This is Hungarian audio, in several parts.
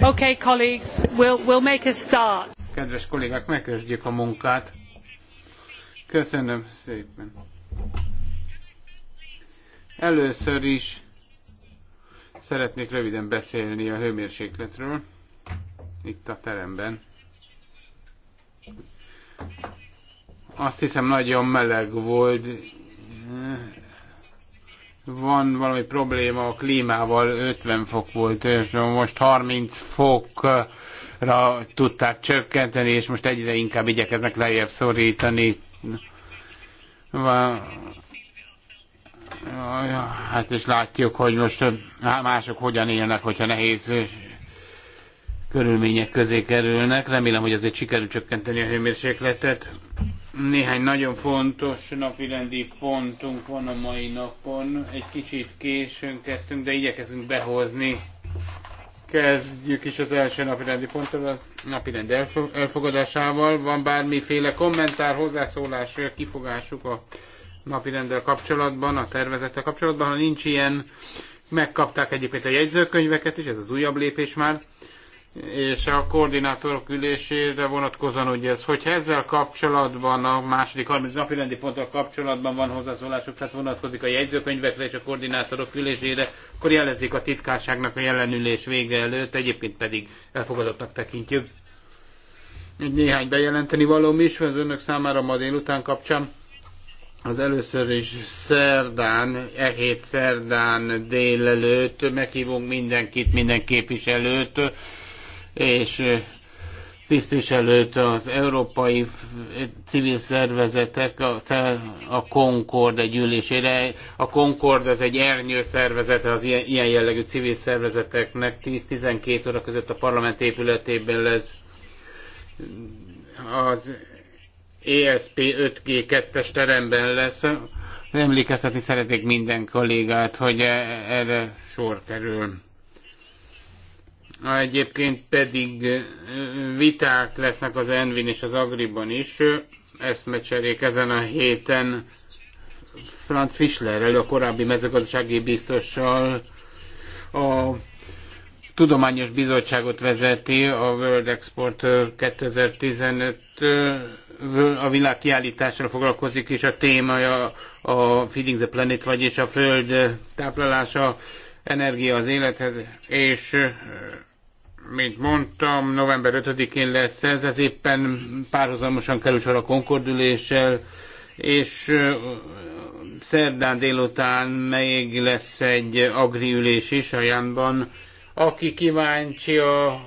Okay, colleagues, we'll, we'll make a start. Kedves kollégák, megkezdjük a munkát. Köszönöm szépen. Először is szeretnék röviden beszélni a hőmérsékletről itt a teremben. Azt hiszem nagyon meleg volt, van valami probléma a klímával, 50 fok volt, és most 30 fokra tudták csökkenteni, és most egyre inkább igyekeznek lejjebb szorítani. Hát és látjuk, hogy most mások hogyan élnek, hogyha nehéz körülmények közé kerülnek. Remélem, hogy azért sikerül csökkenteni a hőmérsékletet. Néhány nagyon fontos napirendi pontunk van a mai napon. Egy kicsit későn kezdtünk, de igyekezünk behozni. Kezdjük is az első napirendi ponttal, a napirend elfogadásával. Van bármiféle kommentár, hozzászólás, kifogásuk a napirenddel kapcsolatban, a tervezettel kapcsolatban. Ha nincs ilyen, megkapták egyébként a jegyzőkönyveket is, ez az újabb lépés már és a koordinátorok ülésére vonatkozóan hogy ez, hogyha ezzel kapcsolatban a második, harmadik napi rendi ponttal kapcsolatban van hozzászólásuk, tehát vonatkozik a jegyzőkönyvekre és a koordinátorok ülésére, akkor jelezik a titkárságnak a jelenülés vége előtt, egyébként pedig elfogadottnak tekintjük. Egy néhány bejelenteni való is az önök számára ma délután kapcsán. Az először is szerdán, e hét szerdán délelőtt meghívunk mindenkit, minden képviselőt, és tisztviselőt az európai civil szervezetek a, a Concord egy ülésére. A Concord az egy ernyő szervezete az ilyen, ilyen jellegű civil szervezeteknek. 10-12 óra között a parlament épületében lesz az ESP 5G2-es teremben lesz. Emlékeztetni szeretnék minden kollégát, hogy e-, erre sor kerül Egyébként pedig viták lesznek az Envin és az Agriban is. mecserék ezen a héten Franz Fischlerrel, a korábbi mezőgazdasági biztossal a tudományos bizottságot vezeti a World Export 2015 a világ kiállítással foglalkozik, és a témája a Feeding the Planet, vagyis a Föld táplálása, energia az élethez, és mint mondtam, november 5-én lesz ez, ez éppen párhuzamosan kerül sor a konkordüléssel, és szerdán délután még lesz egy agriülés is a Jánban. Aki kíváncsi a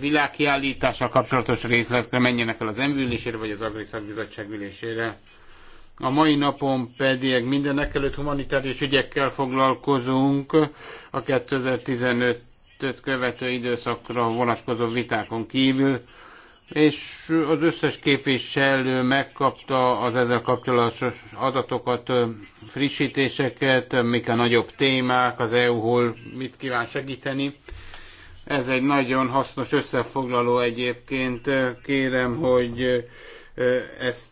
világkiállítással kapcsolatos részletre, menjenek el az envülésére vagy az Agri Szakbizottság ülésére. A mai napon pedig mindenek előtt humanitárius ügyekkel foglalkozunk a 2015 követő időszakra vonatkozó vitákon kívül, és az összes képviselő megkapta az ezzel kapcsolatos adatokat, frissítéseket, mik a nagyobb témák, az EU hol mit kíván segíteni. Ez egy nagyon hasznos összefoglaló egyébként. Kérem, hogy ezt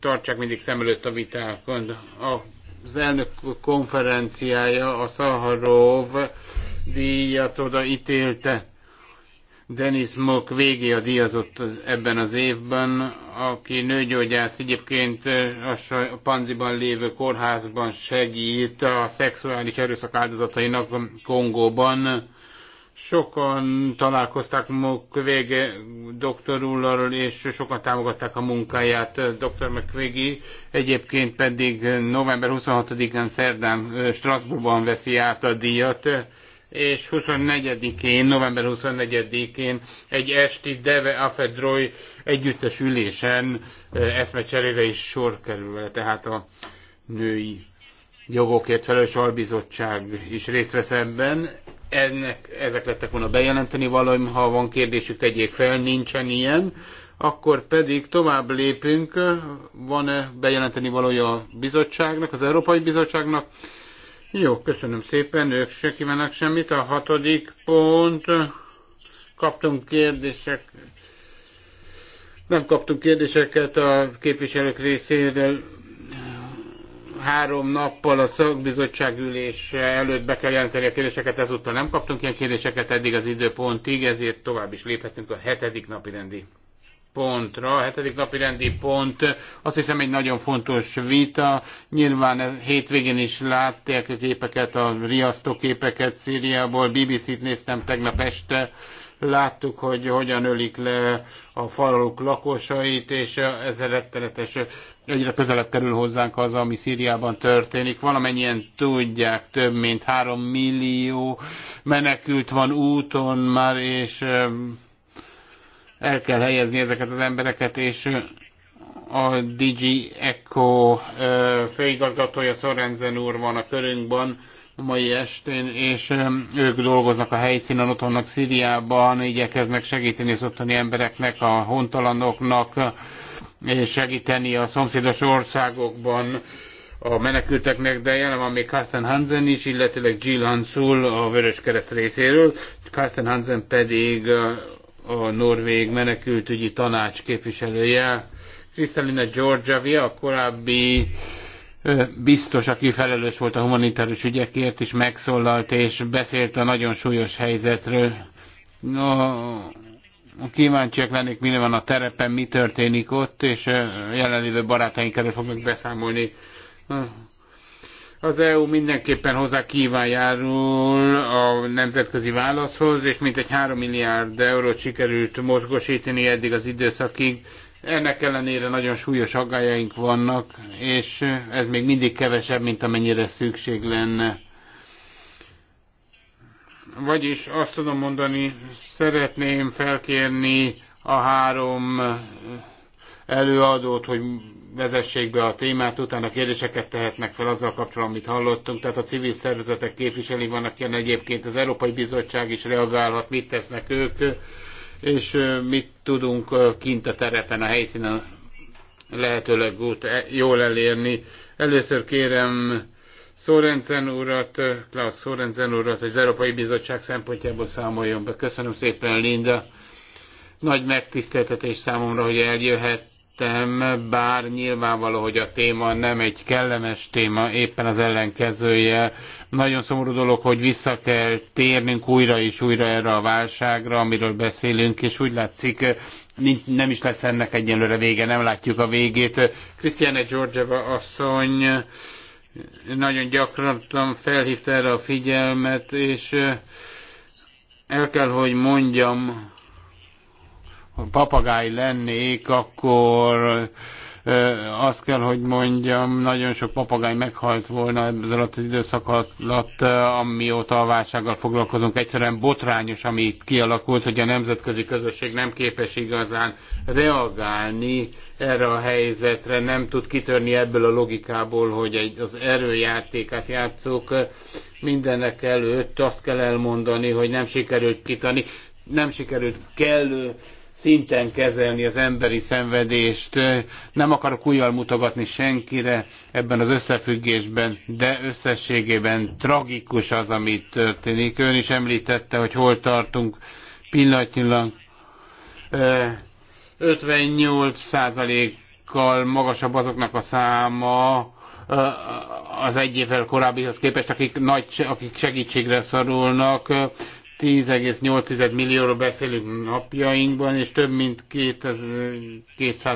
tartsák mindig szem előtt a vitákon. A az elnök konferenciája a Szaharov díjat oda ítélte. Denis Mok végé a díjazott ebben az évben, aki nőgyógyász egyébként a Panziban lévő kórházban segít a szexuális erőszak áldozatainak Kongóban Sokan találkozták McVége doktor úrral, és sokan támogatták a munkáját. Dr. McVégi egyébként pedig november 26-án szerdán Strasbourgban veszi át a díjat, és 24-én, november 24-én egy esti Deve Afedroy együttes ülésen eszmecserére is sor kerül vele, tehát a női jogokért felelős albizottság is részt vesz ebben ennek, ezek lettek volna bejelenteni valami, ha van kérdésük, tegyék fel, nincsen ilyen. Akkor pedig tovább lépünk, van-e bejelenteni valója a bizottságnak, az Európai Bizottságnak? Jó, köszönöm szépen, ők se kívánnak semmit. A hatodik pont, kaptunk kérdések, nem kaptunk kérdéseket a képviselők részéről, három nappal a szakbizottság ülés előtt be kell jelenteni a kérdéseket, ezúttal nem kaptunk ilyen kérdéseket eddig az időpontig, ezért tovább is léphetünk a hetedik napi rendi pontra. A hetedik napi rendi pont azt hiszem egy nagyon fontos vita. Nyilván hétvégén is látták a képeket, a riasztó képeket Szíriából. BBC-t néztem tegnap este, láttuk, hogy hogyan ölik le a faluk lakosait, és ez a rettenetes egyre közelebb kerül hozzánk az, ami Szíriában történik. Valamennyien tudják, több mint három millió menekült van úton már, és el kell helyezni ezeket az embereket, és a DG Echo főigazgatója Szorenzen úr van a körünkben mai estén, és ők dolgoznak a helyszínen, ott vannak Szíriában, igyekeznek segíteni az ottani embereknek, a hontalanoknak, segíteni a szomszédos országokban a menekülteknek, de jelen van még Carsten Hansen is, illetőleg Jill Hansul a Vörös Kereszt részéről, Carsten Hansen pedig a norvég menekültügyi tanács képviselője. Kristalina Georgiavia, a korábbi biztos, aki felelős volt a humanitárius ügyekért, is megszólalt és beszélt a nagyon súlyos helyzetről. No kíváncsiak lennék, mi van a terepen, mi történik ott, és jelenlévő barátaink erről fognak beszámolni. Az EU mindenképpen hozzá kíván járul a nemzetközi válaszhoz, és mintegy 3 milliárd eurót sikerült mozgosítani eddig az időszakig. Ennek ellenére nagyon súlyos aggájaink vannak, és ez még mindig kevesebb, mint amennyire szükség lenne vagyis azt tudom mondani, szeretném felkérni a három előadót, hogy vezessék be a témát, utána kérdéseket tehetnek fel azzal kapcsolatban, amit hallottunk. Tehát a civil szervezetek képviselői vannak ilyen egyébként, az Európai Bizottság is reagálhat, mit tesznek ők, és mit tudunk kint a terepen, a helyszínen lehetőleg út, e, jól elérni. Először kérem Szórendszen urat, Klaus Szórendszen urat, az Európai Bizottság szempontjából számoljon be. Köszönöm szépen, Linda. Nagy megtiszteltetés számomra, hogy eljöhettem, bár nyilvánvaló, hogy a téma nem egy kellemes téma, éppen az ellenkezője. Nagyon szomorú dolog, hogy vissza kell térnünk újra és újra erre a válságra, amiről beszélünk, és úgy látszik, nem is lesz ennek egyenlőre vége, nem látjuk a végét. Krisztiane Georgieva asszony nagyon gyakran felhívta erre a figyelmet, és el kell, hogy mondjam, ha papagáj lennék, akkor azt kell, hogy mondjam, nagyon sok papagány meghalt volna ez alatt az időszak alatt, amióta a válsággal foglalkozunk. Egyszerűen botrányos, ami itt kialakult, hogy a nemzetközi közösség nem képes igazán reagálni erre a helyzetre, nem tud kitörni ebből a logikából, hogy egy, az erőjátékát játszók mindenek előtt azt kell elmondani, hogy nem sikerült kitani, nem sikerült kellő szinten kezelni az emberi szenvedést. Nem akarok újjal mutogatni senkire ebben az összefüggésben, de összességében tragikus az, ami történik. Ön is említette, hogy hol tartunk pillanatnyilag. 58%-kal magasabb azoknak a száma, az egy évvel korábbihoz képest, akik, nagy, akik segítségre szorulnak. 10,8 millióról beszélünk napjainkban, és több mint 200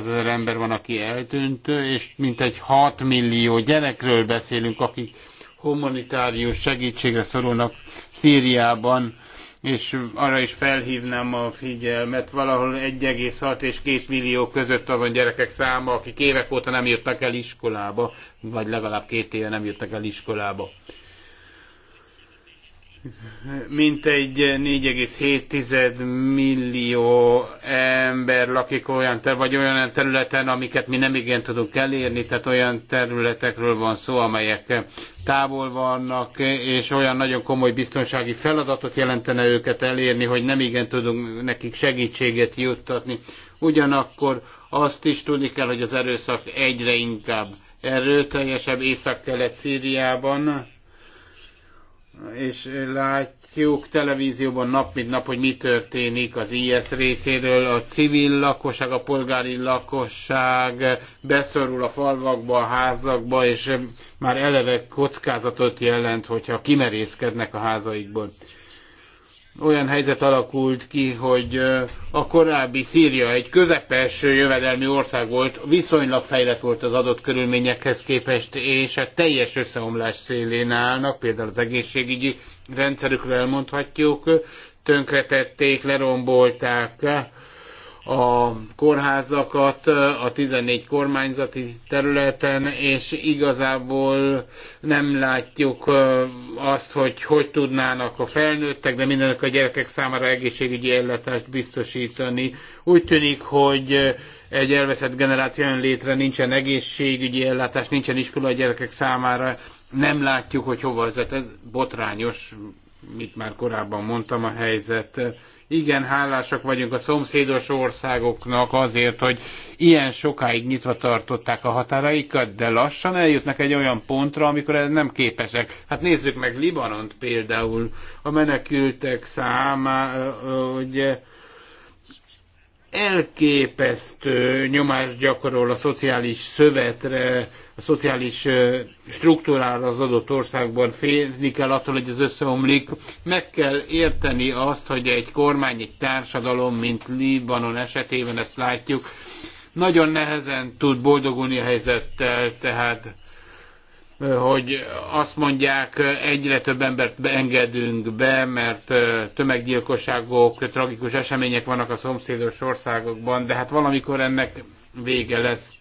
ezer ember van, aki eltűnt, és mintegy 6 millió gyerekről beszélünk, akik humanitárius segítségre szorulnak Szíriában, és arra is felhívnám a figyelmet, valahol 1,6 és 2 millió között azon gyerekek száma, akik évek óta nem jöttek el iskolába, vagy legalább két éve nem jöttek el iskolába mintegy 4,7 millió ember lakik olyan, ter vagy olyan területen, amiket mi nem igen tudunk elérni, tehát olyan területekről van szó, amelyek távol vannak, és olyan nagyon komoly biztonsági feladatot jelentene őket elérni, hogy nem igen tudunk nekik segítséget juttatni. Ugyanakkor azt is tudni kell, hogy az erőszak egyre inkább erőteljesebb Észak-Kelet-Szíriában, és látjuk televízióban nap mint nap, hogy mi történik az IS részéről. A civil lakosság, a polgári lakosság beszorul a falvakba, a házakba, és már eleve kockázatot jelent, hogyha kimerészkednek a házaikból olyan helyzet alakult ki, hogy a korábbi Szíria egy közepes jövedelmi ország volt, viszonylag fejlett volt az adott körülményekhez képest, és a teljes összeomlás szélén állnak, például az egészségügyi rendszerükről elmondhatjuk, tönkretették, lerombolták, a kórházakat a 14 kormányzati területen, és igazából nem látjuk azt, hogy hogy tudnának a felnőttek, de mindenek a gyerekek számára egészségügyi ellátást biztosítani. Úgy tűnik, hogy egy elveszett generáció jön létre, nincsen egészségügyi ellátás, nincsen iskola a gyerekek számára, nem látjuk, hogy hova vezet. Ez botrányos, mit már korábban mondtam, a helyzet igen hálásak vagyunk a szomszédos országoknak azért, hogy ilyen sokáig nyitva tartották a határaikat, de lassan eljutnak egy olyan pontra, amikor ez nem képesek. Hát nézzük meg Libanont például, a menekültek száma, ugye elképesztő nyomást gyakorol a szociális szövetre, a szociális struktúrára az adott országban félni kell attól, hogy ez összeomlik. Meg kell érteni azt, hogy egy kormány, egy társadalom, mint Libanon esetében ezt látjuk, nagyon nehezen tud boldogulni a helyzettel, tehát hogy azt mondják, egyre több embert beengedünk be, mert tömeggyilkosságok, tragikus események vannak a szomszédos országokban, de hát valamikor ennek vége lesz.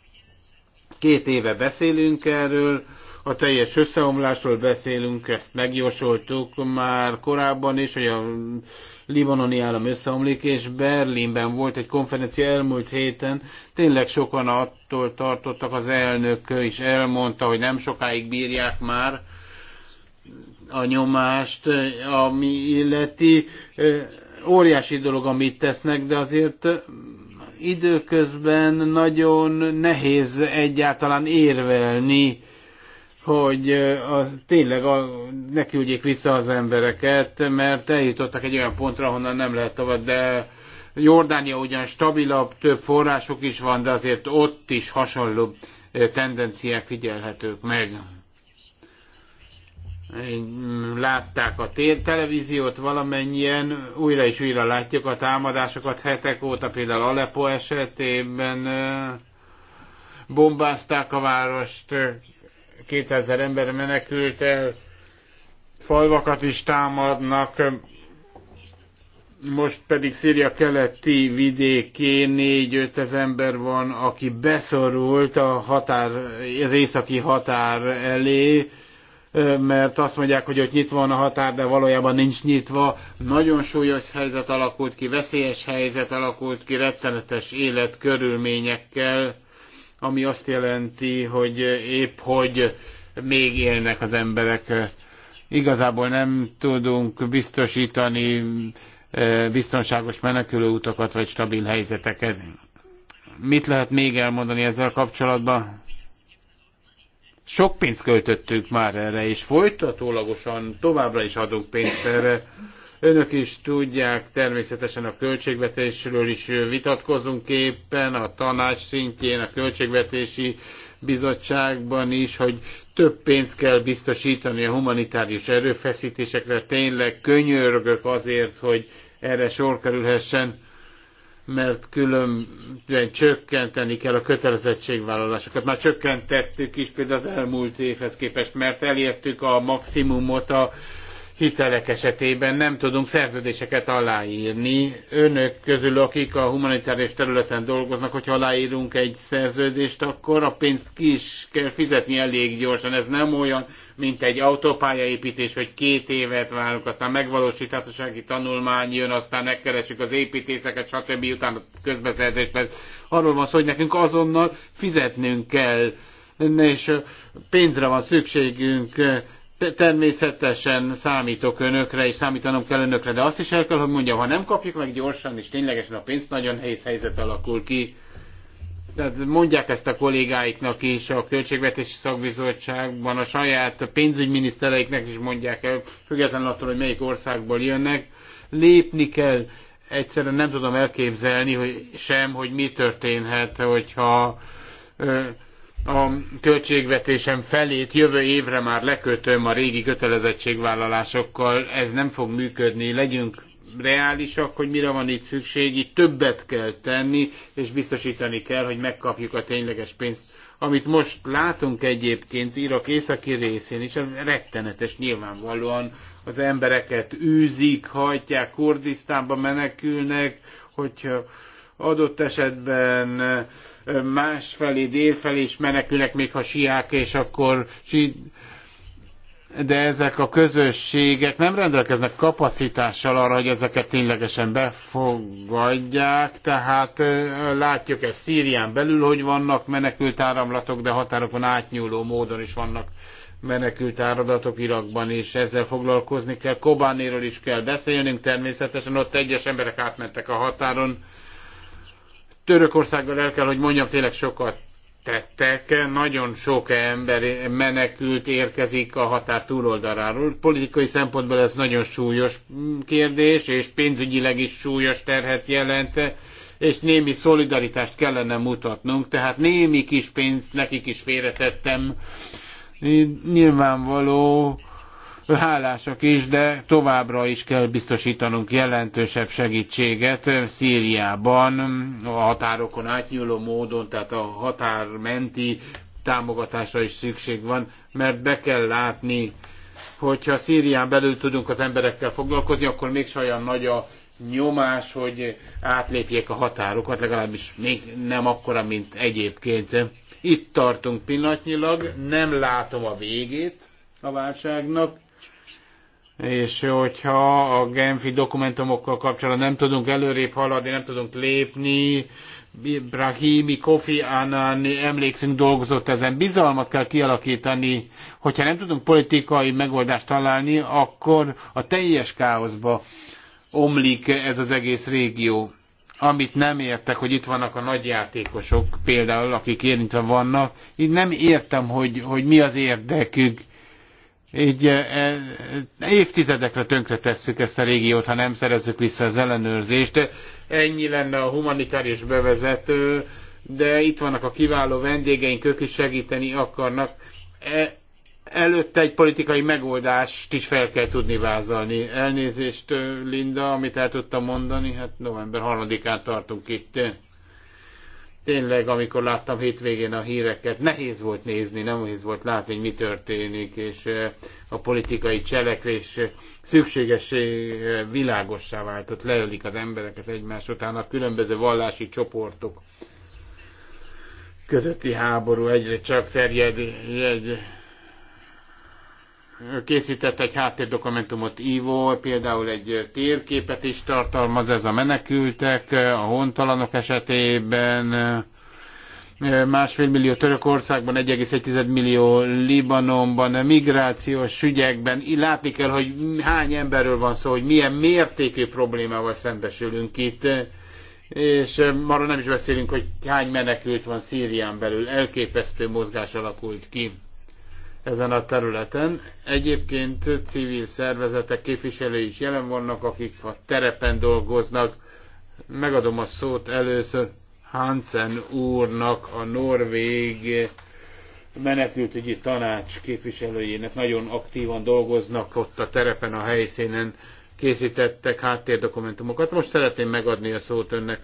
Két éve beszélünk erről, a teljes összeomlásról beszélünk, ezt megjósoltuk már korábban is, hogy a libanoni állam összeomlik, és Berlinben volt egy konferencia elmúlt héten, tényleg sokan attól tartottak, az elnök is elmondta, hogy nem sokáig bírják már a nyomást, ami illeti óriási dolog, amit tesznek, de azért időközben nagyon nehéz egyáltalán érvelni, hogy a, tényleg a, ne küldjék vissza az embereket, mert eljutottak egy olyan pontra, honnan nem lehet tovább, de Jordánia ugyan stabilabb, több források is van, de azért ott is hasonló tendenciák figyelhetők meg látták a tér, televíziót valamennyien, újra és újra látjuk a támadásokat hetek óta, például Aleppo esetében bombázták a várost, 200 ember menekült el, falvakat is támadnak, most pedig Szíria keleti vidékén 4-5 ezer ember van, aki beszorult a határ, az északi határ elé, mert azt mondják, hogy ott nyitva van a határ, de valójában nincs nyitva. Nagyon súlyos helyzet alakult ki, veszélyes helyzet alakult ki, rettenetes életkörülményekkel, ami azt jelenti, hogy épp hogy még élnek az emberek. Igazából nem tudunk biztosítani biztonságos menekülőutakat vagy stabil helyzeteket. Mit lehet még elmondani ezzel kapcsolatban? Sok pénzt költöttünk már erre, és folytatólagosan továbbra is adunk pénzt erre. Önök is tudják, természetesen a költségvetésről is vitatkozunk éppen, a tanács szintjén, a költségvetési bizottságban is, hogy több pénzt kell biztosítani a humanitárius erőfeszítésekre. Tényleg könyörgök azért, hogy erre sor kerülhessen mert különben csökkenteni kell a kötelezettségvállalásokat. Már csökkentettük is például az elmúlt évhez képest, mert elértük a maximumot a hitelek esetében nem tudunk szerződéseket aláírni. Önök közül, akik a humanitárius területen dolgoznak, hogyha aláírunk egy szerződést, akkor a pénzt ki is kell fizetni elég gyorsan. Ez nem olyan, mint egy autópályaépítés, hogy két évet várunk, aztán megvalósíthatósági tanulmány jön, aztán megkeressük az építészeket, stb. utána közbeszerzés lesz. Arról van szó, hogy nekünk azonnal fizetnünk kell és pénzre van szükségünk, Természetesen számítok önökre, és számítanom kell önökre, de azt is el kell, hogy mondjam, ha nem kapjuk meg gyorsan, és ténylegesen a pénz nagyon helyes helyzet alakul ki, tehát mondják ezt a kollégáiknak is, a Költségvetési Szakbizottságban, a saját pénzügyminisztereiknek is mondják el, függetlenül attól, hogy melyik országból jönnek, lépni kell. Egyszerűen nem tudom elképzelni, hogy sem, hogy mi történhet, hogyha a költségvetésem felét jövő évre már lekötöm a régi kötelezettségvállalásokkal, ez nem fog működni, legyünk reálisak, hogy mire van itt szükség, itt többet kell tenni, és biztosítani kell, hogy megkapjuk a tényleges pénzt. Amit most látunk egyébként Irak északi részén is, az rettenetes nyilvánvalóan. Az embereket űzik, hajtják, Kurdisztánba menekülnek, hogyha adott esetben másfelé, délfelé is menekülnek, még ha siák, és akkor de ezek a közösségek nem rendelkeznek kapacitással arra, hogy ezeket ténylegesen befogadják, tehát látjuk ezt Szírián belül, hogy vannak menekült áramlatok, de határokon átnyúló módon is vannak menekült áradatok Irakban is, ezzel foglalkozni kell. Kobánéről is kell beszélnünk természetesen, ott egyes emberek átmentek a határon, Törökországgal el kell, hogy mondjam, tényleg sokat tettek, nagyon sok ember menekült érkezik a határ túloldaláról. Politikai szempontból ez nagyon súlyos kérdés, és pénzügyileg is súlyos terhet jelent, és némi szolidaritást kellene mutatnunk, tehát némi kis pénzt nekik is félretettem. Nyilvánvaló, hálásak is, de továbbra is kell biztosítanunk jelentősebb segítséget Szíriában a határokon átnyúló módon, tehát a határmenti támogatásra is szükség van, mert be kell látni, hogyha Szírián belül tudunk az emberekkel foglalkozni, akkor még olyan nagy a nyomás, hogy átlépjék a határokat, legalábbis még nem akkora, mint egyébként. Itt tartunk pillanatnyilag, nem látom a végét a válságnak, és hogyha a Genfi dokumentumokkal kapcsolatban nem tudunk előrébb haladni, nem tudunk lépni, Brahimi, Kofi Annan, emlékszünk, dolgozott ezen. Bizalmat kell kialakítani. Hogyha nem tudunk politikai megoldást találni, akkor a teljes káoszba omlik ez az egész régió. Amit nem értek, hogy itt vannak a nagy játékosok, például akik érintve vannak, így nem értem, hogy, hogy mi az érdekük így e, e, évtizedekre tönkretesszük ezt a régiót, ha nem szerezzük vissza az ellenőrzést. Ennyi lenne a humanitárius bevezető, de itt vannak a kiváló vendégeink, ők is segíteni akarnak. E, előtte egy politikai megoldást is fel kell tudni vázalni. Elnézést, Linda, amit el tudtam mondani, hát november 3-án tartunk itt tényleg, amikor láttam hétvégén a híreket, nehéz volt nézni, nem nehéz volt látni, hogy mi történik, és a politikai cselekvés szükségesség világossá váltott, leölik az embereket egymás után, a különböző vallási csoportok közötti háború egyre csak terjed, egy, készített egy háttérdokumentumot, Ivo például egy térképet is tartalmaz, ez a menekültek, a hontalanok esetében, másfél millió Törökországban, 1,1 millió Libanonban, migrációs ügyekben. Látni kell, hogy hány emberről van szó, hogy milyen mértékű problémával szembesülünk itt. És e, arról nem is beszélünk, hogy hány menekült van Szírián belül. Elképesztő mozgás alakult ki ezen a területen. Egyébként civil szervezetek képviselői is jelen vannak, akik a terepen dolgoznak. Megadom a szót először Hansen úrnak, a norvég menekültügyi tanács képviselőjének. Nagyon aktívan dolgoznak ott a terepen, a helyszínen készítettek háttérdokumentumokat. Most szeretném megadni a szót önnek.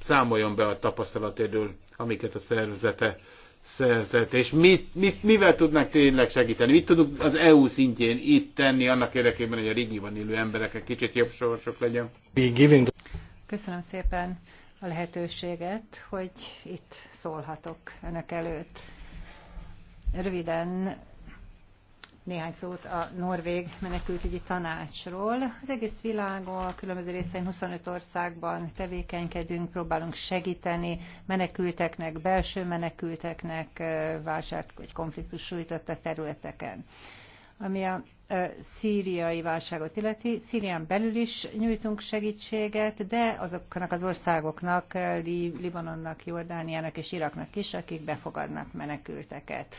Számoljon be a tapasztalatéről, amiket a szervezete szerzett, és mit, mit, mivel tudnak tényleg segíteni? Mit tudunk az EU szintjén itt tenni annak érdekében, hogy a régióban élő embereknek kicsit jobb sorsok legyen? Köszönöm szépen a lehetőséget, hogy itt szólhatok önök előtt. Röviden néhány szót a Norvég menekültügyi tanácsról. Az egész világon, a különböző részein 25 országban tevékenykedünk, próbálunk segíteni menekülteknek, belső menekülteknek, válság vagy konfliktus sújtotta területeken. Ami a szíriai válságot illeti. Szírián belül is nyújtunk segítséget, de azoknak az országoknak, Libanonnak, Jordániának és Iraknak is, akik befogadnak menekülteket.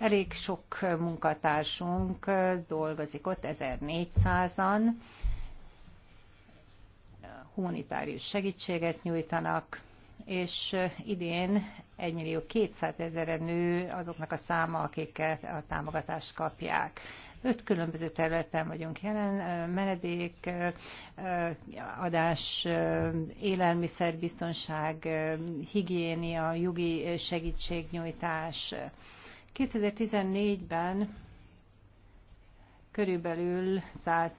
Elég sok munkatársunk dolgozik ott, 1400-an, humanitárius segítséget nyújtanak, és idén 1 millió 200 ezerre nő azoknak a száma, akiket a támogatást kapják. Öt különböző területen vagyunk jelen, menedék, adás, élelmiszerbiztonság, higiénia, jogi segítségnyújtás, 2014-ben körülbelül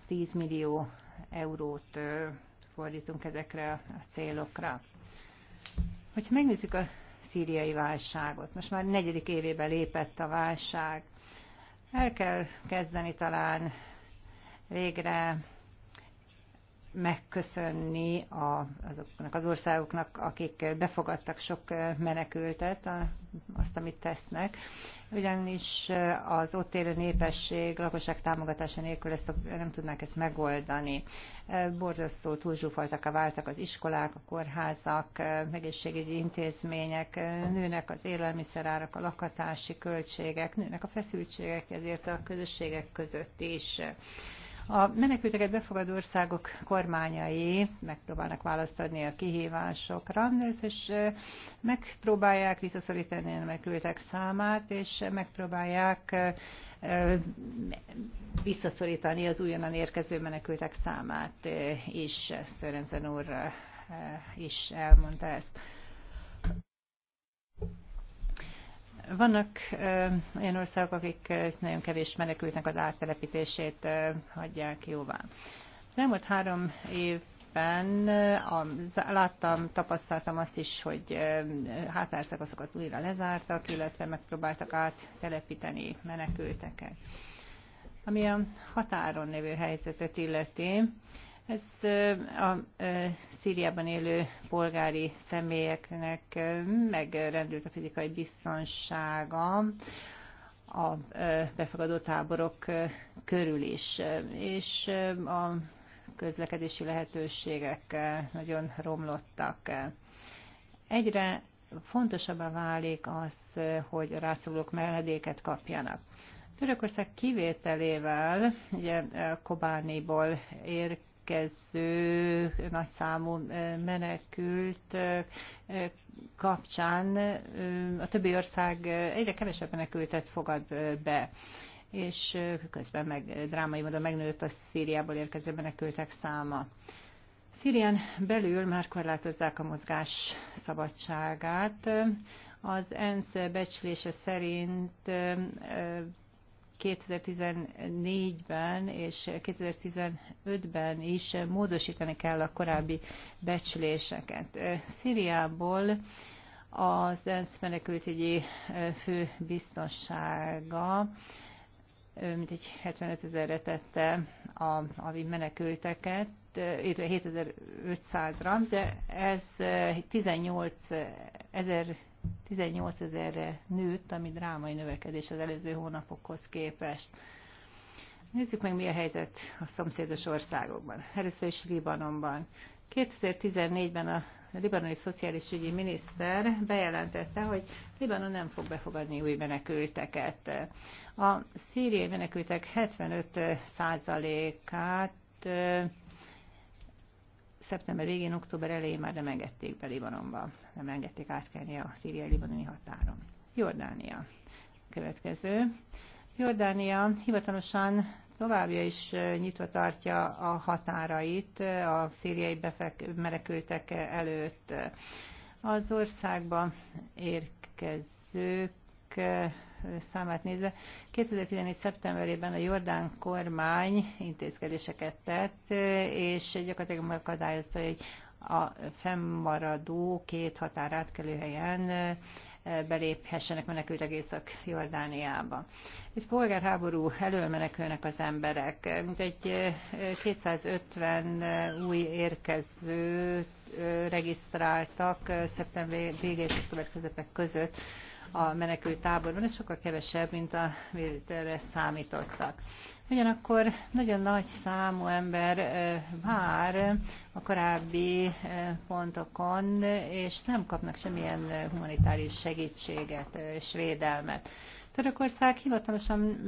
110 millió eurót fordítunk ezekre a célokra. Hogyha megnézzük a szíriai válságot, most már negyedik évébe lépett a válság, el kell kezdeni talán végre megköszönni a, azoknak az országoknak, akik befogadtak sok menekültet a azt, amit tesznek, ugyanis az ott élő népesség lakosság támogatása nélkül ezt a, nem tudnák ezt megoldani. Borzasztó túlzsúfoltak a váltak az iskolák, a kórházak, egészségügyi intézmények, nőnek az élelmiszerárak, a lakatási költségek, nőnek a feszültségek ezért a közösségek között is. A menekülteket befogadó országok kormányai megpróbálnak választ adni a kihívásokra, és megpróbálják visszaszorítani a menekültek számát, és megpróbálják visszaszorítani az újonnan érkező menekültek számát is. Szörenzen úr is elmondta ezt. Vannak olyan országok, akik nagyon kevés menekültnek az áttelepítését hagyják jóvá. Az elmúlt három évben éppen láttam, tapasztaltam azt is, hogy hátárszakaszokat újra lezártak, illetve megpróbáltak áttelepíteni menekülteket. Ami a határon lévő helyzetet illeti, ez a Szíriában élő polgári személyeknek megrendült a fizikai biztonsága a befogadó táborok körül is, és a közlekedési lehetőségek nagyon romlottak. Egyre fontosabbá válik az, hogy a rászorulók menedéket kapjanak. Törökország kivételével, ugye Kobániból ér, érkező nagyszámú menekült kapcsán a többi ország egyre kevesebb menekültet fogad be és közben meg drámai módon megnőtt a Szíriából érkező menekültek száma. Szírián belül már korlátozzák a mozgás szabadságát. Az ENSZ becslése szerint 2014-ben és 2015-ben is módosítani kell a korábbi becsléseket. Szíriából az ENSZ menekültügyi fő biztonsága mint egy 75 ezerre tette a, a menekülteket, 7500-ra, de ez 18 ezer 18 ezerre nőtt, ami drámai növekedés az előző hónapokhoz képest. Nézzük meg, mi a helyzet a szomszédos országokban. Először is Libanonban. 2014-ben a libanoni szociális ügyi miniszter bejelentette, hogy Libanon nem fog befogadni új menekülteket. A szíriai menekültek 75 százalékát szeptember végén, október elején már nem engedték be Libanonba, nem engedték átkelni a szíriai-libanoni határon. Jordánia. Következő. Jordánia hivatalosan továbbja is nyitva tartja a határait a szíriai befek- menekültek előtt. Az országba érkezők számát nézve, 2014. szeptemberében a Jordán kormány intézkedéseket tett, és gyakorlatilag megakadályozta, hogy a fennmaradó két határátkelő helyen eh, beléphessenek menekültek Észak-Jordániába. Itt polgárháború elől menekülnek az emberek. Mintegy 250 eh, eh, új érkező regisztráltak szeptember végés és következőpek között a menekült táborban, ez sokkal kevesebb, mint a erre számítottak. Ugyanakkor nagyon nagy számú ember vár a korábbi pontokon, és nem kapnak semmilyen humanitárius segítséget és védelmet. Törökország hivatalosan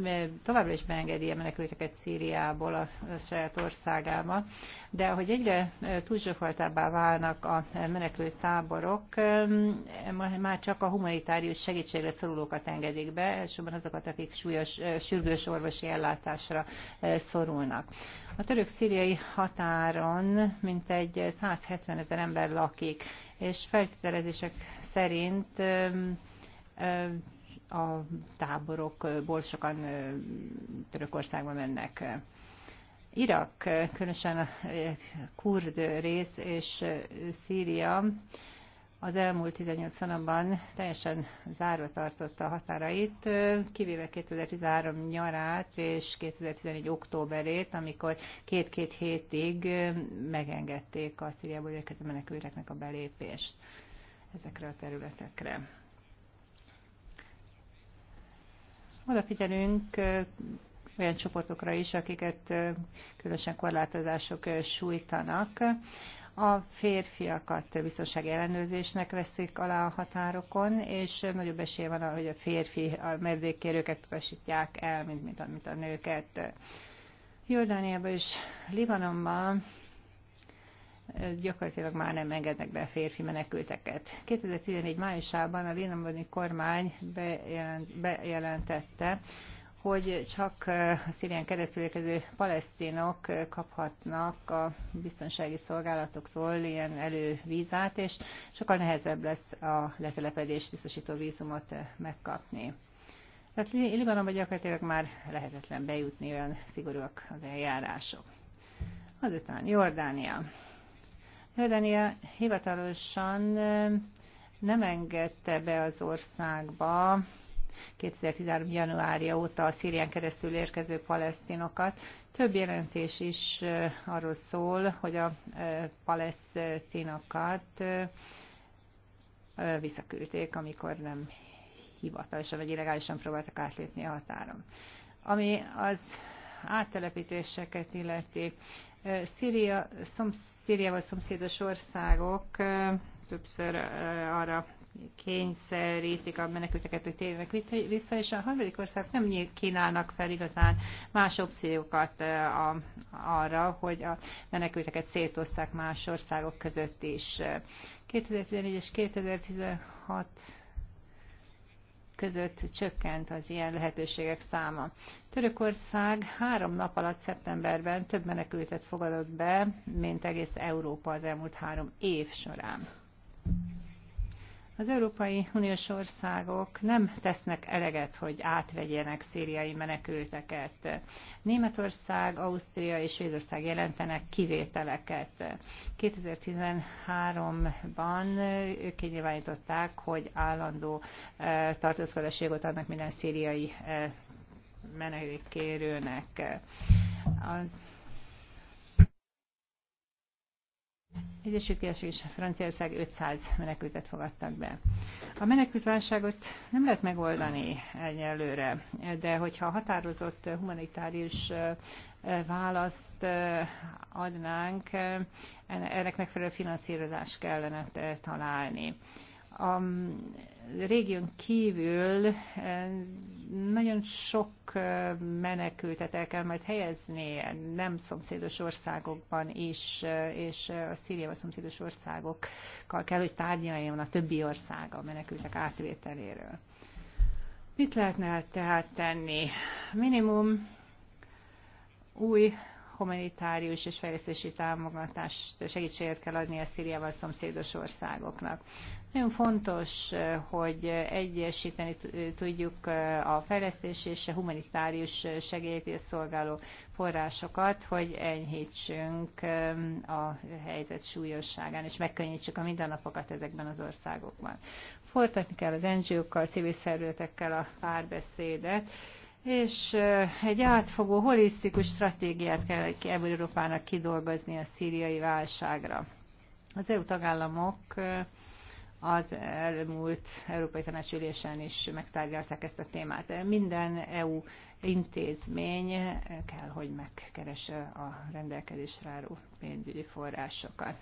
továbbra is beengedi a menekülteket Szíriából a saját országába, de ahogy egyre túlzsöfoltábbá válnak a menekült táborok, már csak a humanitárius segítségre szorulókat engedik be, elsősorban azokat, akik súlyos, sürgős orvosi ellátásra szorulnak. A török-szíriai határon mintegy 170 ezer ember lakik, és feltételezések szerint a táborokból sokan Törökországba mennek. Irak, különösen a kurd rész és Szíria az elmúlt 18 hónapban teljesen zárva tartotta a határait, kivéve 2013 nyarát és 2014 októberét, amikor két-két hétig megengedték a Szíriából érkező menekülteknek a belépést ezekre a területekre. Odafigyelünk olyan csoportokra is, akiket különösen korlátozások sújtanak. A férfiakat biztonsági ellenőrzésnek veszik alá a határokon, és nagyobb esély van, hogy a férfi a medvékkérőket utasítják el, mint, mint, a, mint a nőket. Jordániában és Libanonban gyakorlatilag már nem engednek be férfi menekülteket. 2014 májusában a Lénamvani kormány bejelent, bejelentette, hogy csak a Szírián keresztül érkező palesztinok kaphatnak a biztonsági szolgálatoktól ilyen elővízát, és sokkal nehezebb lesz a letelepedés biztosító vízumot megkapni. Tehát Libanonban gyakorlatilag már lehetetlen bejutni, olyan szigorúak az eljárások. Azután Jordánia. Jordánia hivatalosan eh, nem engedte be az országba 2013. januárja óta a Szírián keresztül érkező palesztinokat. Több jelentés is eh, arról szól, hogy a eh, palesztinokat visszaküldték, amikor nem hivatalosan vagy illegálisan próbáltak átlépni a határon. Ami az áttelepítéseket illeti, Szíria, szomsz, Szíriával szomszédos országok többször arra kényszerítik a menekülteket, hogy térjenek vissza, és a harmadik országok nem kínálnak fel igazán más opciókat a, arra, hogy a menekülteket szétosszák más országok között is. 2014 és 2016 között csökkent az ilyen lehetőségek száma. Törökország három nap alatt szeptemberben több menekültet fogadott be, mint egész Európa az elmúlt három év során. Az Európai Uniós országok nem tesznek eleget, hogy átvegyenek szíriai menekülteket. Németország, Ausztria és Svédország jelentenek kivételeket. 2013-ban ők kinyilvánították, hogy állandó eh, tartózkodáségot adnak minden szíriai eh, menekülkérőnek. Az Egyesült Királyság és Franciaország 500 menekültet fogadtak be. A menekültválságot nem lehet megoldani egyelőre, de hogyha határozott humanitárius választ adnánk, ennek megfelelő finanszírozást kellene találni a régión kívül eh, nagyon sok eh, menekültet el kell majd helyezni, nem szomszédos országokban is, eh, és a Szíriában szomszédos országokkal kell, hogy tárgyaljon a többi ország a menekültek átvételéről. Mit lehetne tehát tenni? Minimum új humanitárius és fejlesztési támogatást, segítséget kell adni a Szíriával szomszédos országoknak. Nagyon fontos, hogy egyesíteni tudjuk a fejlesztési és a humanitárius segélyt szolgáló forrásokat, hogy enyhítsünk a helyzet súlyosságán, és megkönnyítsük a mindennapokat ezekben az országokban. Fortatni kell az NGO-kkal, civil szervezetekkel a párbeszédet, és eh, egy átfogó, holisztikus stratégiát kell Európának kidolgozni a szíriai válságra. Az EU tagállamok eh, az elmúlt Európai Tanácsülésen is megtárgyalták ezt a témát. Eh, minden EU intézmény kell, hogy megkeresse a rendelkezésre álló pénzügyi forrásokat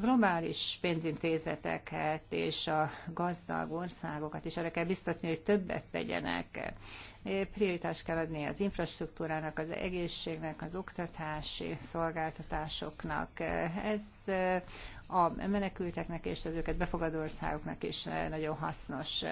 globális pénzintézeteket és a gazdag országokat is arra kell biztatni, hogy többet tegyenek. Prioritást kell adni az infrastruktúrának, az egészségnek, az oktatási szolgáltatásoknak. Ez eh, a menekülteknek és az őket befogadó országoknak is eh, nagyon hasznos.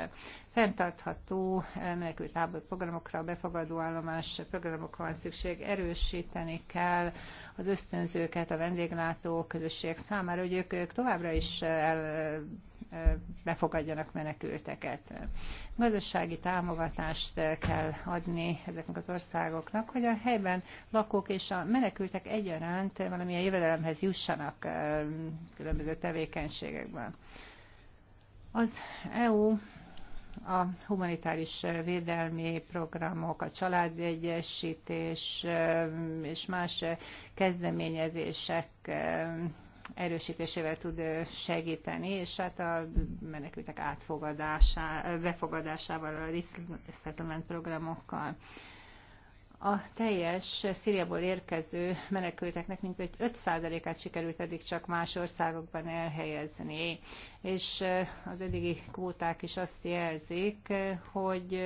Fenntartható eh, menekültlábor programokra, befogadó állomás programokra van szükség, erősíteni kell az ösztönzőket a vendéglátó közösség számára, hogy ők, ők továbbra is eh, el, eh, befogadjanak menekülteket. Gazdasági támogatást kell adni ezeknek az országoknak, hogy a helyben lakók és a menekültek egyaránt valamilyen jövedelemhez jussanak különböző tevékenységekben. Az EU a humanitáris védelmi programok, a családegyesítés és más kezdeményezések erősítésével tud segíteni, és hát a menekültek átfogadásával, befogadásával, a resettlement programokkal. A teljes Szíriából érkező menekülteknek mintegy 5%-át sikerült eddig csak más országokban elhelyezni, és az eddigi kvóták is azt jelzik, hogy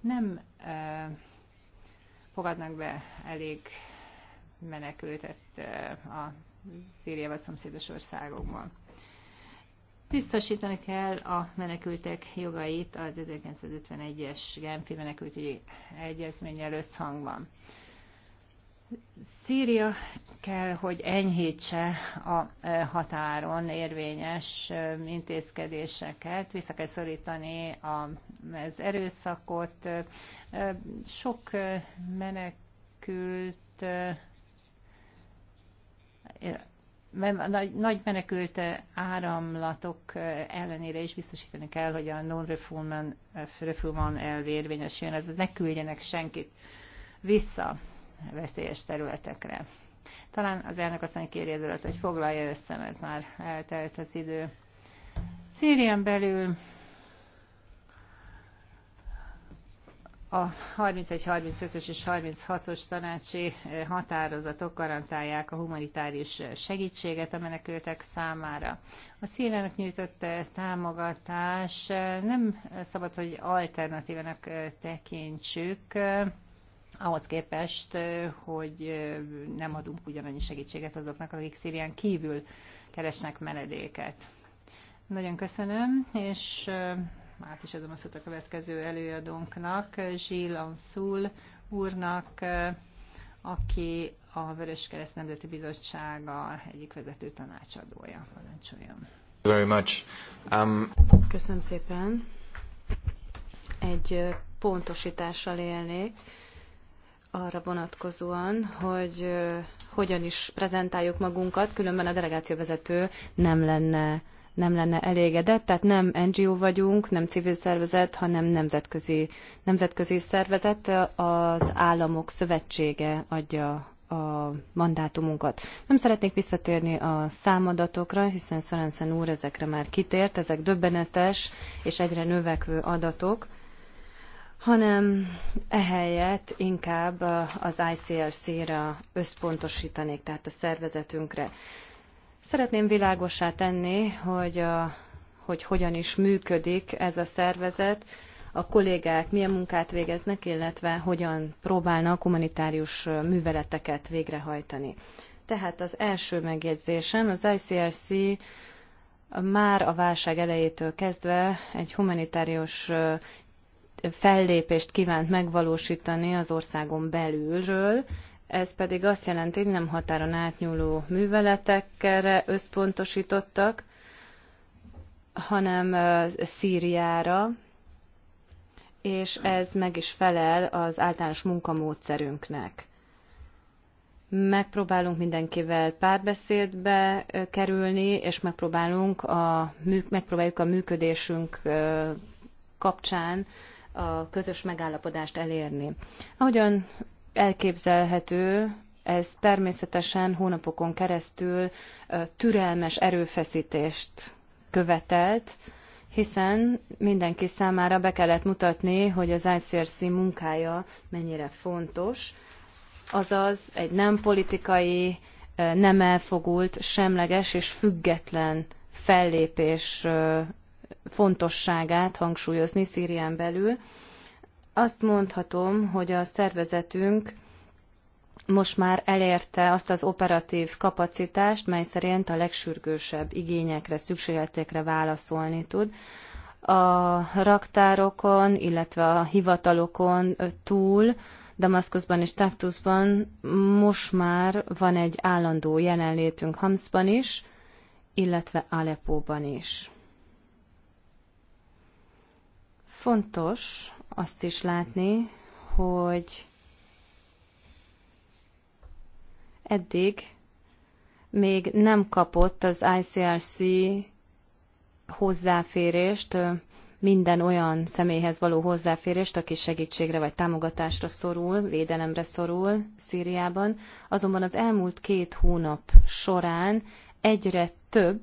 nem fogadnak be elég menekültet a Szíriával szomszédos országokban. Biztosítani kell a menekültek jogait az 1951-es Genfi menekültügyi egyezménnyel összhangban. Szíria kell, hogy enyhítse a e, határon érvényes e, intézkedéseket, vissza kell szorítani az erőszakot. E, sok menekült nagy, nagy menekült áramlatok ellenére is biztosítani kell, hogy a non-refoulement refoulement elvérvényesüljön, ez ne küldjenek senkit vissza veszélyes területekre. Talán az elnök asszony kéri az urat, hogy foglalja össze, mert már eltelt az idő. Szírián belül A 31-35-ös és 36-os tanácsi eh, határozatok garantálják a humanitárius eh, segítséget a menekültek számára. A Szíriának nyújtott eh, támogatás nem szabad, hogy alternatívenek tekintsük, ahhoz képest, hogy nem adunk ugyanannyi segítséget azoknak, akik Szírián kívül keresnek menedéket. Nagyon köszönöm, és át is adom a szót a következő előadónknak, Zsil Anszul úrnak, aki a Kereszt Nemzeti Bizottsága egyik vezető tanácsadója. Parancsoljon. Very much. Um... Köszönöm szépen. Egy pontosítással élnék arra vonatkozóan, hogy hogyan is prezentáljuk magunkat, különben a delegációvezető nem lenne nem lenne elégedett, tehát nem NGO vagyunk, nem civil szervezet, hanem nemzetközi, nemzetközi szervezet, az államok szövetsége adja a mandátumunkat. Nem szeretnék visszatérni a számadatokra, hiszen Szerencsen úr ezekre már kitért, ezek döbbenetes és egyre növekvő adatok, hanem ehelyett inkább az ICRC-re összpontosítanék, tehát a szervezetünkre. Szeretném világosá tenni, hogy, a, hogy hogyan is működik ez a szervezet, a kollégák milyen munkát végeznek, illetve hogyan próbálnak humanitárius műveleteket végrehajtani. Tehát az első megjegyzésem, az ICRC már a válság elejétől kezdve egy humanitárius fellépést kívánt megvalósítani az országon belülről, ez pedig azt jelenti, hogy nem határon átnyúló műveletekre összpontosítottak, hanem Szíriára, és ez meg is felel az általános munkamódszerünknek. Megpróbálunk mindenkivel párbeszédbe kerülni, és megpróbálunk a, megpróbáljuk a működésünk kapcsán a közös megállapodást elérni. Ahogyan elképzelhető, ez természetesen hónapokon keresztül türelmes erőfeszítést követelt, hiszen mindenki számára be kellett mutatni, hogy az ICRC munkája mennyire fontos, azaz egy nem politikai, nem elfogult, semleges és független fellépés fontosságát hangsúlyozni Szírián belül, azt mondhatom, hogy a szervezetünk most már elérte azt az operatív kapacitást, mely szerint a legsürgősebb igényekre, szükségletekre válaszolni tud. A raktárokon, illetve a hivatalokon túl, Damaszkuszban és Taktuszban most már van egy állandó jelenlétünk Hamszban is, illetve Aleppo-ban is. Fontos, azt is látni, hogy eddig még nem kapott az ICRC hozzáférést, minden olyan személyhez való hozzáférést, aki segítségre vagy támogatásra szorul, védelemre szorul Szíriában. Azonban az elmúlt két hónap során egyre több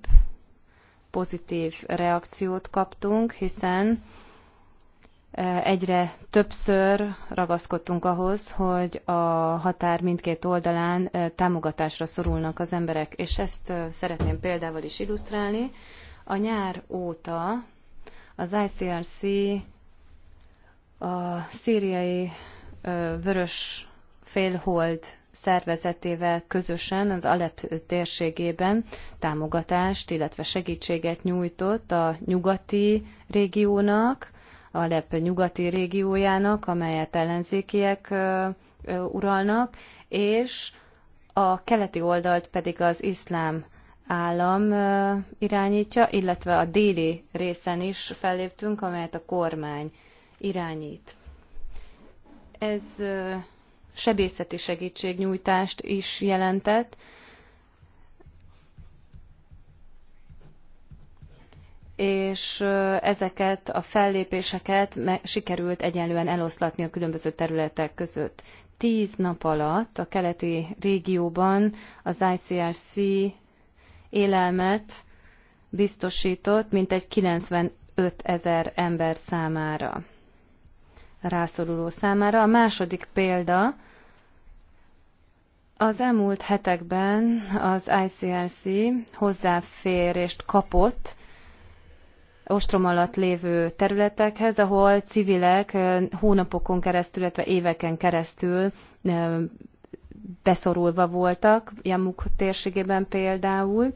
pozitív reakciót kaptunk, hiszen egyre többször ragaszkodtunk ahhoz, hogy a határ mindkét oldalán támogatásra szorulnak az emberek, és ezt szeretném példával is illusztrálni. A nyár óta az ICRC a szíriai vörös félhold szervezetével közösen az Alep térségében támogatást, illetve segítséget nyújtott a nyugati régiónak, Alep nyugati régiójának, amelyet ellenzékiek uralnak, és a keleti oldalt pedig az iszlám állam irányítja, illetve a déli részen is felléptünk, amelyet a kormány irányít. Ez sebészeti segítségnyújtást is jelentett, és ezeket a fellépéseket sikerült egyenlően eloszlatni a különböző területek között. Tíz nap alatt a keleti régióban az ICRC élelmet biztosított mintegy 95 ezer ember számára, rászoruló számára. A második példa, az elmúlt hetekben az ICRC hozzáférést kapott ostrom alatt lévő területekhez, ahol civilek hónapokon keresztül, illetve éveken keresztül beszorulva voltak, Jamuk térségében például,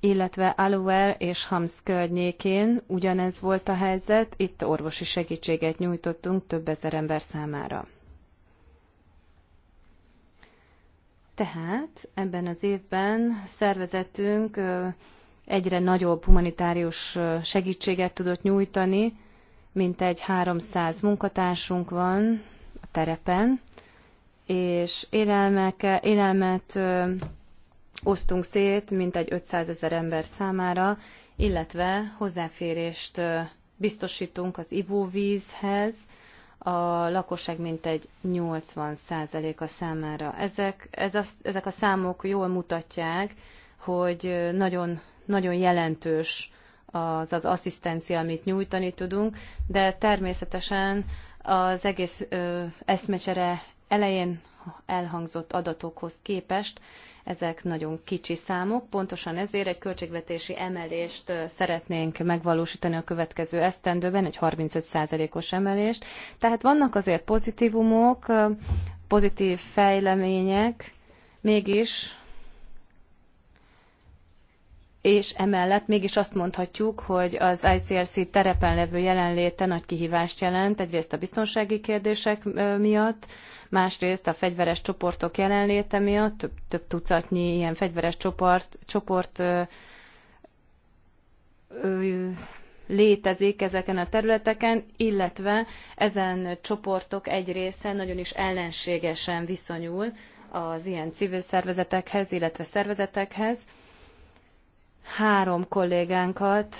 illetve Aluel és Hams környékén ugyanez volt a helyzet, itt orvosi segítséget nyújtottunk több ezer ember számára. Tehát ebben az évben szervezetünk egyre nagyobb humanitárius segítséget tudott nyújtani, mint egy 300 munkatársunk van a terepen, és élelmek, élelmet osztunk szét egy 500 ezer ember számára, illetve hozzáférést biztosítunk az ivóvízhez a lakosság mintegy 80%-a számára. Ezek, ez a, ezek a számok jól mutatják, hogy nagyon nagyon jelentős az az asszisztencia, amit nyújtani tudunk, de természetesen az egész ö, eszmecsere elején elhangzott adatokhoz képest ezek nagyon kicsi számok, pontosan ezért egy költségvetési emelést szeretnénk megvalósítani a következő esztendőben, egy 35%-os emelést. Tehát vannak azért pozitívumok, pozitív fejlemények, mégis és emellett mégis azt mondhatjuk, hogy az ICRC terepen levő jelenléte nagy kihívást jelent, egyrészt a biztonsági kérdések miatt, másrészt a fegyveres csoportok jelenléte miatt, több, több tucatnyi ilyen fegyveres csoport, csoport ö, ö, létezik ezeken a területeken, illetve ezen csoportok egy része nagyon is ellenségesen viszonyul az ilyen civil szervezetekhez, illetve szervezetekhez Három kollégánkat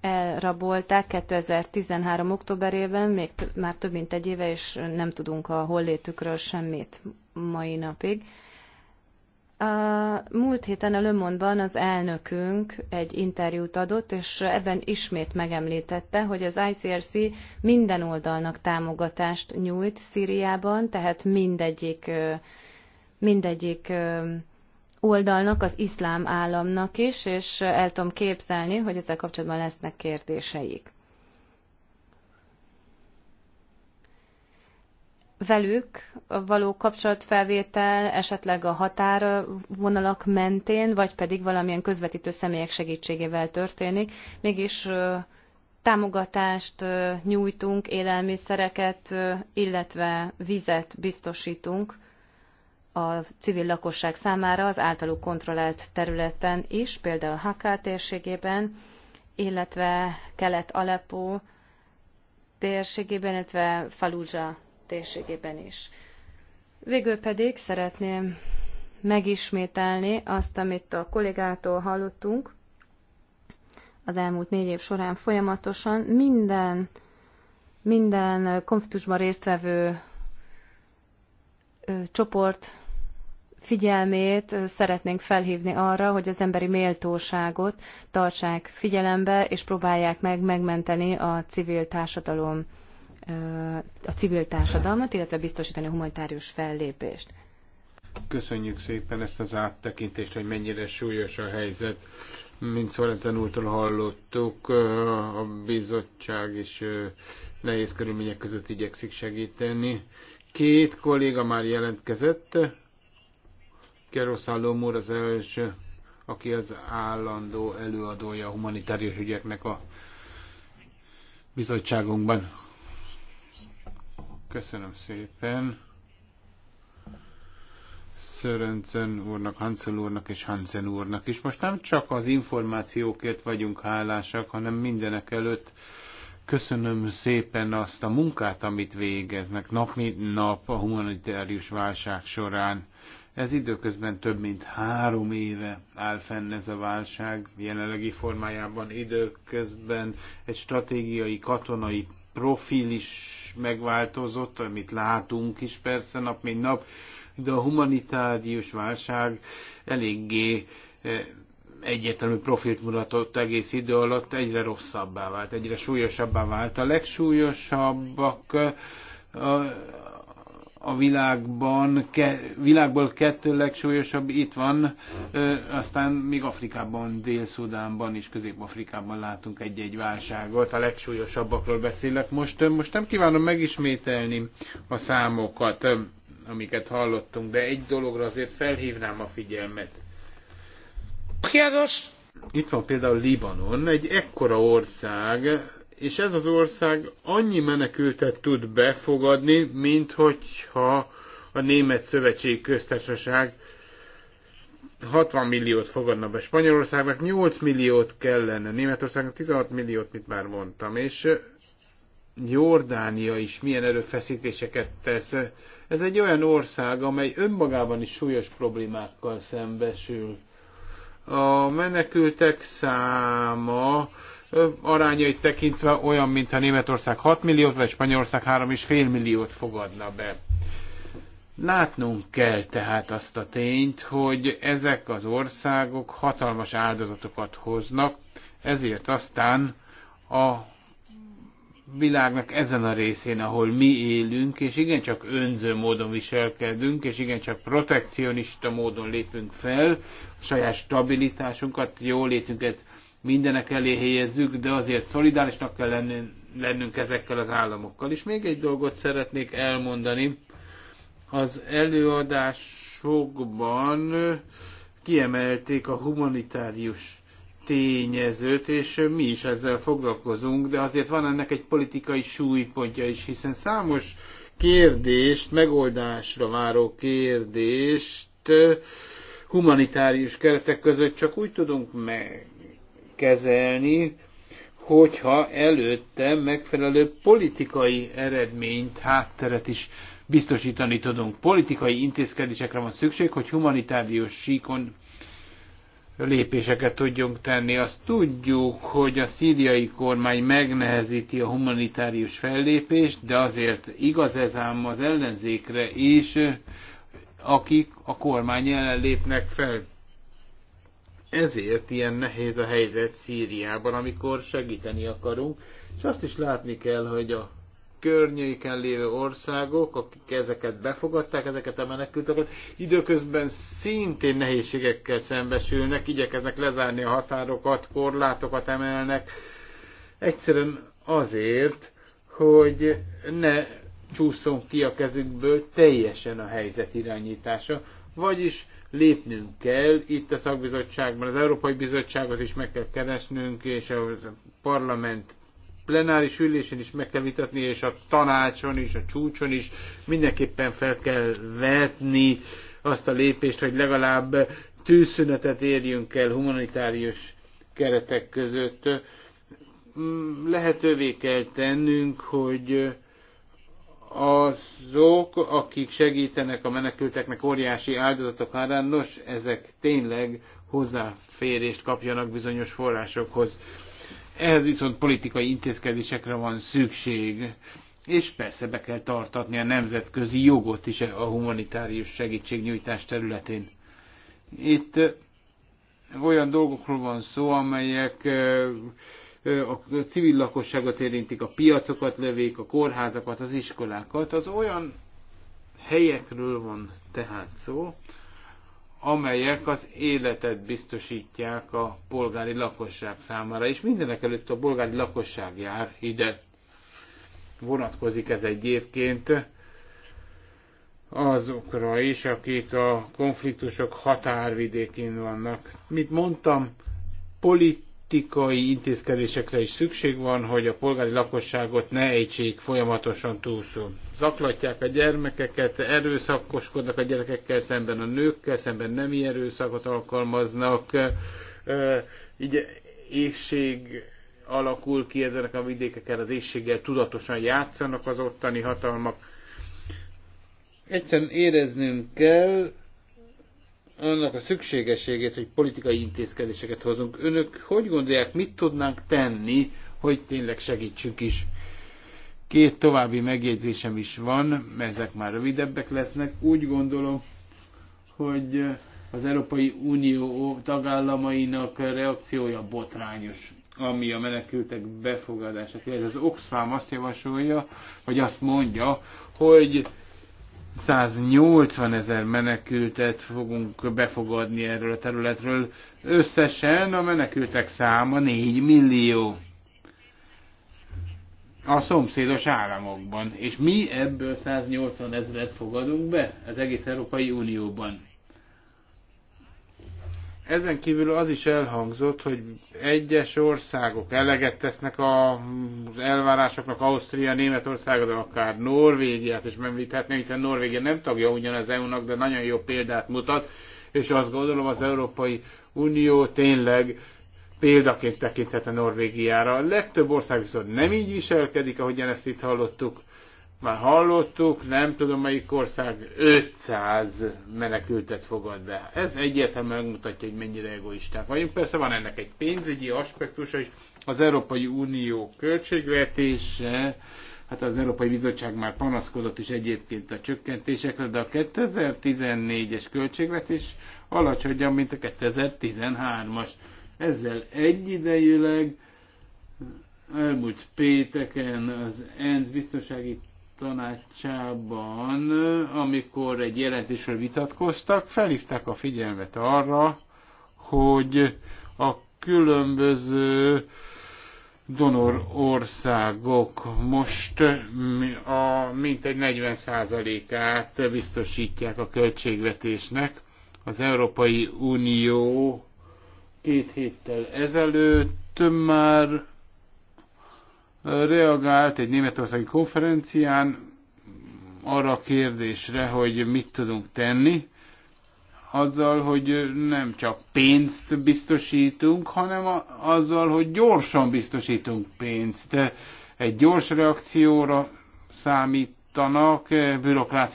elrabolták 2013. októberében, még már több mint egy éve, és nem tudunk a hollétükről semmit mai napig. A múlt héten a Lömondban az elnökünk egy interjút adott, és ebben ismét megemlítette, hogy az ICRC minden oldalnak támogatást nyújt Szíriában, tehát mindegyik, mindegyik oldalnak, az iszlám államnak is, és el tudom képzelni, hogy ezzel kapcsolatban lesznek kérdéseik. velük való kapcsolatfelvétel esetleg a határvonalak mentén, vagy pedig valamilyen közvetítő személyek segítségével történik. Mégis támogatást nyújtunk, élelmiszereket, illetve vizet biztosítunk a civil lakosság számára az általuk kontrollált területen is, például Haká térségében, illetve Kelet-Aleppo térségében, illetve Faluzsa térségében is. Végül pedig szeretném megismételni azt, amit a kollégától hallottunk az elmúlt négy év során folyamatosan. Minden, minden konfliktusban résztvevő csoport figyelmét szeretnénk felhívni arra, hogy az emberi méltóságot tartsák figyelembe, és próbálják meg megmenteni a civil társadalom a civil társadalmat, illetve biztosítani a humanitárius fellépést. Köszönjük szépen ezt az áttekintést, hogy mennyire súlyos a helyzet. Mint Szorenzen úrtól hallottuk, a bizottság is nehéz körülmények között igyekszik segíteni. Két kolléga már jelentkezett, Gero úr az első, aki az állandó előadója a humanitárius ügyeknek a bizottságunkban. Köszönöm szépen. Szörencen úrnak, Hansel úrnak és Hansen úrnak is. Most nem csak az információkért vagyunk hálásak, hanem mindenek előtt köszönöm szépen azt a munkát, amit végeznek nap mint nap a humanitárius válság során. Ez időközben több mint három éve áll fenn ez a válság jelenlegi formájában. Időközben egy stratégiai katonai profil is megváltozott, amit látunk is persze nap mint nap, de a humanitárius válság eléggé eh, egyértelmű profilt mutatott egész idő alatt, egyre rosszabbá vált, egyre súlyosabbá vált. A legsúlyosabbak eh, a világban, ke, világból kettő legsúlyosabb itt van, ö, aztán még Afrikában, Dél-Szudánban és Közép-Afrikában látunk egy-egy válságot, a legsúlyosabbakról beszélek most. Most nem kívánom megismételni a számokat, amiket hallottunk, de egy dologra azért felhívnám a figyelmet. Itt van például Libanon, egy ekkora ország, és ez az ország annyi menekültet tud befogadni, mint hogyha a Német Szövetségi Köztársaság 60 milliót fogadna be Spanyolországnak, 8 milliót kellene, Németországnak 16 milliót, mit már mondtam, és Jordánia is milyen erőfeszítéseket tesz. Ez egy olyan ország, amely önmagában is súlyos problémákkal szembesül. A menekültek száma arányait tekintve olyan, mintha Németország 6 milliót, vagy Spanyolország 3,5 milliót fogadna be. Látnunk kell tehát azt a tényt, hogy ezek az országok hatalmas áldozatokat hoznak, ezért aztán a világnak ezen a részén, ahol mi élünk, és igencsak önző módon viselkedünk, és igencsak protekcionista módon lépünk fel, a saját stabilitásunkat, jólétünket mindenek elé helyezzük, de azért szolidárisnak kell lennünk ezekkel az államokkal. És még egy dolgot szeretnék elmondani. Az előadásokban kiemelték a humanitárius tényezőt, és mi is ezzel foglalkozunk, de azért van ennek egy politikai súlypontja is, hiszen számos kérdést, megoldásra váró kérdést humanitárius keretek között csak úgy tudunk meg kezelni, hogyha előtte megfelelő politikai eredményt, hátteret is biztosítani tudunk. Politikai intézkedésekre van szükség, hogy humanitárius síkon lépéseket tudjunk tenni. Azt tudjuk, hogy a szíriai kormány megnehezíti a humanitárius fellépést, de azért igaz ez ám az ellenzékre is, akik a kormány ellen lépnek fel ezért ilyen nehéz a helyzet Szíriában, amikor segíteni akarunk, és azt is látni kell, hogy a környéken lévő országok, akik ezeket befogadták, ezeket a menekülteket, időközben szintén nehézségekkel szembesülnek, igyekeznek lezárni a határokat, korlátokat emelnek, egyszerűen azért, hogy ne csúszunk ki a kezükből teljesen a helyzet irányítása. Vagyis lépnünk kell itt a szakbizottságban, az Európai Bizottságot is meg kell keresnünk, és a parlament plenáris ülésén is meg kell vitatni, és a tanácson is, a csúcson is mindenképpen fel kell vetni azt a lépést, hogy legalább tűzszünetet érjünk el humanitárius keretek között. Mm, lehetővé kell tennünk, hogy azok, akik segítenek a menekülteknek óriási áldozatok árán, nos, ezek tényleg hozzáférést kapjanak bizonyos forrásokhoz. Ehhez viszont politikai intézkedésekre van szükség, és persze be kell tartatni a nemzetközi jogot is a humanitárius segítségnyújtás területén. Itt olyan dolgokról van szó, amelyek a civil lakosságot érintik, a piacokat lövék, a kórházakat, az iskolákat. Az olyan helyekről van tehát szó, amelyek az életet biztosítják a polgári lakosság számára, és mindenek előtt a polgári lakosság jár ide. Vonatkozik ez egyébként azokra is, akik a konfliktusok határvidékén vannak. Mit mondtam, polit politikai intézkedésekre is szükség van, hogy a polgári lakosságot ne ejtsék folyamatosan túlszul. Zaklatják a gyermekeket, erőszakoskodnak a gyerekekkel szemben, a nőkkel szemben nemi erőszakot alkalmaznak, így éjség alakul ki ezenek a vidékeken, az éjséggel tudatosan játszanak az ottani hatalmak. Egyszerűen éreznünk kell, annak a szükségességét, hogy politikai intézkedéseket hozunk. Önök hogy gondolják, mit tudnánk tenni, hogy tényleg segítsünk is? Két további megjegyzésem is van, ezek már rövidebbek lesznek. Úgy gondolom, hogy az Európai Unió tagállamainak reakciója botrányos, ami a menekültek befogadását illeti. Az Oxfam azt javasolja, vagy azt mondja, hogy 180 ezer menekültet fogunk befogadni erről a területről. Összesen a menekültek száma 4 millió a szomszédos államokban. És mi ebből 180 ezeret fogadunk be az egész Európai Unióban. Ezen kívül az is elhangzott, hogy egyes országok eleget tesznek az elvárásoknak, Ausztria, Németország, de akár Norvégiát is megvithetnénk, hiszen Norvégia nem tagja ugyanaz EU-nak, de nagyon jó példát mutat, és azt gondolom az Európai Unió tényleg példaként tekinthet a Norvégiára. A legtöbb ország viszont nem így viselkedik, ahogyan ezt itt hallottuk. Már hallottuk, nem tudom melyik ország 500 menekültet fogad be. Ez egyértelműen megmutatja, hogy mennyire egoisták vagyunk. Persze van ennek egy pénzügyi aspektusa is. Az Európai Unió költségvetése hát az Európai Bizottság már panaszkodott is egyébként a csökkentésekre, de a 2014-es költségvetés alacsonyabb, mint a 2013-as. Ezzel egyidejűleg elmúlt péteken az ENSZ biztonsági tanácsában, amikor egy jelentésről vitatkoztak, felhívták a figyelmet arra, hogy a különböző donor országok most a mintegy 40%-át biztosítják a költségvetésnek. Az Európai Unió két héttel ezelőtt már reagált egy németországi konferencián arra a kérdésre, hogy mit tudunk tenni, azzal, hogy nem csak pénzt biztosítunk, hanem azzal, hogy gyorsan biztosítunk pénzt. Egy gyors reakcióra számítanak,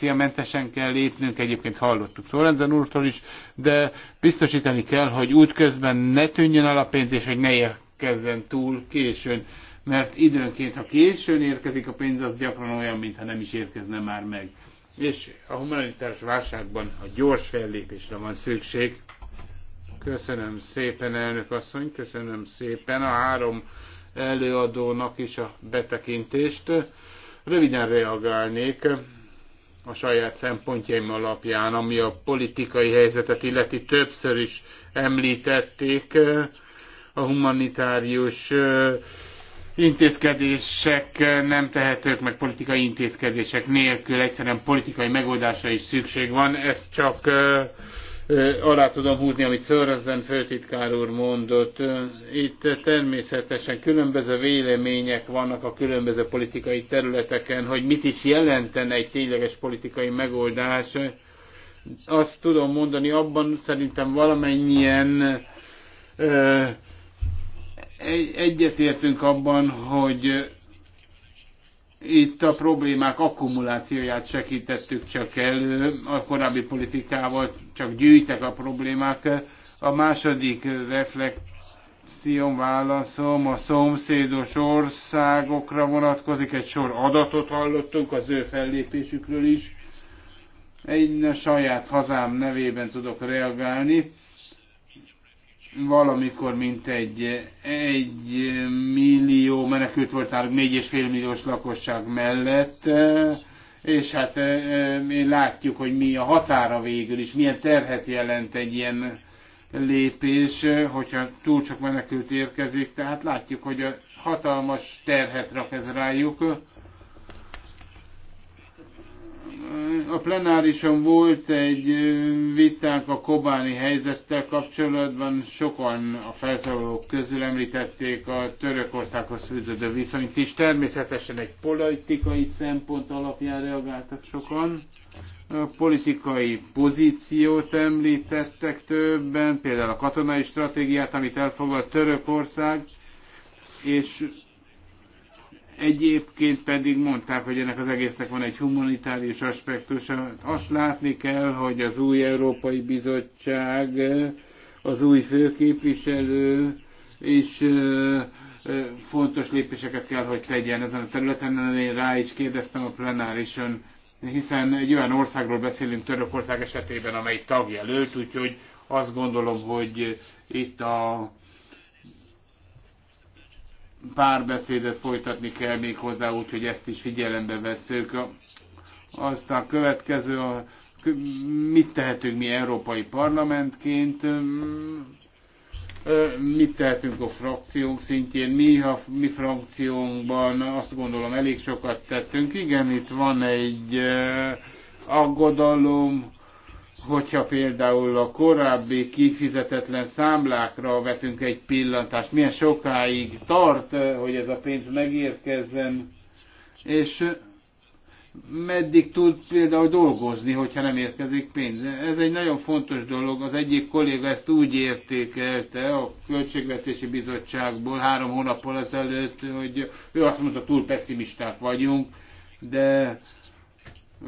mentesen kell lépnünk, egyébként hallottuk Szorenzen úrtól is, de biztosítani kell, hogy útközben ne tűnjön el a pénz, és hogy ne érkezzen túl későn mert időnként, ha későn érkezik a pénz, az gyakran olyan, mintha nem is érkezne már meg. És a humanitárs válságban a gyors fellépésre van szükség. Köszönöm szépen, elnök asszony, köszönöm szépen a három előadónak is a betekintést. Röviden reagálnék a saját szempontjaim alapján, ami a politikai helyzetet illeti többször is említették a humanitárius intézkedések nem tehetők meg politikai intézkedések nélkül, egyszerűen politikai megoldásra is szükség van, ezt csak alá tudom húzni, amit Szörözzen főtitkár úr mondott. Itt természetesen különböző vélemények vannak a különböző politikai területeken, hogy mit is jelentene egy tényleges politikai megoldás. Azt tudom mondani, abban szerintem valamennyien egy, egyetértünk abban, hogy itt a problémák akkumulációját segítettük csak elő, a korábbi politikával csak gyűjtek a problémák. A második reflexion válaszom a szomszédos országokra vonatkozik, egy sor adatot hallottunk az ő fellépésükről is. Egy saját hazám nevében tudok reagálni valamikor mint egy, egy millió menekült volt nálunk, négy és fél milliós lakosság mellett, és hát eh, eh, mi látjuk, hogy mi a határa végül is, milyen terhet jelent egy ilyen lépés, hogyha túl sok menekült érkezik, tehát látjuk, hogy a hatalmas terhet rak ez rájuk, a plenárison volt egy vitánk a kobáni helyzettel kapcsolatban. Sokan a felszólalók közül említették a Törökországhoz fűződő viszonyt is. Természetesen egy politikai szempont alapján reagáltak sokan. A politikai pozíciót említettek többen, például a katonai stratégiát, amit elfogad Törökország, és Egyébként pedig mondták, hogy ennek az egésznek van egy humanitárius aspektusa. Azt látni kell, hogy az új Európai Bizottság, az új főképviselő is fontos lépéseket kell, hogy tegyen ezen a területen. Én rá is kérdeztem a plenárison, hiszen egy olyan országról beszélünk Törökország esetében, amely tagjelölt, úgyhogy azt gondolom, hogy itt a párbeszédet folytatni kell még hozzá, úgyhogy ezt is figyelembe vesszük. Aztán a következő, mit tehetünk mi Európai Parlamentként, mit tehetünk a frakciónk szintjén, mi a mi frakciónkban azt gondolom elég sokat tettünk. Igen, itt van egy aggodalom, hogyha például a korábbi kifizetetlen számlákra vetünk egy pillantást, milyen sokáig tart, eh, hogy ez a pénz megérkezzen, és eh, meddig tud például dolgozni, hogyha nem érkezik pénz. Ez egy nagyon fontos dolog. Az egyik kolléga ezt úgy értékelte a Költségvetési Bizottságból három hónappal ezelőtt, hogy ő azt mondta, túl pessimisták vagyunk, de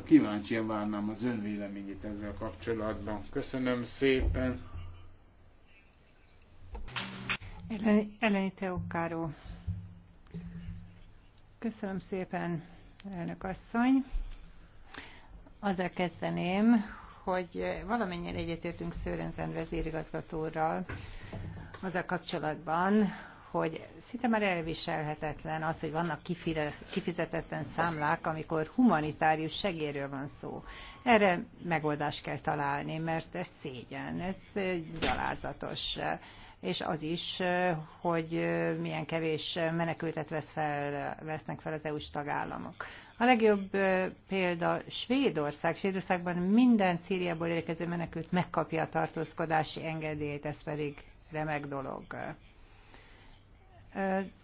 kíváncsi várnám az ön véleményét ezzel kapcsolatban. Köszönöm szépen. Eleni Teokáró. Köszönöm szépen, elnök asszony. Azzal kezdeném, hogy valamennyire egyetértünk Szőrenzen vezérigazgatóral az a kapcsolatban, hogy szinte már elviselhetetlen az, hogy vannak kifizetetlen számlák, amikor humanitárius segéről van szó. Erre megoldást kell találni, mert ez szégyen, ez gyalázatos. És az is, hogy milyen kevés menekültet vesz fel, vesznek fel az EU-s tagállamok. A legjobb példa Svédország. Svédországban minden Szíriából érkező menekült megkapja a tartózkodási engedélyt, ez pedig remek dolog.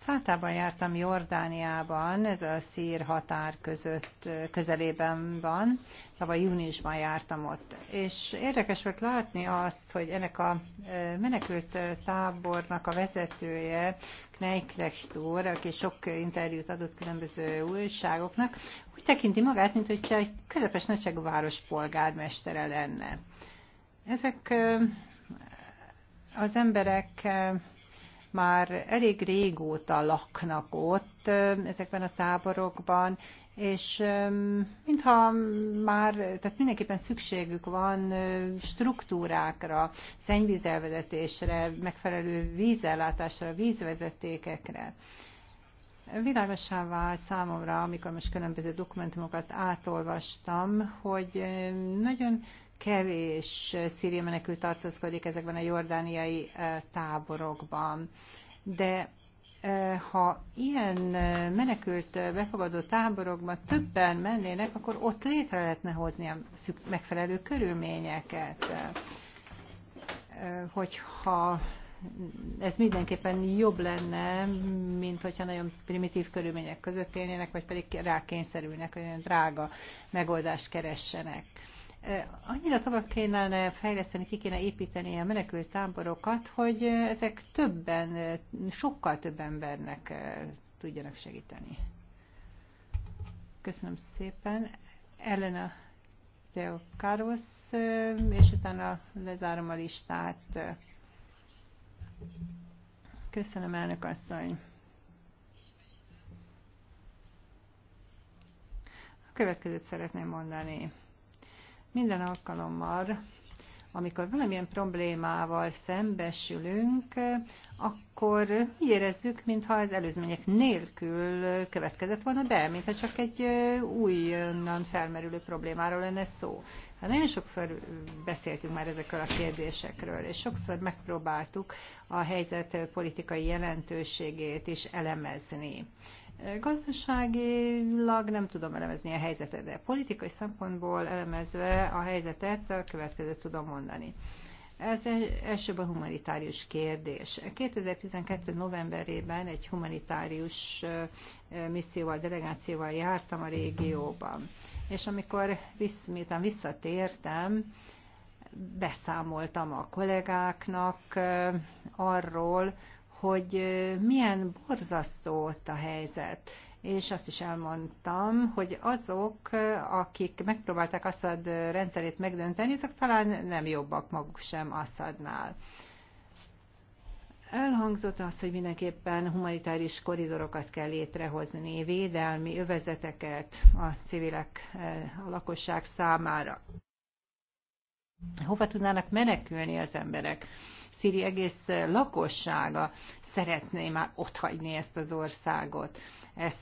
Szátában jártam Jordániában, ez a szír határ között, közelében van, tavaly júniusban jártam ott. És érdekes volt látni azt, hogy ennek a menekült tábornak a vezetője, Kneiklecht úr, aki sok interjút adott különböző újságoknak, úgy tekinti magát, mint hogyha egy közepes nagyságú város polgármestere lenne. Ezek az emberek már elég régóta laknak ott ezekben a táborokban, és mintha már, tehát mindenképpen szükségük van struktúrákra, szennyvízelvezetésre, megfelelő vízellátásra, vízvezetékekre. Világosá vált számomra, amikor most különböző dokumentumokat átolvastam, hogy nagyon kevés szíria menekül tartózkodik ezekben a jordániai táborokban. De ha ilyen menekült befogadó táborokban többen mennének, akkor ott létre lehetne hozni a megfelelő körülményeket. Hogyha ez mindenképpen jobb lenne, mint hogyha nagyon primitív körülmények között élnének, vagy pedig rákényszerülnek, hogy olyan drága megoldást keressenek annyira tovább kéne fejleszteni, ki kéne építeni a menekült táborokat, hogy ezek többen, sokkal több embernek tudjanak segíteni. Köszönöm szépen. Elena Teokarosz, és utána lezárom a listát. Köszönöm, elnök asszony. A következőt szeretném mondani. Minden alkalommal, amikor valamilyen problémával szembesülünk, akkor úgy érezzük, mintha az előzmények nélkül következett volna be, mintha csak egy újonnan felmerülő problémáról lenne szó. Hát nagyon sokszor beszéltünk már ezekről a kérdésekről, és sokszor megpróbáltuk a helyzet politikai jelentőségét is elemezni. Gazdaságilag nem tudom elemezni a helyzetet, de politikai szempontból elemezve a helyzetet a következőt tudom mondani. Ez elsőbb a humanitárius kérdés. 2012. novemberében egy humanitárius misszióval, delegációval jártam a régióban, és amikor vissz, miután visszatértem, beszámoltam a kollégáknak arról, hogy milyen borzasztó ott a helyzet. És azt is elmondtam, hogy azok, akik megpróbálták Assad rendszerét megdönteni, azok talán nem jobbak maguk sem Assadnál. Elhangzott az, hogy mindenképpen humanitáris koridorokat kell létrehozni, védelmi övezeteket a civilek, a lakosság számára. Hova tudnának menekülni az emberek? Szíri egész lakossága szeretné már otthagyni ezt az országot. Ez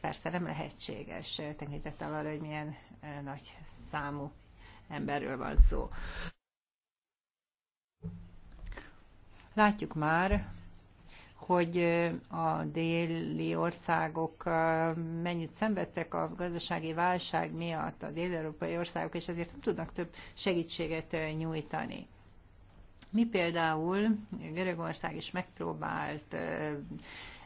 persze nem lehetséges, tekintettel arra, hogy milyen nagy számú emberről van szó. Látjuk már, hogy a déli országok mennyit szenvedtek a gazdasági válság miatt, a dél-európai országok, és ezért nem tudnak több segítséget nyújtani. Mi például Görögország is megpróbált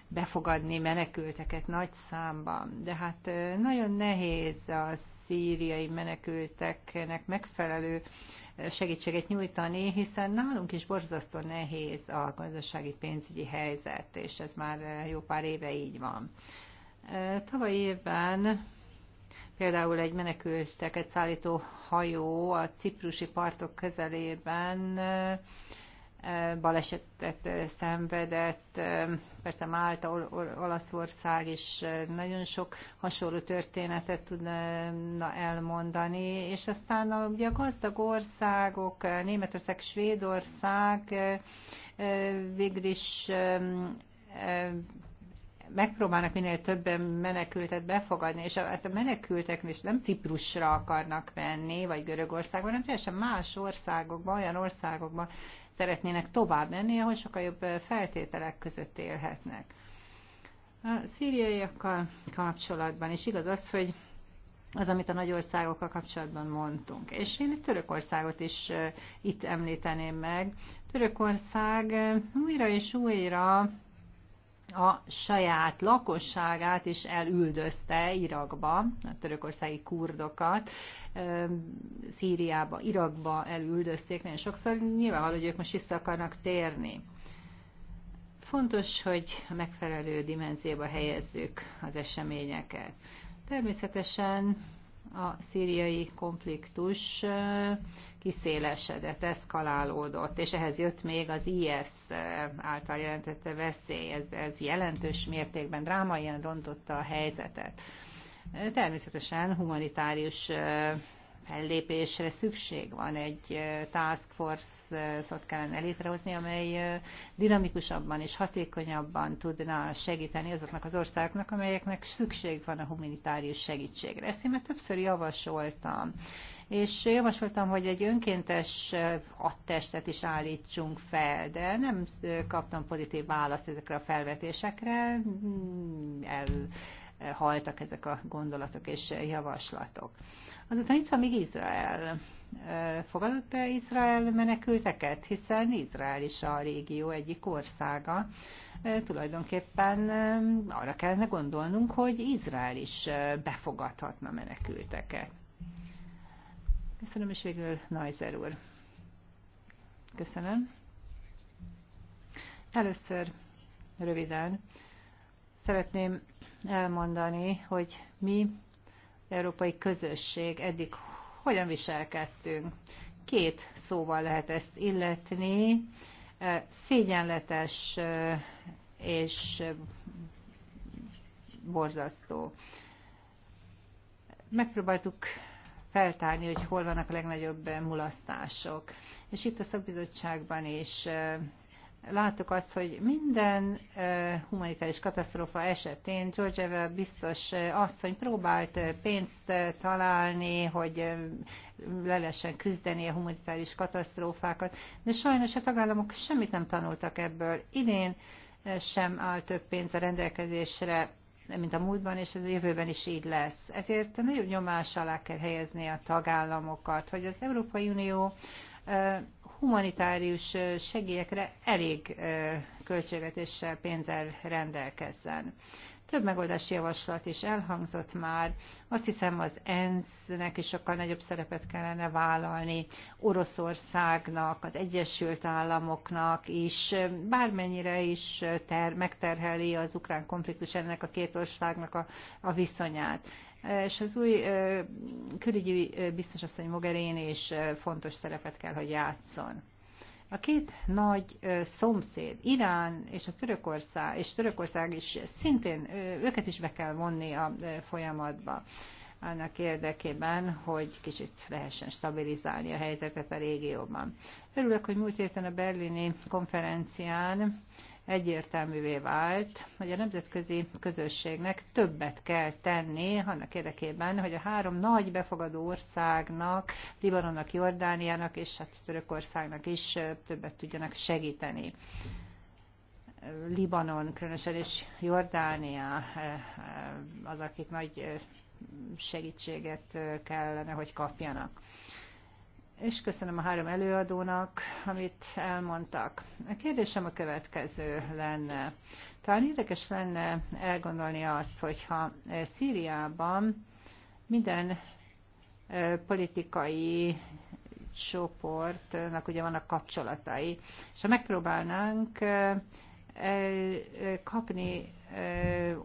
befogadni menekülteket nagy számban, de hát nagyon nehéz a szíriai menekülteknek megfelelő segítséget nyújtani, hiszen nálunk is borzasztó nehéz a gazdasági pénzügyi helyzet, és ez már jó pár éve így van. Tavaly évben Például egy menekülteket szállító hajó a ciprusi partok közelében balesetet szenvedett, persze Málta, Olaszország is nagyon sok hasonló történetet tudna elmondani, és aztán a, ugye a gazdag országok, Németország, Svédország végül is megpróbálnak minél többen menekültet befogadni, és a, hát a menekültek is nem Ciprusra akarnak menni, vagy Görögországban, hanem teljesen más országokban, olyan országokban szeretnének tovább menni, ahol sokkal jobb feltételek között élhetnek. A szíriaiakkal kapcsolatban is igaz az, hogy az, amit a nagy országokkal kapcsolatban mondtunk. És én Törökországot is itt említeném meg. Törökország újra és újra a saját lakosságát is elüldözte Irakba, a törökországi kurdokat, Szíriába, Irakba elüldözték nagyon sokszor, nyilvánvaló, hogy ők most vissza akarnak térni. Fontos, hogy a megfelelő dimenzióba helyezzük az eseményeket. Természetesen a szíriai konfliktus kiszélesedett, eszkalálódott, és ehhez jött még az IS által jelentette veszély. Ez, ez jelentős mértékben drámaian rontotta a helyzetet. Természetesen humanitárius fellépésre szükség van. Egy task force-ot kellene létrehozni, amely dinamikusabban és hatékonyabban tudna segíteni azoknak az országoknak, amelyeknek szükség van a humanitárius segítségre. Ezt én már többször javasoltam és javasoltam, hogy egy önkéntes hadtestet is állítsunk fel, de nem kaptam pozitív választ ezekre a felvetésekre, mm, elhaltak ezek a gondolatok és javaslatok. Azután itt van még Izrael. Fogadott be Izrael menekülteket, hiszen Izrael is a régió egyik országa. Tulajdonképpen arra kellene gondolnunk, hogy Izrael is befogadhatna menekülteket. Köszönöm, és végül Najzer úr. Köszönöm. Először röviden szeretném elmondani, hogy mi európai közösség eddig hogyan viselkedtünk. Két szóval lehet ezt illetni. Szégyenletes és borzasztó. Megpróbáltuk feltárni, hogy hol vannak a legnagyobb mulasztások. És itt a szakbizottságban is láttuk azt, hogy minden humanitáris katasztrófa esetén Georgieva biztos asszony próbált pénzt találni, hogy le lehessen küzdeni a humanitáris katasztrófákat, de sajnos a tagállamok semmit nem tanultak ebből. Idén sem áll több pénz a rendelkezésre, mint a múltban, és ez a jövőben is így lesz. Ezért nagyobb nyomás alá kell helyezni a tagállamokat, hogy az Európai Unió humanitárius segélyekre elég költségvetéssel pénzzel rendelkezzen. Több megoldási javaslat is elhangzott már. Azt hiszem az ENSZ-nek is sokkal nagyobb szerepet kellene vállalni, Oroszországnak, az Egyesült Államoknak is, bármennyire is ter- megterheli az ukrán konfliktus ennek a két országnak a, a viszonyát. Eh, és az új eh, külügyi eh, biztos Mogherini is fontos szerepet kell, hogy játszon. A két nagy szomszéd, Irán és a Törökország, és Törökország is szintén őket is be kell vonni a folyamatba annak érdekében, hogy kicsit lehessen stabilizálni a helyzetet a régióban. Örülök, hogy múlt héten a berlini konferencián egyértelművé vált, hogy a nemzetközi közösségnek többet kell tenni annak érdekében, hogy a három nagy befogadó országnak, Libanonnak, Jordániának és a hát Törökországnak is többet tudjanak segíteni. Libanon különösen és Jordánia eh, eh, az, akik nagy eh, segítséget kellene, hogy kapjanak és köszönöm a három előadónak, amit elmondtak. A kérdésem a következő lenne. Talán érdekes lenne elgondolni azt, hogyha eh, Szíriában minden eh, politikai csoportnak ugye vannak kapcsolatai, és ha megpróbálnánk eh, kapni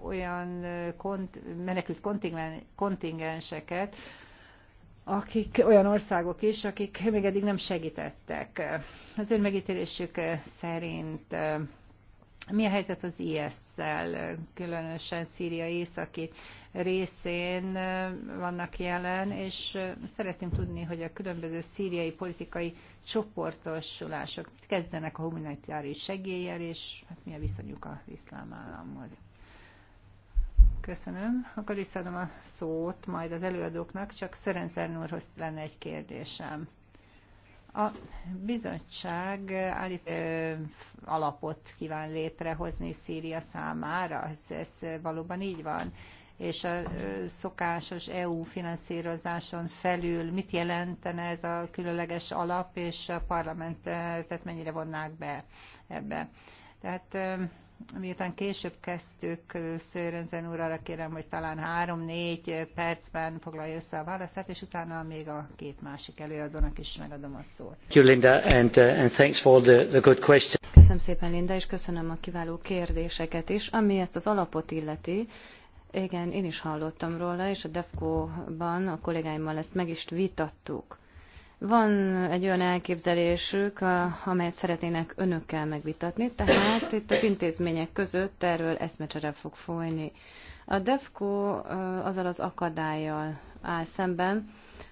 olyan menekült kontingenseket, akik olyan országok is, akik még eddig nem segítettek. Az ön megítélésük eh, szerint eh, mi a helyzet az IS-szel, különösen Szíria északi részén eh, vannak jelen, és szeretném tudni, hogy a különböző szíriai politikai csoportosulások kezdenek a humanitárius segéllyel, és hát mi a viszonyuk az iszlám államhoz. Köszönöm. Akkor visszaadom a szót majd az előadóknak, csak Szerencsern úrhoz lenne egy kérdésem. A bizottság állít, ö, alapot kíván létrehozni Szíria számára, ez, ez valóban így van? És a ö, szokásos EU finanszírozáson felül mit jelentene ez a különleges alap, és a parlamentet mennyire vonnák be ebbe? Tehát ö, miután később kezdtük, Szőrenzen úr, arra kérem, hogy talán három-négy percben foglalja össze a választát, és utána még a két másik előadónak is megadom a szót. Köszönöm szépen, Linda, és köszönöm a kiváló kérdéseket is. Ami ezt az alapot illeti, igen, én is hallottam róla, és a DEFCO-ban a kollégáimmal ezt meg is vitattuk. Van egy olyan elképzelésük, amelyet szeretnének önökkel megvitatni, tehát itt az intézmények között erről eszmecsere fog folyni. A DEFCO azzal az akadályjal áll szemben,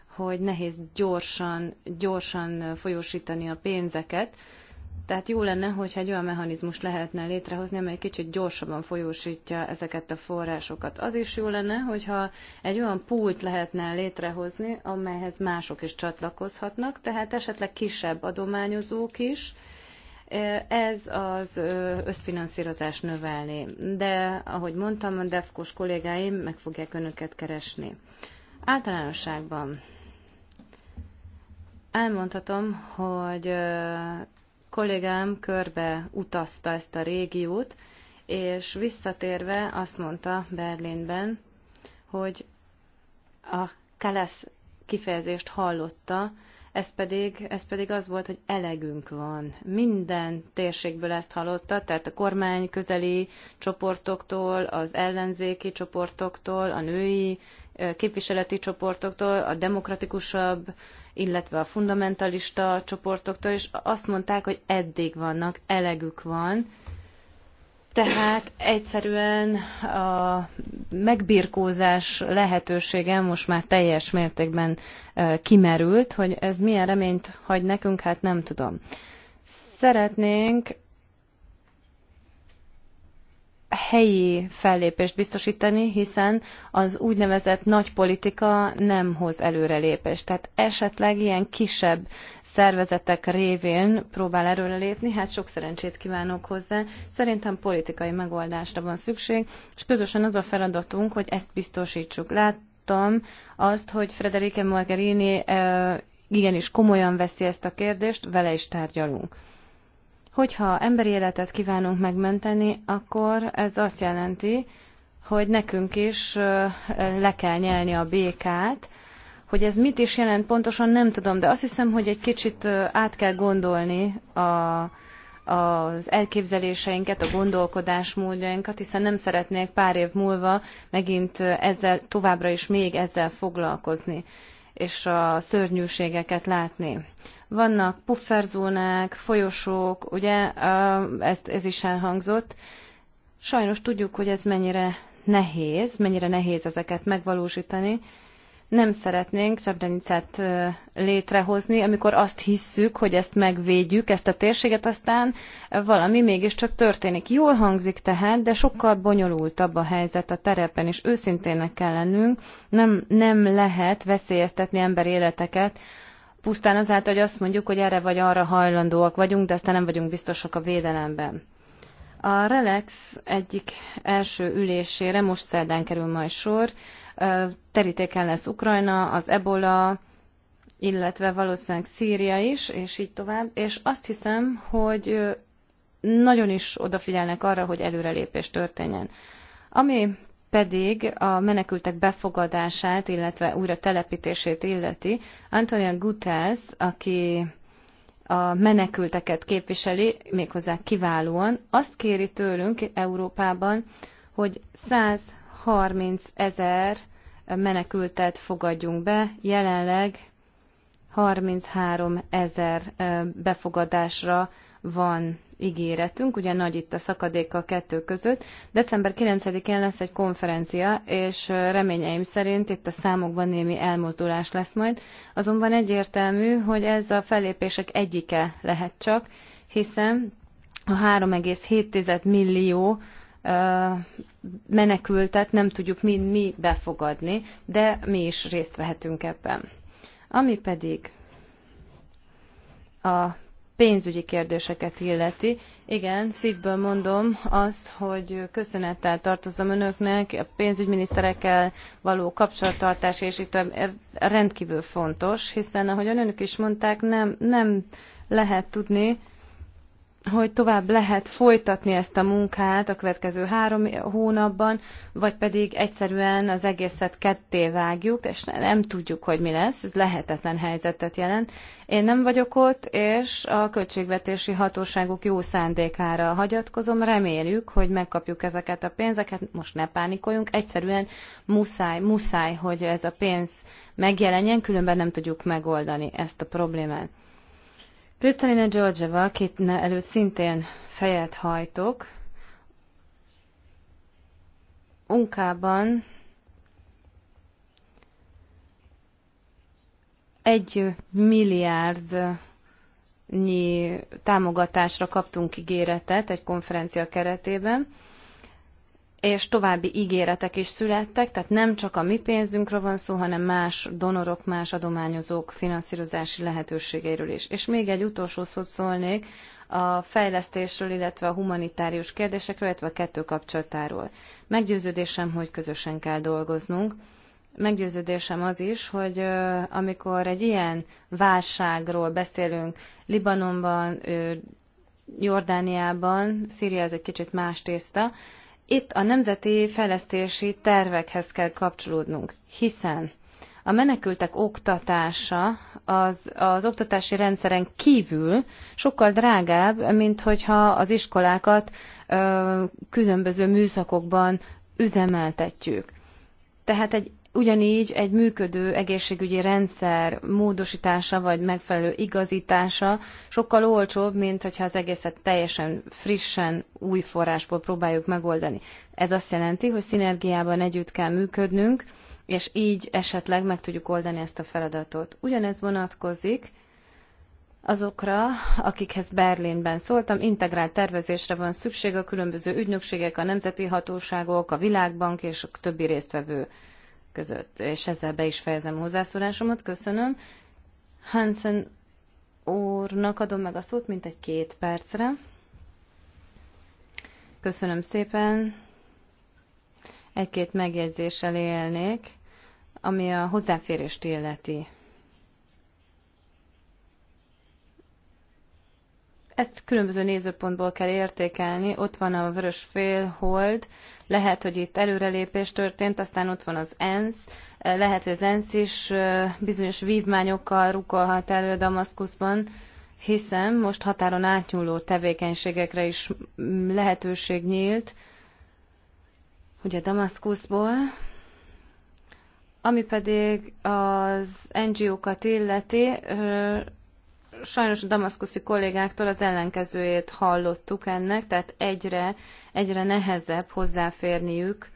hogy nehéz gyorsan, gyorsan folyósítani a pénzeket, tehát jó lenne, hogyha egy olyan mechanizmus lehetne létrehozni, amely kicsit gyorsabban folyósítja ezeket a forrásokat. Az is jó lenne, hogyha egy olyan pult lehetne létrehozni, amelyhez mások is csatlakozhatnak, tehát esetleg kisebb adományozók is, ez az összfinanszírozás növelni. De, ahogy mondtam, a DEFKOS kollégáim meg fogják önöket keresni. Általánosságban elmondhatom, hogy kollégám körbe utazta ezt a régiót, és visszatérve azt mondta Berlinben, hogy a kelesz kifejezést hallotta, ez pedig, ez pedig az volt, hogy elegünk van. Minden térségből ezt hallotta, tehát a kormány közeli csoportoktól, az ellenzéki csoportoktól, a női képviseleti csoportoktól, a demokratikusabb, illetve a fundamentalista csoportoktól, és azt mondták, hogy eddig vannak, elegük van. Tehát egyszerűen a megbirkózás lehetősége most már teljes mértékben kimerült, hogy ez milyen reményt hagy nekünk, hát nem tudom. Szeretnénk helyi fellépést biztosítani, hiszen az úgynevezett nagy politika nem hoz előrelépést. Tehát esetleg ilyen kisebb szervezetek révén próbál előrelépni, hát sok szerencsét kívánok hozzá. Szerintem politikai megoldásra van szükség, és közösen az a feladatunk, hogy ezt biztosítsuk. Láttam azt, hogy Frederike Margarini igenis komolyan veszi ezt a kérdést, vele is tárgyalunk. Hogyha emberi életet kívánunk megmenteni, akkor ez azt jelenti, hogy nekünk is le kell nyelni a békát, hogy ez mit is jelent pontosan, nem tudom, de azt hiszem, hogy egy kicsit át kell gondolni a, az elképzeléseinket, a gondolkodásmódjainkat, hiszen nem szeretnék pár év múlva megint ezzel továbbra is még ezzel foglalkozni és a szörnyűségeket látni. Vannak pufferzónák, folyosók, ugye, ez, ez is elhangzott. Sajnos tudjuk, hogy ez mennyire nehéz, mennyire nehéz ezeket megvalósítani, nem szeretnénk Srebrenicát létrehozni, amikor azt hisszük, hogy ezt megvédjük, ezt a térséget, aztán valami mégiscsak történik. Jól hangzik tehát, de sokkal bonyolultabb a helyzet a terepen, és őszintének kell lennünk. Nem, nem lehet veszélyeztetni ember életeket, pusztán azáltal, hogy azt mondjuk, hogy erre vagy arra hajlandóak vagyunk, de aztán nem vagyunk biztosak a védelemben. A Relax egyik első ülésére most szerdán kerül majd sor terítéken lesz Ukrajna, az ebola, illetve valószínűleg Szíria is, és így tovább. És azt hiszem, hogy nagyon is odafigyelnek arra, hogy előrelépés történjen. Ami pedig a menekültek befogadását, illetve újra telepítését illeti. Antonia Guterres, aki a menekülteket képviseli, méghozzá kiválóan, azt kéri tőlünk Európában, hogy 100 30 ezer menekültet fogadjunk be, jelenleg 33 ezer befogadásra van ígéretünk, ugye nagy itt a szakadék a kettő között. December 9-én lesz egy konferencia, és reményeim szerint itt a számokban némi elmozdulás lesz majd. Azonban egyértelmű, hogy ez a fellépések egyike lehet csak, hiszen a 3,7 millió menekültet nem tudjuk mi, mi befogadni, de mi is részt vehetünk ebben. Ami pedig a pénzügyi kérdéseket illeti. Igen, szívből mondom azt, hogy köszönettel tartozom önöknek, a pénzügyminiszterekkel való kapcsolattartás, és itt rendkívül fontos, hiszen ahogy önök is mondták, nem, nem lehet tudni, hogy tovább lehet folytatni ezt a munkát a következő három hónapban, vagy pedig egyszerűen az egészet ketté vágjuk, és nem tudjuk, hogy mi lesz, ez lehetetlen helyzetet jelent. Én nem vagyok ott, és a költségvetési hatóságok jó szándékára hagyatkozom, reméljük, hogy megkapjuk ezeket a pénzeket, most ne pánikoljunk, egyszerűen muszáj, muszáj, hogy ez a pénz megjelenjen, különben nem tudjuk megoldani ezt a problémát. Pristalina Georgieva, akit előtt szintén fejet hajtok, Unkában egy milliárd támogatásra kaptunk ígéretet egy konferencia keretében és további ígéretek is születtek, tehát nem csak a mi pénzünkről van szó, hanem más donorok, más adományozók finanszírozási lehetőségeiről is. És még egy utolsó szót szólnék a fejlesztésről, illetve a humanitárius kérdésekről, illetve a kettő kapcsolatáról. Meggyőződésem, hogy közösen kell dolgoznunk. Meggyőződésem az is, hogy amikor egy ilyen válságról beszélünk, Libanonban, Jordániában, Szíria ez egy kicsit más tészta, itt a nemzeti fejlesztési tervekhez kell kapcsolódnunk, hiszen a menekültek oktatása az, az oktatási rendszeren kívül sokkal drágább, mint hogyha az iskolákat ö, különböző műszakokban üzemeltetjük. Tehát egy Ugyanígy egy működő egészségügyi rendszer módosítása vagy megfelelő igazítása sokkal olcsóbb, mint hogyha az egészet teljesen frissen, új forrásból próbáljuk megoldani. Ez azt jelenti, hogy szinergiában együtt kell működnünk, és így esetleg meg tudjuk oldani ezt a feladatot. Ugyanez vonatkozik azokra, akikhez Berlinben szóltam, integrált tervezésre van szükség a különböző ügynökségek, a nemzeti hatóságok, a világbank és a többi résztvevő között. És ezzel be is fejezem hozzászólásomat. Köszönöm. Hansen úrnak adom meg a szót, mint egy két percre. Köszönöm szépen. Egy-két megjegyzéssel élnék, ami a hozzáférést illeti. Ezt különböző nézőpontból kell értékelni. Ott van a vörös félhold, lehet, hogy itt előrelépés történt, aztán ott van az ENSZ, lehet, hogy az ENSZ is bizonyos vívmányokkal rukolhat elő Damaszkuszban, hiszen most határon átnyúló tevékenységekre is lehetőség nyílt, ugye Damaszkuszból, ami pedig az NGO-kat illeti, sajnos a damaszkuszi kollégáktól az ellenkezőjét hallottuk ennek, tehát egyre, egyre nehezebb hozzáférniük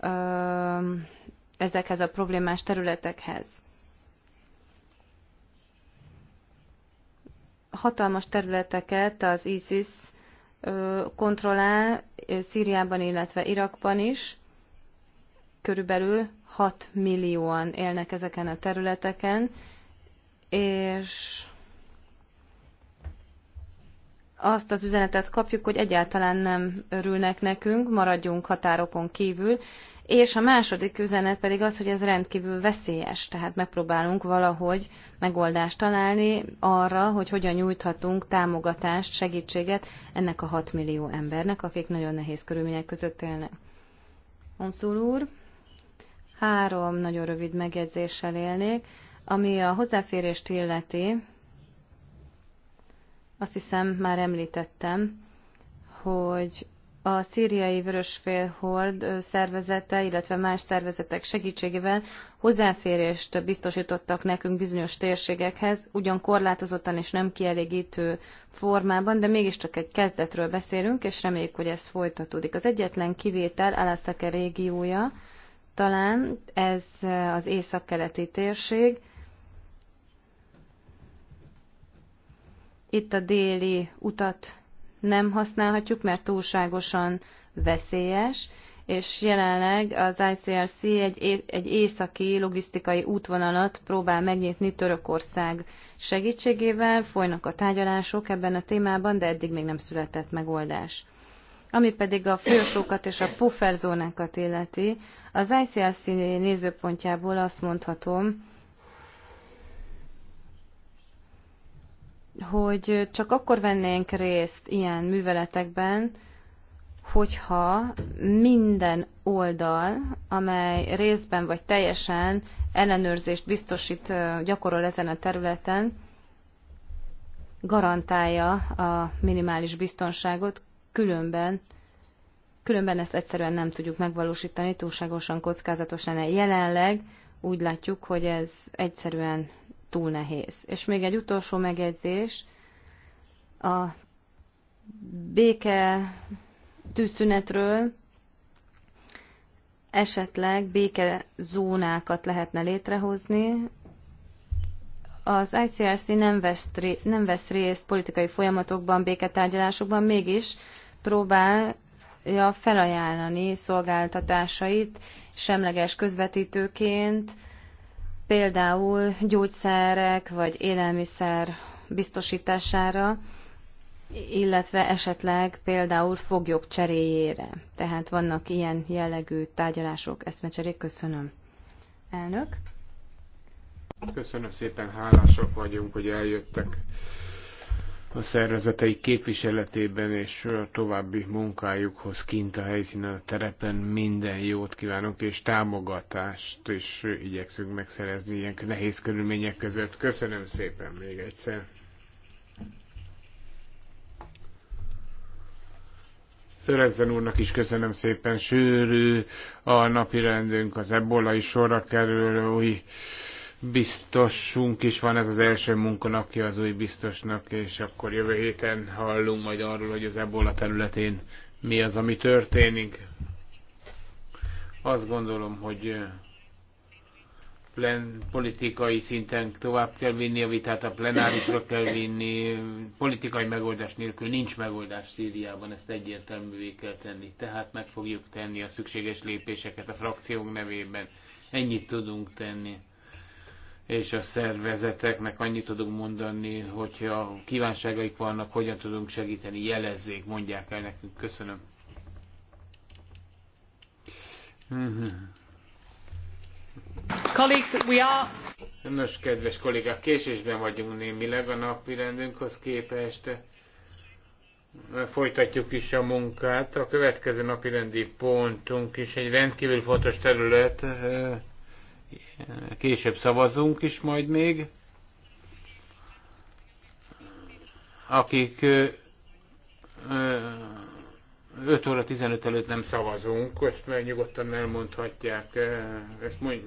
ö, ezekhez a problémás területekhez. Hatalmas területeket az ISIS ö, kontrollál Szíriában, illetve Irakban is. Körülbelül 6 millióan élnek ezeken a területeken, és azt az üzenetet kapjuk, hogy egyáltalán nem örülnek nekünk, maradjunk határokon kívül, és a második üzenet pedig az, hogy ez rendkívül veszélyes, tehát megpróbálunk valahogy megoldást találni arra, hogy hogyan nyújthatunk támogatást, segítséget ennek a 6 millió embernek, akik nagyon nehéz körülmények között élnek. Onszul úr, három nagyon rövid megjegyzéssel élnék, ami a hozzáférést illeti, azt hiszem, már említettem, hogy a szíriai Vörösfél Hold szervezete, illetve más szervezetek segítségével hozzáférést biztosítottak nekünk bizonyos térségekhez, ugyan korlátozottan és nem kielégítő formában, de mégiscsak egy kezdetről beszélünk, és reméljük, hogy ez folytatódik. Az egyetlen kivétel Alaszake régiója, talán ez az északkeleti térség, Itt a déli utat nem használhatjuk, mert túlságosan veszélyes, és jelenleg az ICRC egy, egy északi logisztikai útvonalat próbál megnyitni Törökország segítségével. Folynak a tárgyalások ebben a témában, de eddig még nem született megoldás. Ami pedig a folyosókat és a pufferzónákat illeti, az ICRC nézőpontjából azt mondhatom, hogy csak akkor vennénk részt ilyen műveletekben, hogyha minden oldal, amely részben vagy teljesen ellenőrzést biztosít, gyakorol ezen a területen, garantálja a minimális biztonságot, különben, különben ezt egyszerűen nem tudjuk megvalósítani, túlságosan kockázatos lenne. Jelenleg úgy látjuk, hogy ez egyszerűen túl nehéz. És még egy utolsó megjegyzés. A béke tűzszünetről esetleg béke zónákat lehetne létrehozni. Az ICRC nem vesz, ré, nem vesz részt politikai folyamatokban, béketárgyalásokban, mégis próbálja felajánlani szolgáltatásait semleges közvetítőként, például gyógyszerek vagy élelmiszer biztosítására, illetve esetleg például foglyok cseréjére. Tehát vannak ilyen jellegű tárgyalások, eszmecserék. Köszönöm. Elnök. Köszönöm szépen, hálásak vagyunk, hogy eljöttek a szervezetei képviseletében és a további munkájukhoz kint a helyszínen, a terepen minden jót kívánok, és támogatást is igyekszünk megszerezni ilyen nehéz körülmények között. Köszönöm szépen még egyszer. Szörenzen úrnak is köszönöm szépen, sűrű a napi rendünk, az ebola is sorra kerül, új biztosunk is van, ez az első munkanapja az új biztosnak, és akkor jövő héten hallunk majd arról, hogy az ebola területén mi az, ami történik. Azt gondolom, hogy plen, politikai szinten tovább kell vinni a vitát, a plenárisra kell vinni, politikai megoldás nélkül nincs megoldás Szíriában, ezt egyértelművé kell tenni. Tehát meg fogjuk tenni a szükséges lépéseket a frakciónk nevében. Ennyit tudunk tenni és a szervezeteknek annyit tudunk mondani, hogyha kívánságaik vannak, hogyan tudunk segíteni, jelezzék, mondják el nekünk. Köszönöm. Colleagues, we are... Nos, kedves kollégák, késésben vagyunk némileg a napi rendünkhoz képest. Folytatjuk is a munkát. A következő napi rendi pontunk is egy rendkívül fontos terület Később szavazunk is majd még. Akik 5 óra 15 előtt nem szavazunk, ezt meg nyugodtan elmondhatják, ezt mondj,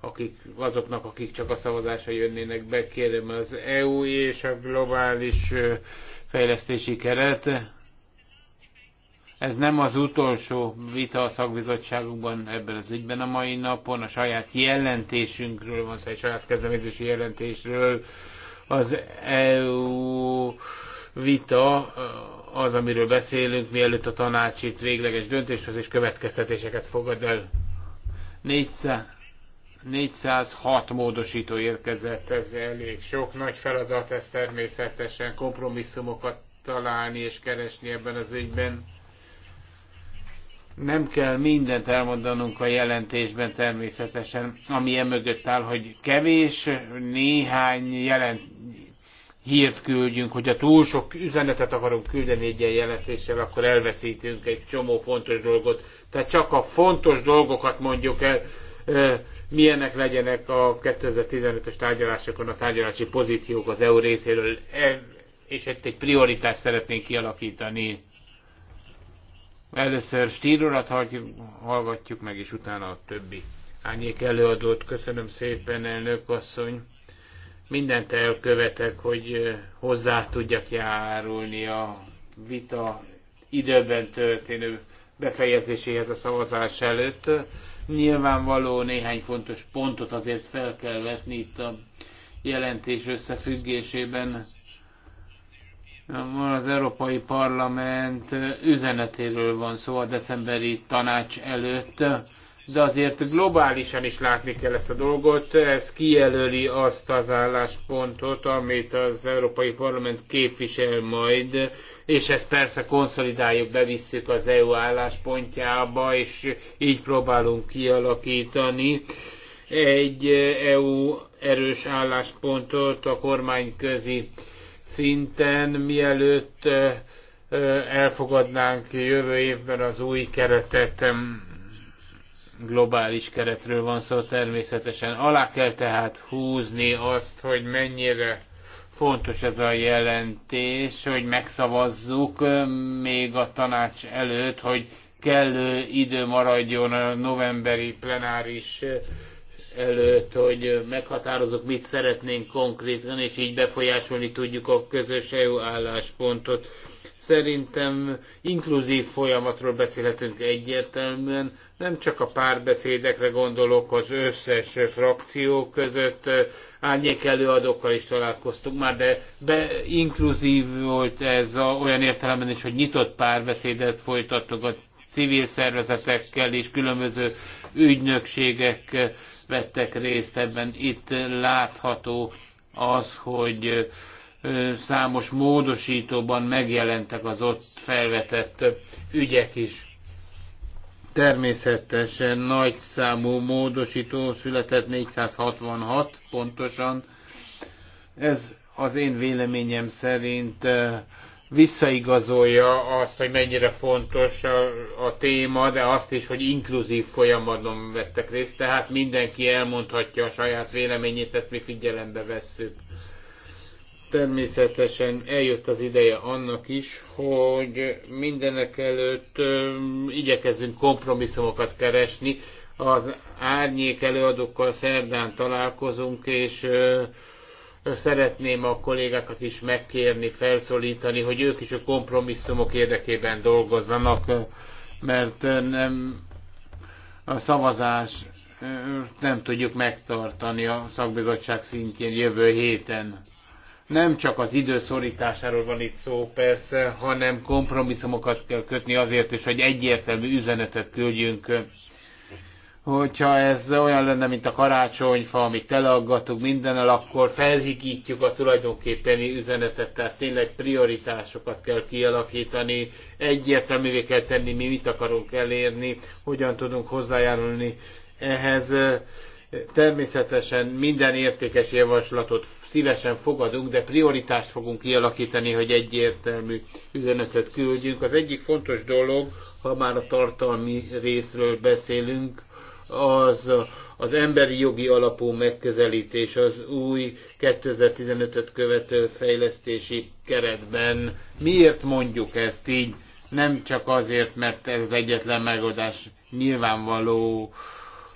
akik, azoknak, akik csak a szavazásra jönnének be, kérem az EU és a globális fejlesztési keret ez nem az utolsó vita a szakbizottságunkban ebben az ügyben a mai napon. A saját jelentésünkről van szó, egy saját kezdeményezési jelentésről. Az EU vita az, amiről beszélünk, mielőtt a tanács itt végleges döntéshoz és következtetéseket fogad el. 400, 406 módosító érkezett, ez elég sok nagy feladat, ez természetesen kompromisszumokat találni és keresni ebben az ügyben nem kell mindent elmondanunk a jelentésben természetesen, ami emögött áll, hogy kevés, néhány jelent, hírt küldjünk, hogyha túl sok üzenetet akarunk küldeni egy ilyen jelentéssel, akkor elveszítünk egy csomó fontos dolgot. Tehát csak a fontos dolgokat mondjuk el, milyenek legyenek a 2015-ös tárgyalásokon a tárgyalási pozíciók az EU részéről, e, és itt egy prioritást szeretnénk kialakítani. Először Stír urat hallgatjuk meg, és utána a többi ányék előadót. Köszönöm szépen, elnök asszony. Mindent elkövetek, hogy hozzá tudjak járulni a vita időben történő befejezéséhez a szavazás előtt. Nyilvánvaló néhány fontos pontot azért fel kell vetni itt a jelentés összefüggésében az Európai Parlament üzenetéről van szó a decemberi tanács előtt, de azért globálisan is látni kell ezt a dolgot. Ez kijelöli azt az álláspontot, amit az Európai Parlament képvisel majd, és ezt persze konszolidáljuk, bevisszük az EU álláspontjába, és így próbálunk kialakítani egy EU erős álláspontot a kormányközi közi szinten, mielőtt elfogadnánk jövő évben az új keretet, globális keretről van szó természetesen. Alá kell tehát húzni azt, hogy mennyire fontos ez a jelentés, hogy megszavazzuk még a tanács előtt, hogy kellő idő maradjon a novemberi plenáris előtt, hogy meghatározok, mit szeretnénk konkrétan, és így befolyásolni tudjuk a közös EU álláspontot. Szerintem inkluzív folyamatról beszélhetünk egyértelműen, nem csak a párbeszédekre gondolok, az összes frakció között árnyék előadókkal is találkoztunk már, de be, inkluzív volt ez a, olyan értelemben is, hogy nyitott párbeszédet folytattuk a civil szervezetekkel és különböző ügynökségek vettek részt ebben. Itt látható az, hogy számos módosítóban megjelentek az ott felvetett ügyek is. Természetesen nagy számú módosító született, 466 pontosan. Ez az én véleményem szerint visszaigazolja azt, hogy mennyire fontos a, a téma, de azt is, hogy inkluzív folyamaton vettek részt, tehát mindenki elmondhatja a saját véleményét, ezt mi figyelembe vesszük. Természetesen eljött az ideje annak is, hogy mindenek előtt ö, igyekezzünk kompromisszumokat keresni. Az árnyék előadókkal szerdán találkozunk, és ö, szeretném a kollégákat is megkérni, felszólítani, hogy ők is a kompromisszumok érdekében dolgozzanak, mert nem a szavazás nem tudjuk megtartani a szakbizottság szintjén jövő héten. Nem csak az idő szorításáról van itt szó persze, hanem kompromisszumokat kell kötni azért is, hogy egyértelmű üzenetet küldjünk hogyha ez olyan lenne, mint a karácsonyfa, amit teleaggatunk mindennel, akkor felhigítjuk a tulajdonképpeni üzenetet, tehát tényleg prioritásokat kell kialakítani, egyértelművé kell tenni, mi mit akarunk elérni, hogyan tudunk hozzájárulni ehhez. Természetesen minden értékes javaslatot szívesen fogadunk, de prioritást fogunk kialakítani, hogy egyértelmű üzenetet küldjünk. Az egyik fontos dolog, ha már a tartalmi részről beszélünk, az az emberi jogi alapú megközelítés az új 2015-öt követő fejlesztési keretben. Miért mondjuk ezt így? Nem csak azért, mert ez az egyetlen megoldás nyilvánvaló,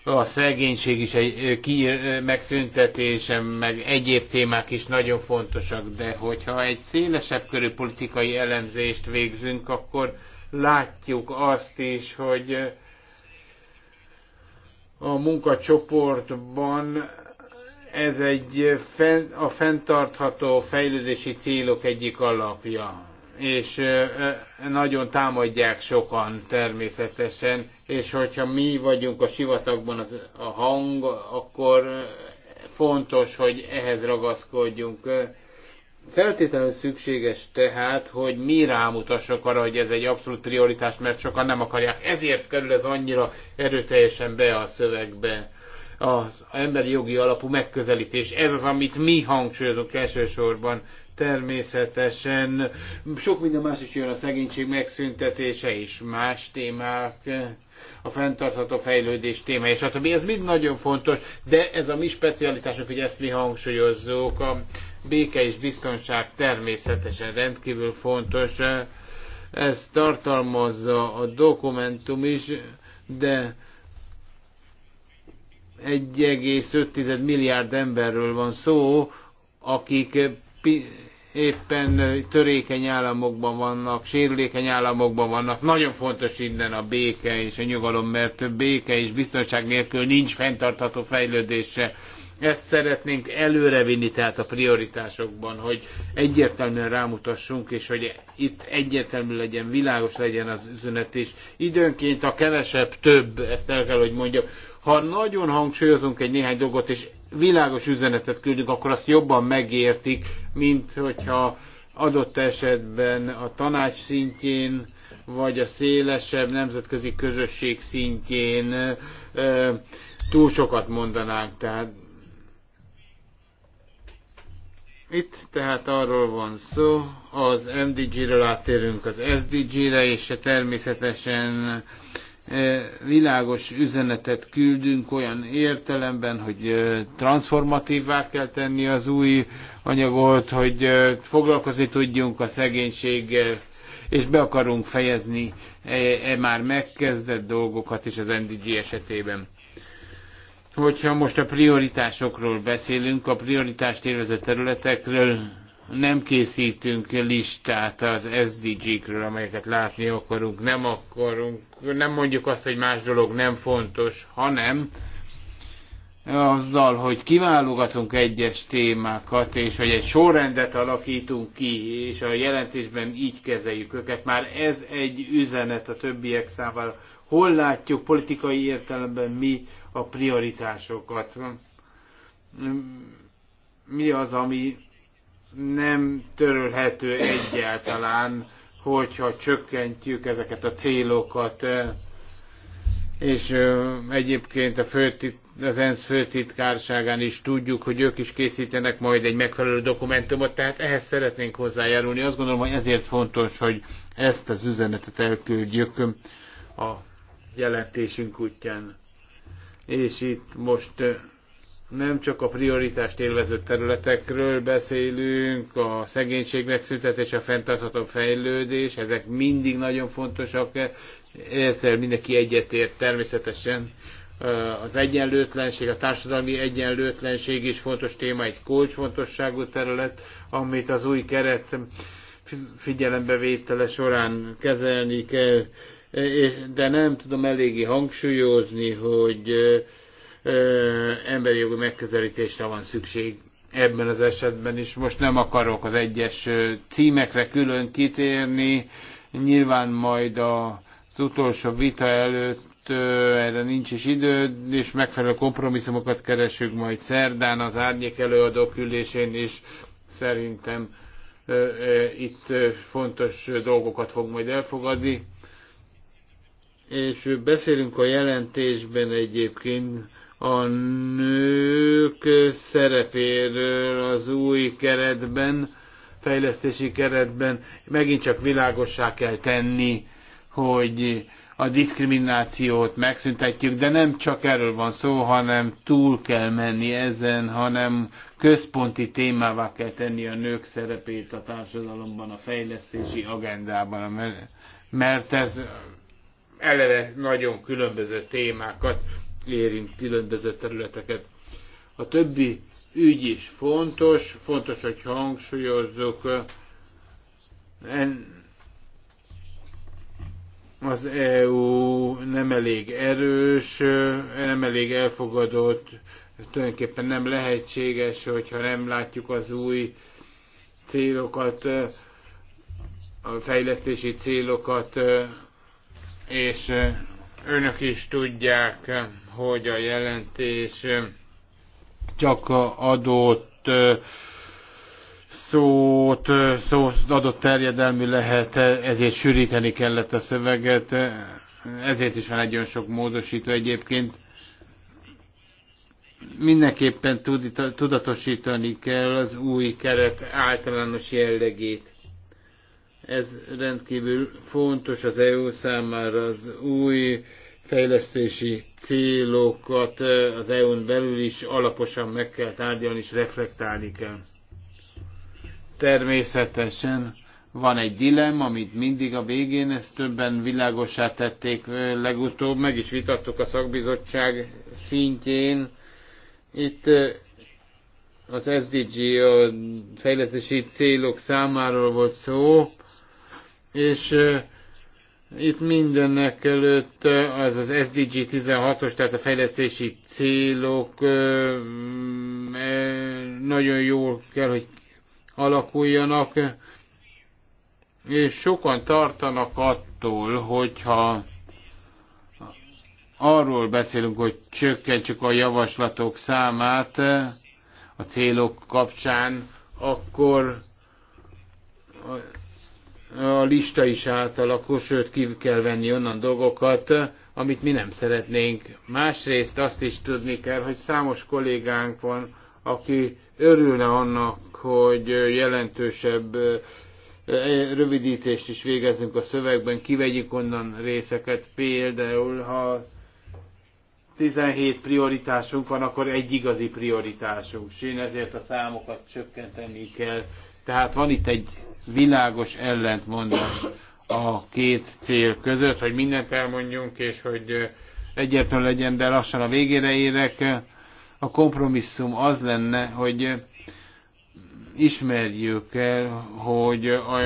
a szegénység is egy ki, megszüntetése, meg egyéb témák is nagyon fontosak, de hogyha egy szélesebb körű politikai elemzést végzünk, akkor látjuk azt is, hogy a munkacsoportban ez egy a fenntartható fejlődési célok egyik alapja és nagyon támadják sokan természetesen, és hogyha mi vagyunk a sivatagban az, a hang, akkor fontos, hogy ehhez ragaszkodjunk. Feltétlenül szükséges tehát, hogy mi rámutassak arra, hogy ez egy abszolút prioritás, mert sokan nem akarják. Ezért kerül ez annyira erőteljesen be a szövegbe az emberi jogi alapú megközelítés. Ez az, amit mi hangsúlyozunk elsősorban. Természetesen sok minden más is jön a szegénység megszüntetése és más témák, a fenntartható fejlődés téma, és többi, Ez mind nagyon fontos, de ez a mi specialitásunk, hogy ezt mi hangsúlyozzuk. A béke és biztonság természetesen rendkívül fontos. Ez tartalmazza a dokumentum is, de 1,5 milliárd emberről van szó, akik éppen törékeny államokban vannak, sérülékeny államokban vannak. Nagyon fontos innen a béke és a nyugalom, mert béke és biztonság nélkül nincs fenntartható fejlődése. Ezt szeretnénk előrevinni, tehát a prioritásokban, hogy egyértelműen rámutassunk, és hogy itt egyértelmű legyen, világos legyen az üzenet, és időnként a kevesebb több, ezt el kell, hogy mondjam. Ha nagyon hangsúlyozunk egy néhány dolgot, és világos üzenetet küldünk, akkor azt jobban megértik, mint hogyha adott esetben a tanács szintjén, vagy a szélesebb nemzetközi közösség szintjén túl sokat mondanánk. Tehát Itt tehát arról van szó, az MDG-ről áttérünk az SDG-re, és természetesen e, világos üzenetet küldünk olyan értelemben, hogy e, transformatívvá kell tenni az új anyagot, hogy e, foglalkozni tudjunk a szegénységgel, és be akarunk fejezni e, e már megkezdett dolgokat is az MDG esetében. Hogyha most a prioritásokról beszélünk, a prioritást élvező területekről nem készítünk listát az SDG-kről, amelyeket látni akarunk, nem akarunk, nem mondjuk azt, hogy más dolog nem fontos, hanem azzal, hogy kiválogatunk egyes témákat, és hogy egy sorrendet alakítunk ki, és a jelentésben így kezeljük őket, már ez egy üzenet a többiek számára. Hol látjuk politikai értelemben mi a prioritásokat. Mi az, ami nem törölhető egyáltalán, hogyha csökkentjük ezeket a célokat. És egyébként a főtit, az ENSZ főtitkárságán is tudjuk, hogy ők is készítenek majd egy megfelelő dokumentumot, tehát ehhez szeretnénk hozzájárulni. Azt gondolom, hogy ezért fontos, hogy ezt az üzenetet elküldjük a jelentésünk útján és itt most nem csak a prioritást élvező területekről beszélünk, a szegénység megszüntetése, a fenntartható fejlődés, ezek mindig nagyon fontosak, ezzel mindenki egyetért természetesen. Az egyenlőtlenség, a társadalmi egyenlőtlenség is fontos téma, egy kulcsfontosságú terület, amit az új keret figyelembevétele során kezelni kell. E, de nem tudom eléggé hangsúlyozni, hogy e, e, emberi jogi megközelítésre van szükség ebben az esetben is. Most nem akarok az egyes címekre külön kitérni, nyilván majd az utolsó vita előtt erre nincs is idő, és megfelelő kompromisszumokat keresünk majd szerdán az árnyék előadók ülésén is. Szerintem itt fontos dolgokat fog majd elfogadni és beszélünk a jelentésben egyébként a nők szerepéről az új keretben, fejlesztési keretben. Megint csak világossá kell tenni, hogy a diszkriminációt megszüntetjük, de nem csak erről van szó, hanem túl kell menni ezen, hanem központi témává kell tenni a nők szerepét a társadalomban, a fejlesztési agendában, mert ez eleve nagyon különböző témákat érint, különböző területeket. A többi ügy is fontos, fontos, hogy hangsúlyozzuk eh, az EU nem elég erős, eh, nem elég elfogadott, tulajdonképpen nem lehetséges, hogyha nem látjuk az új célokat, eh, a fejlesztési célokat és önök is tudják, hogy a jelentés csak adott szót, szót adott terjedelmű lehet, ezért sűríteni kellett a szöveget, ezért is van egy olyan sok módosító egyébként. Mindenképpen tudatosítani kell az új keret általános jellegét ez rendkívül fontos az EU számára az új fejlesztési célokat az EU-n belül is alaposan meg kell tárgyalni és reflektálni kell. Természetesen van egy dilem, amit mindig a végén, ezt többen világosá tették legutóbb, meg is vitattuk a szakbizottság szintjén. Itt az SDG a fejlesztési célok számáról volt szó, és itt mindennek előtt az az SDG 16-os, tehát a fejlesztési célok nagyon jól kell, hogy alakuljanak, és sokan tartanak attól, hogyha arról beszélünk, hogy csökkentsük a javaslatok számát a célok kapcsán, akkor a lista is átalakul, sőt ki kell venni onnan dolgokat, amit mi nem szeretnénk. Másrészt azt is tudni kell, hogy számos kollégánk van, aki örülne annak, hogy jelentősebb rövidítést is végezzünk a szövegben, kivegyük onnan részeket, például ha 17 prioritásunk van, akkor egy igazi prioritásunk, és én ezért a számokat csökkenteni kell. Tehát van itt egy világos ellentmondás a két cél között, hogy mindent elmondjunk, és hogy egyértelmű legyen, de lassan a végére érek. A kompromisszum az lenne, hogy ismerjük el, hogy a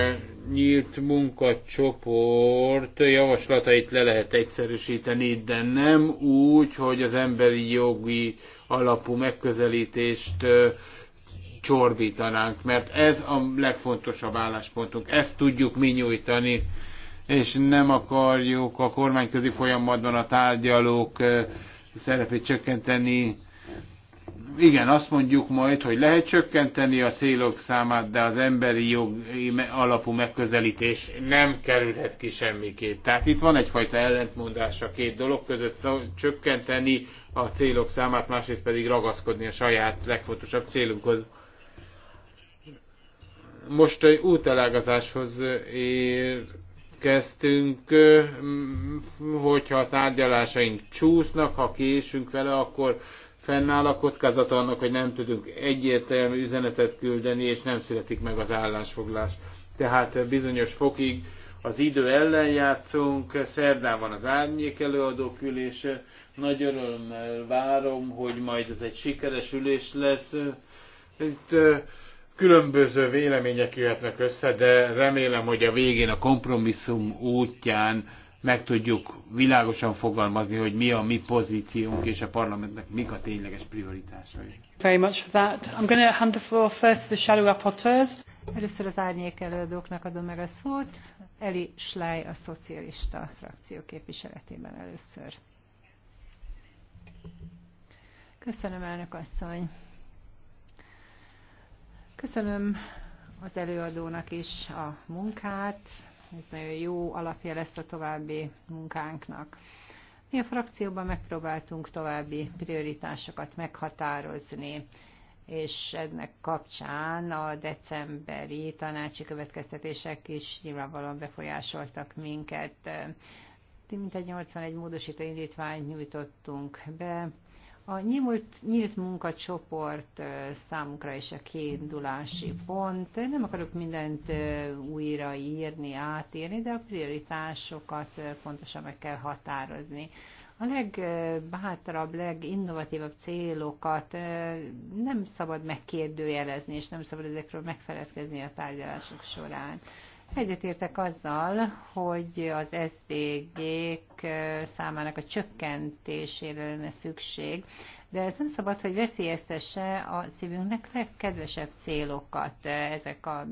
nyílt munkacsoport javaslatait le lehet egyszerűsíteni, de nem úgy, hogy az emberi jogi alapú megközelítést csorbítanánk, mert ez a legfontosabb álláspontunk, ezt tudjuk mi nyújtani, és nem akarjuk a kormányközi folyamatban a tárgyalók szerepét csökkenteni. Igen, azt mondjuk majd, hogy lehet csökkenteni a célok számát, de az emberi jog alapú megközelítés nem kerülhet ki semmiképp. Tehát itt van egyfajta ellentmondás a két dolog között, szóval csökkenteni a célok számát, másrészt pedig ragaszkodni a saját legfontosabb célunkhoz. Most egy útelágazáshoz érkeztünk, mm, hogyha a tárgyalásaink csúsznak, ha késünk vele, akkor fennáll a kockázat annak, hogy nem tudunk egyértelmű üzenetet küldeni, és nem születik meg az állásfoglás. Tehát bizonyos fokig az idő ellen játszunk, szerdán van az árnyék előadók ülése, nagy örömmel várom, hogy majd ez egy sikeres ülés lesz. Itt Különböző vélemények jöhetnek össze, de remélem, hogy a végén a kompromisszum útján meg tudjuk világosan fogalmazni, hogy mi a mi pozíciónk és a parlamentnek mik a tényleges prioritásai. Very much for that. I'm going to hand the floor first to the shadow rapporteurs. Először az árnyék előadóknak adom meg a szót. Eli Schley a szocialista frakció képviseletében először. Köszönöm, elnök asszony. Köszönöm az előadónak is a munkát, ez nagyon jó alapja lesz a további munkánknak. Mi a frakcióban megpróbáltunk további prioritásokat meghatározni, és ennek kapcsán a decemberi tanácsi következtetések is nyilvánvalóan befolyásoltak minket. mint egy 81 módosító indítványt nyújtottunk be, a nyílt, nyílt munkacsoport számukra is a kiindulási pont. Nem akarok mindent újra írni, átírni, de a prioritásokat pontosan meg kell határozni. A legbátrabb, leginnovatívabb célokat nem szabad megkérdőjelezni, és nem szabad ezekről megfeledkezni a tárgyalások során. Egyetértek azzal, hogy az SZDG-k számának a csökkentésére lenne szükség, de ez nem szabad, hogy veszélyeztesse a szívünknek legkedvesebb célokat, ezek a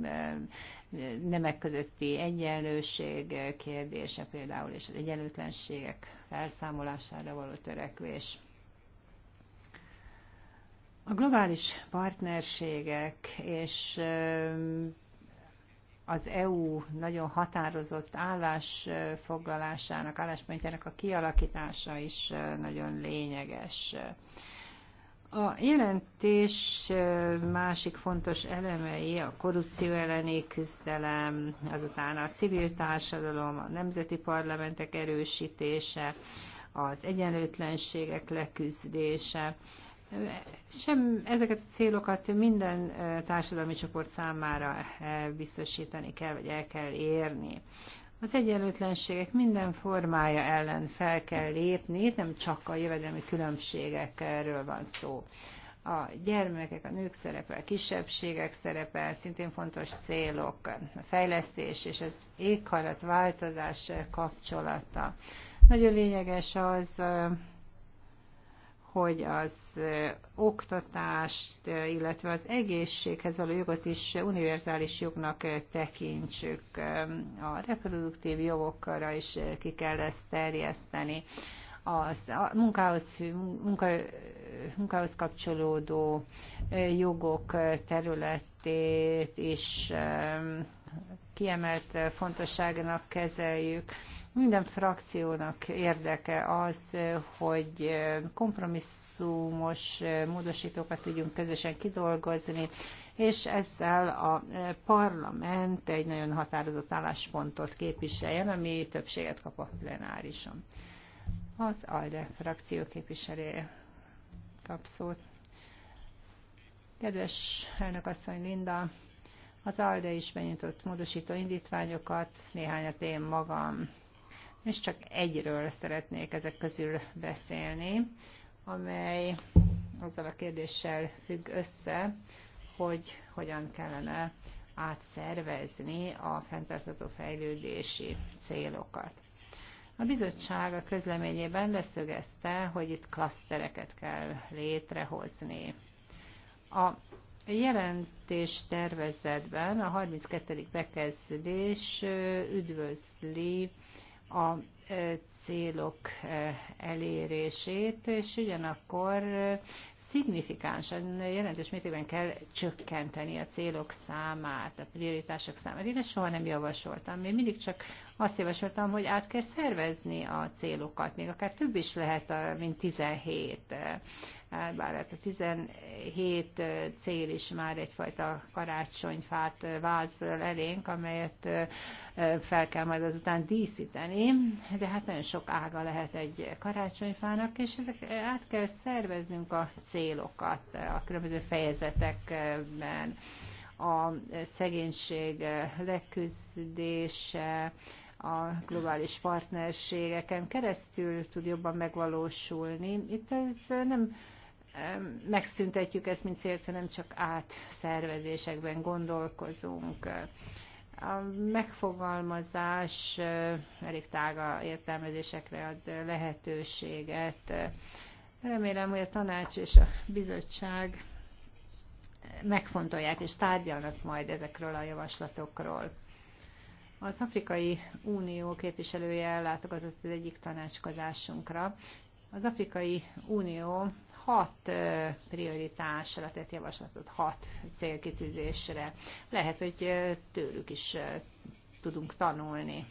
nemek közötti egyenlőség kérdése például, és az egyenlőtlenségek felszámolására való törekvés. A globális partnerségek és az EU nagyon határozott állásfoglalásának, álláspontjának a kialakítása is nagyon lényeges. A jelentés másik fontos elemei a korrupció elleni küzdelem, azután a civil társadalom, a nemzeti parlamentek erősítése, az egyenlőtlenségek leküzdése, sem ezeket a célokat minden társadalmi csoport számára biztosítani kell, vagy el kell érni. Az egyenlőtlenségek minden formája ellen fel kell lépni, nem csak a jövedelmi különbségekről van szó. A gyermekek, a nők szerepe, a kisebbségek szerepe, szintén fontos célok, a fejlesztés és az változás kapcsolata. Nagyon lényeges az, hogy az oktatást, illetve az egészséghez való jogot is univerzális jognak tekintsük. A reproduktív jogokra is ki kell ezt terjeszteni. Az a munkához, munka, munkához kapcsolódó jogok területét is kiemelt fontosságnak kezeljük minden frakciónak érdeke az, hogy kompromisszumos módosítókat tudjunk közösen kidolgozni, és ezzel a parlament egy nagyon határozott álláspontot képviseljen, ami többséget kap a plenárison. Az ALDE frakció képviselője kap szót. Kedves asszony Linda, az ALDE is benyújtott módosító indítványokat, néhányat én magam és csak egyről szeretnék ezek közül beszélni, amely azzal a kérdéssel függ össze, hogy hogyan kellene átszervezni a fenntartható fejlődési célokat. A bizottság a közleményében leszögezte, hogy itt klasztereket kell létrehozni. A jelentés tervezetben a 32. bekezdés üdvözli a célok elérését, és ugyanakkor szignifikánsan, jelentős mértékben kell csökkenteni a célok számát, a prioritások számát. Én ezt soha nem javasoltam. Én mindig csak azt javasoltam, hogy át kell szervezni a célokat, még akár több is lehet, mint 17 bár hát a 17 cél is már egyfajta karácsonyfát vázol elénk, amelyet fel kell majd azután díszíteni, de hát nagyon sok ága lehet egy karácsonyfának, és ezek át kell szerveznünk a célokat a különböző fejezetekben a szegénység leküzdése, a globális partnerségeken keresztül tud jobban megvalósulni. Itt ez nem megszüntetjük ezt, mint célt, hanem csak átszervezésekben gondolkozunk. A megfogalmazás elég tága értelmezésekre ad lehetőséget. Remélem, hogy a tanács és a bizottság megfontolják és tárgyalnak majd ezekről a javaslatokról. Az Afrikai Unió képviselője ellátogatott az egyik tanácskozásunkra. Az Afrikai Unió hat prioritásra tehát javaslatot, hat célkitűzésre. Lehet, hogy tőlük is tudunk tanulni.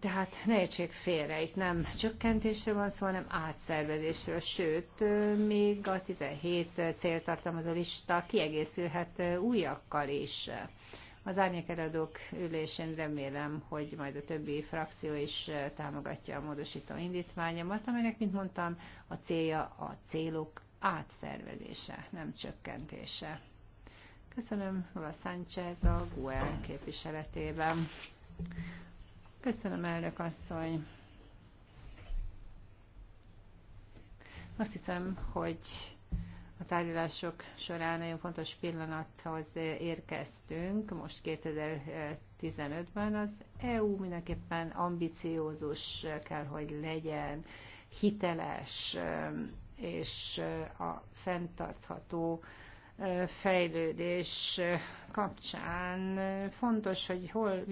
Tehát ne értsék félre, itt nem csökkentésről van szó, hanem átszervezésről, sőt, még a 17 céltartalmazó lista kiegészülhet újakkal is. Az árnyékeradók ülésén remélem, hogy majd a többi frakció is támogatja a módosító indítványomat, amelynek, mint mondtam, a célja a célok átszervezése, nem csökkentése. Köszönöm Vala Sánchez a GUE képviseletében. Köszönöm, elnök asszony. Azt hiszem, hogy a tárgyalások során nagyon fontos pillanathoz érkeztünk, most 2015-ben az EU mindenképpen ambiciózus kell, hogy legyen, hiteles és a fenntartható fejlődés kapcsán fontos, hogy hol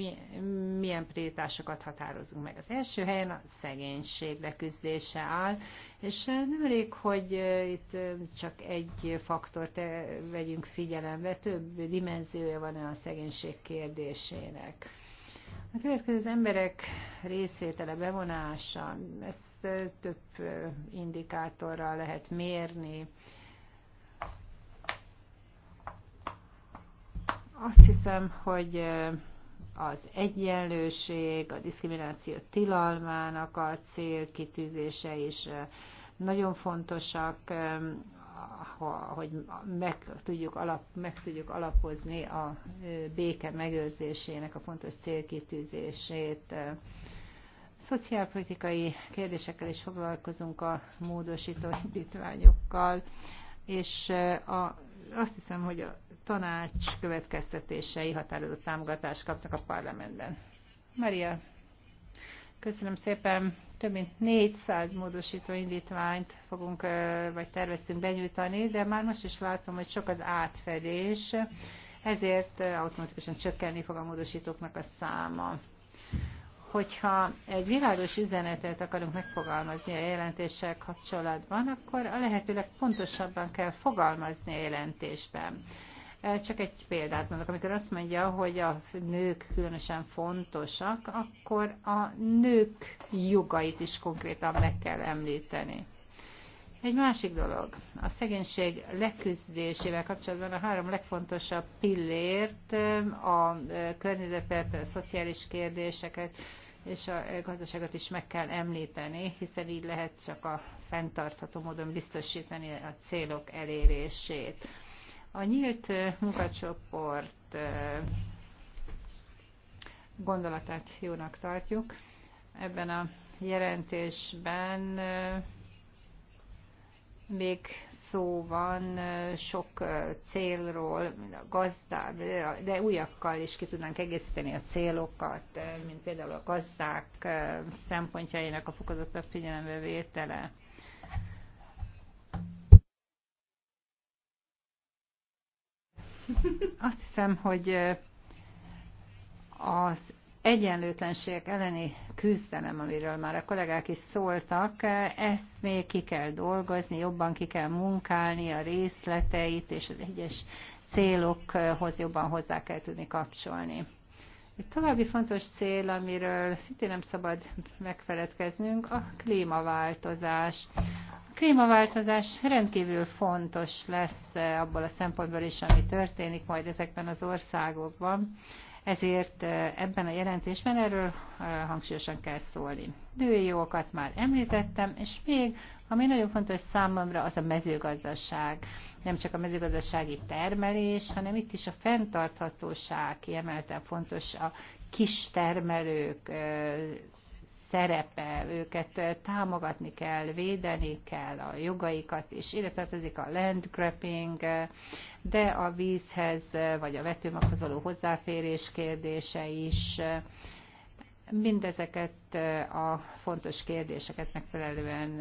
milyen prioritásokat határozunk meg. Az első helyen a szegénység leküzdése áll, és nem elég, hogy itt csak egy faktort vegyünk figyelembe, több dimenziója van a szegénység kérdésének. A következő az emberek részvétele, bevonása, ezt több indikátorral lehet mérni, Azt hiszem, hogy az egyenlőség, a diszkrimináció tilalmának a célkitűzése is nagyon fontosak, hogy meg tudjuk, alap, meg tudjuk alapozni a béke megőrzésének a fontos célkitűzését. Szociálpolitikai kérdésekkel is foglalkozunk a módosító indítványokkal, és a azt hiszem, hogy a tanács következtetései határozott támogatást kapnak a parlamentben. Maria, köszönöm szépen. Több mint 400 módosító indítványt fogunk, vagy terveztünk benyújtani, de már most is látom, hogy sok az átfedés, ezért automatikusan csökkenni fog a módosítóknak a száma hogyha egy világos üzenetet akarunk megfogalmazni a jelentéssel kapcsolatban, akkor a lehetőleg pontosabban kell fogalmazni a jelentésben. E, csak egy példát mondok, amikor azt mondja, hogy a nők különösen fontosak, akkor a nők jogait is konkrétan meg kell említeni. Egy másik dolog, a szegénység leküzdésével kapcsolatban a három legfontosabb pillért, e, a e, környezetet, a szociális kérdéseket, és a gazdaságot is meg kell említeni, hiszen így lehet csak a fenntartható módon biztosítani a célok elérését. A nyílt munkacsoport gondolatát jónak tartjuk. Ebben a jelentésben még szó van sok célról, gazdák, de újakkal is ki tudnánk egészíteni a célokat, mint például a gazdák szempontjainak a fokozottabb figyelembe vétele. Azt hiszem, hogy az egyenlőtlenségek elleni küzdelem, amiről már a kollégák is szóltak, ezt még ki kell dolgozni, jobban ki kell munkálni a részleteit, és az egyes célokhoz jobban hozzá kell tudni kapcsolni. Egy további fontos cél, amiről szintén nem szabad megfeledkeznünk, a klímaváltozás. A klímaváltozás rendkívül fontos lesz abból a szempontból is, ami történik majd ezekben az országokban ezért ebben a jelentésben erről hangsúlyosan kell szólni. Női jogokat már említettem, és még, ami nagyon fontos számomra, az a mezőgazdaság. Nem csak a mezőgazdasági termelés, hanem itt is a fenntarthatóság kiemelten fontos a kis termelők szerepe, őket támogatni kell, védeni kell a jogaikat, és Illetve tartozik hát a land grabbing, de a vízhez vagy a vetőmaghoz való hozzáférés kérdése is, mindezeket a fontos kérdéseket megfelelően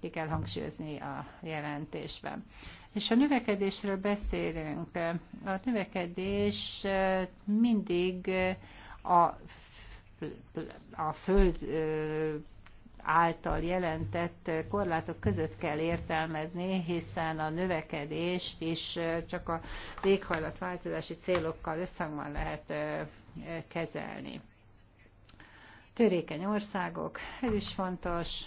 ki kell hangsúlyozni a jelentésben. És a növekedésről beszélünk. A növekedés mindig a a föld által jelentett korlátok között kell értelmezni, hiszen a növekedést is csak az éghajlatváltozási célokkal összhangban lehet kezelni. Törékeny országok, ez is fontos,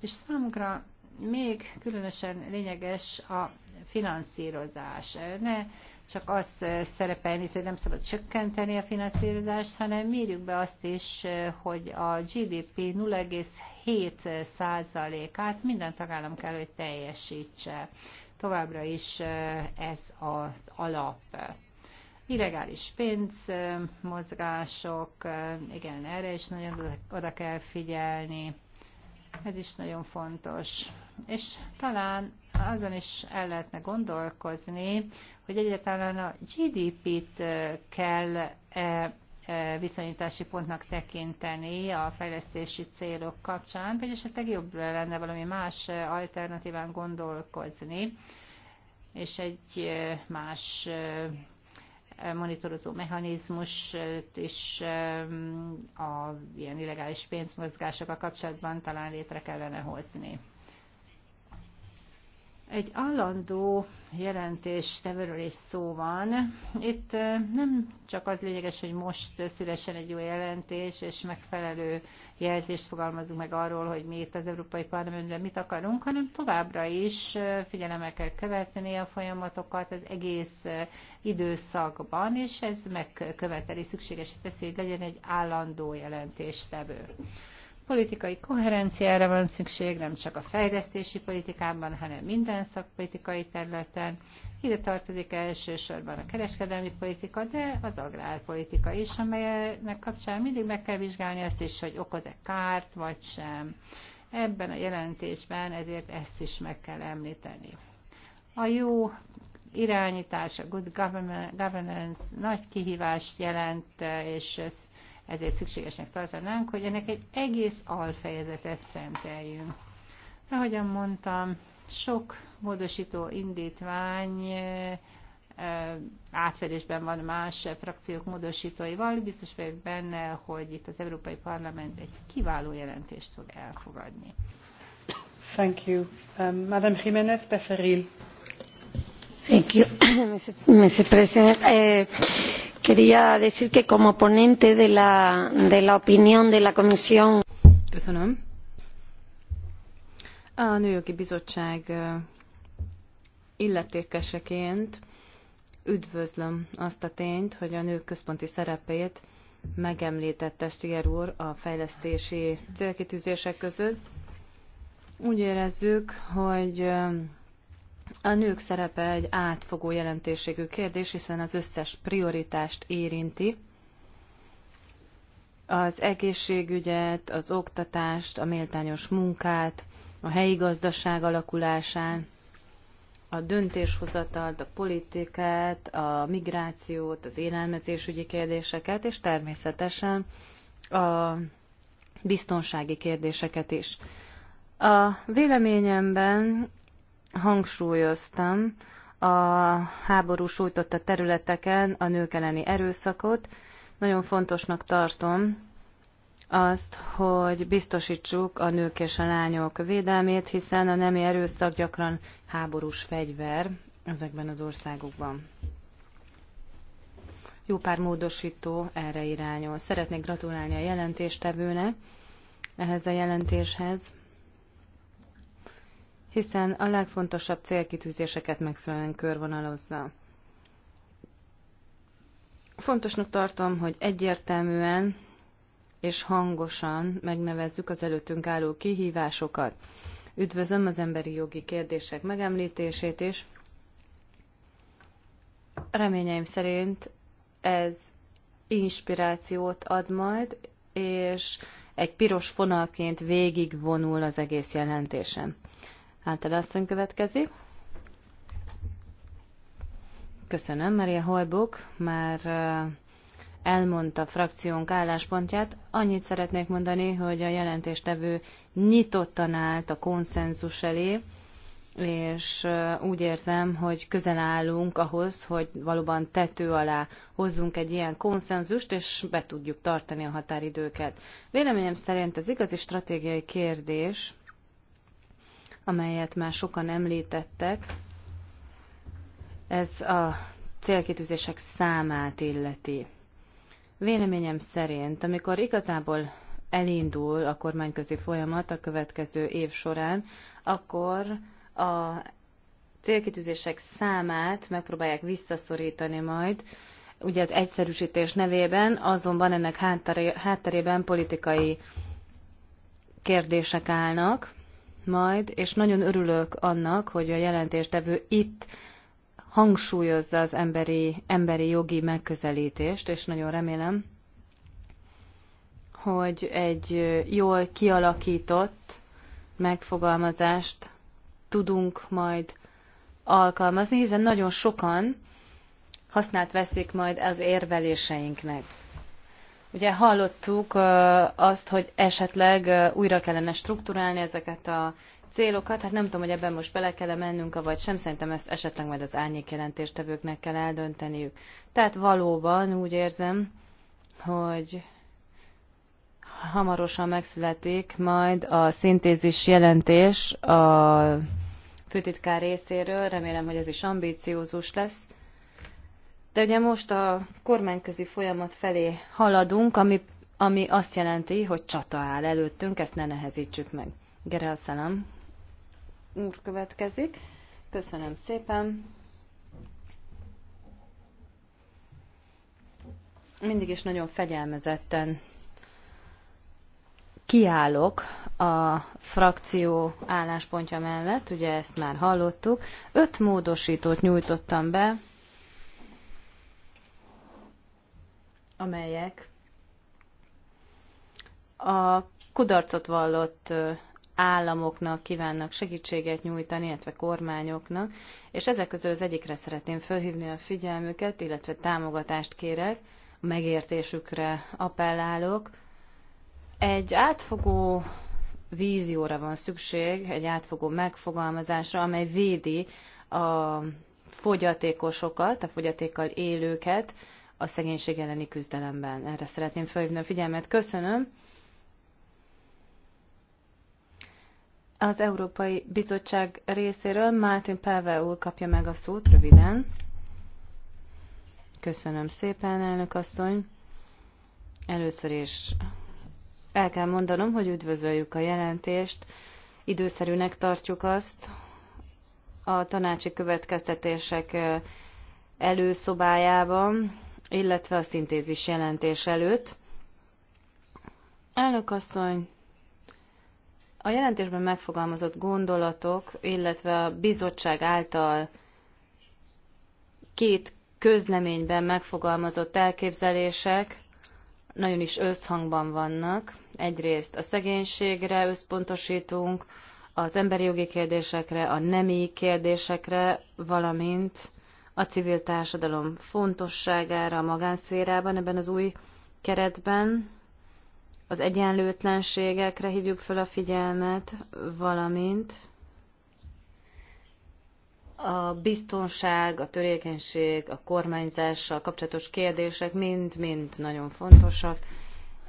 és számukra még különösen lényeges a finanszírozás. Ne csak az szerepelni, hogy nem szabad csökkenteni a finanszírozást, hanem mérjük be azt is, hogy a GDP 0,7%-át minden tagállam kell, hogy teljesítse. Továbbra is ez az alap illegális pénzmozgások, igen, erre is nagyon oda kell figyelni, ez is nagyon fontos. És talán azon is el lehetne gondolkozni, hogy egyáltalán a GDP-t kell -e viszonyítási pontnak tekinteni a fejlesztési célok kapcsán, vagy esetleg jobb lenne valami más alternatíván gondolkozni, és egy más monitorozó mechanizmus és a ilyen illegális pénzmozgásokkal kapcsolatban talán létre kellene hozni. Egy állandó tevőről is szó van. Itt nem csak az lényeges, hogy most szülesen egy jó jelentés, és megfelelő jelzést fogalmazunk meg arról, hogy mi itt az Európai Parlamentben mit akarunk, hanem továbbra is figyelemmel kell követni a folyamatokat az egész időszakban, és ez megköveteli, szükséges teszi, hogy legyen egy állandó jelentés tevő politikai koherenciára van szükség, nem csak a fejlesztési politikában, hanem minden szakpolitikai területen. Ide tartozik elsősorban a kereskedelmi politika, de az agrárpolitika is, amelynek kapcsán mindig meg kell vizsgálni azt is, hogy okoz-e kárt vagy sem. Ebben a jelentésben ezért ezt is meg kell említeni. A jó irányítás, a good governance nagy kihívást jelent, és ezért szükségesnek tartanánk, hogy ennek egy egész alfejezetet szenteljünk. Ahogyan mondtam, sok módosító indítvány eh, eh, átfedésben van más frakciók módosítóival, biztos vagyok benne, hogy itt az Európai Parlament egy kiváló jelentést fog elfogadni. Thank you. Um, Madame Jiménez Becerril. Thank you, Mr. President. Uh, Quería decir que como ponente de la, de la opinión de la comisión... Köszönöm. A Nőjogi Bizottság illetékeseként üdvözlöm azt a tényt, hogy a nők központi szerepét megemlítette Stier úr a fejlesztési célkitűzések között. Úgy érezzük, hogy a nők szerepe egy átfogó jelentőségű kérdés, hiszen az összes prioritást érinti. Az egészségügyet, az oktatást, a méltányos munkát, a helyi gazdaság alakulásán, a döntéshozatalt, a politikát, a migrációt, az élelmezésügyi kérdéseket, és természetesen a biztonsági kérdéseket is. A véleményemben hangsúlyoztam a háború sújtotta területeken a nők elleni erőszakot. Nagyon fontosnak tartom azt, hogy biztosítsuk a nők és a lányok védelmét, hiszen a nemi erőszak gyakran háborús fegyver ezekben az országokban. Jó pár módosító erre irányul. Szeretnék gratulálni a jelentéstevőnek ehhez a jelentéshez hiszen a legfontosabb célkitűzéseket megfelelően körvonalozza. Fontosnak tartom, hogy egyértelműen és hangosan megnevezzük az előttünk álló kihívásokat. Üdvözlöm az emberi jogi kérdések megemlítését is. Reményeim szerint ez inspirációt ad majd, és egy piros fonalként végigvonul az egész jelentésen. Általászony következik. Köszönöm, Maria Holbuk már elmondta frakciónk álláspontját. Annyit szeretnék mondani, hogy a jelentéstevő nyitottan állt a konszenzus elé, és úgy érzem, hogy közel állunk ahhoz, hogy valóban tető alá hozzunk egy ilyen konszenzust, és be tudjuk tartani a határidőket. Véleményem szerint az igazi stratégiai kérdés amelyet már sokan említettek. Ez a célkitűzések számát illeti. Véleményem szerint, amikor igazából elindul a kormányközi folyamat a következő év során, akkor a célkitűzések számát megpróbálják visszaszorítani majd, ugye az egyszerűsítés nevében, azonban ennek hátterében politikai kérdések állnak, majd, és nagyon örülök annak, hogy a jelentéstevő itt hangsúlyozza az emberi, emberi jogi megközelítést, és nagyon remélem, hogy egy jól kialakított megfogalmazást tudunk majd alkalmazni, hiszen nagyon sokan használt veszik majd az érveléseinknek. Ugye hallottuk azt, hogy esetleg újra kellene strukturálni ezeket a célokat, hát nem tudom, hogy ebben most bele kell -e mennünk, vagy sem, szerintem ezt esetleg majd az árnyék jelentéstevőknek kell eldönteniük. Tehát valóban úgy érzem, hogy hamarosan megszületik majd a szintézis jelentés a főtitkár részéről, remélem, hogy ez is ambíciózus lesz, de ugye most a kormányközi folyamat felé haladunk, ami, ami azt jelenti, hogy csata áll előttünk, ezt ne nehezítsük meg. a szelem. úr következik. Köszönöm szépen. Mindig is nagyon fegyelmezetten kiállok a frakció álláspontja mellett, ugye ezt már hallottuk. Öt módosítót nyújtottam be, amelyek a kudarcot vallott államoknak kívánnak segítséget nyújtani, illetve kormányoknak, és ezek közül az egyikre szeretném felhívni a figyelmüket, illetve támogatást kérek, megértésükre appellálok. Egy átfogó vízióra van szükség, egy átfogó megfogalmazásra, amely védi a fogyatékosokat, a fogyatékkal élőket, a szegénység elleni küzdelemben. Erre szeretném felhívni a figyelmet. Köszönöm. Az Európai Bizottság részéről Mártin Pelve úr kapja meg a szót röviden. Köszönöm szépen, elnök asszony. Először is el kell mondanom, hogy üdvözöljük a jelentést, időszerűnek tartjuk azt, a tanácsi következtetések előszobájában illetve a szintézis jelentés előtt. Elnök asszony, a jelentésben megfogalmazott gondolatok, illetve a bizottság által két közleményben megfogalmazott elképzelések nagyon is összhangban vannak. Egyrészt a szegénységre összpontosítunk, az emberi jogi kérdésekre, a nemi kérdésekre, valamint a civil társadalom fontosságára a magánszférában, ebben az új keretben, az egyenlőtlenségekre hívjuk fel a figyelmet, valamint a biztonság, a törékenység, a kormányzással kapcsolatos kérdések mind-mind nagyon fontosak.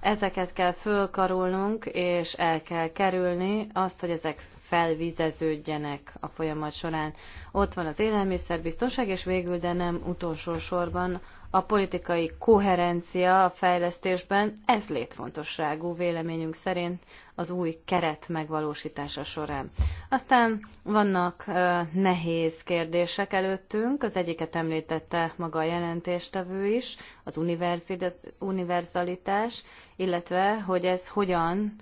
Ezeket kell fölkarolnunk, és el kell kerülni azt, hogy ezek felvizeződjenek a folyamat során. Ott van az élelmiszerbiztonság, és végül, de nem utolsó sorban a politikai koherencia a fejlesztésben, ez létfontosságú véleményünk szerint az új keret megvalósítása során. Aztán vannak ö, nehéz kérdések előttünk, az egyiket említette maga a jelentéstevő is, az univerzalitás, illetve hogy ez hogyan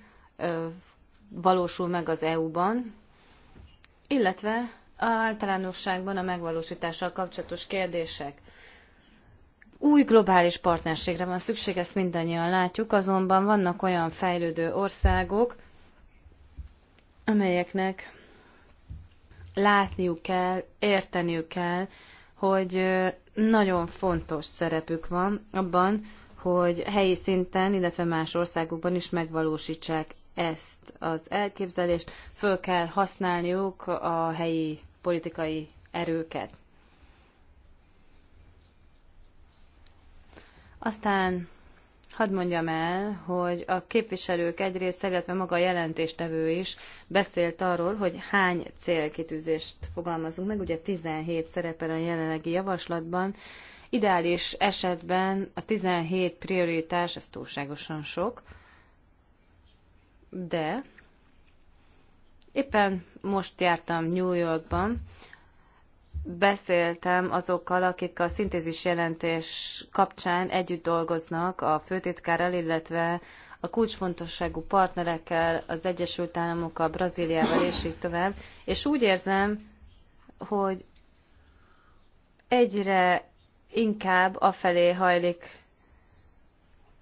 valósul meg az EU-ban, illetve a általánosságban a megvalósítással kapcsolatos kérdések. Új globális partnerségre van szükség, ezt mindannyian látjuk, azonban vannak olyan fejlődő országok, amelyeknek látniuk kell, érteniük kell, hogy nagyon fontos szerepük van abban, hogy helyi szinten, illetve más országokban is megvalósítsák ezt az elképzelést, föl kell használniuk a helyi politikai erőket. Aztán hadd mondjam el, hogy a képviselők egyrészt, illetve maga a jelentéstevő is beszélt arról, hogy hány célkitűzést fogalmazunk meg, ugye 17 szerepel a jelenlegi javaslatban, Ideális esetben a 17 prioritás, ez túlságosan sok, de éppen most jártam New Yorkban, beszéltem azokkal, akik a szintézis jelentés kapcsán együtt dolgoznak a főtitkárral, illetve a kulcsfontosságú partnerekkel, az Egyesült Államokkal, Brazíliával és így tovább. És úgy érzem, hogy egyre inkább afelé hajlik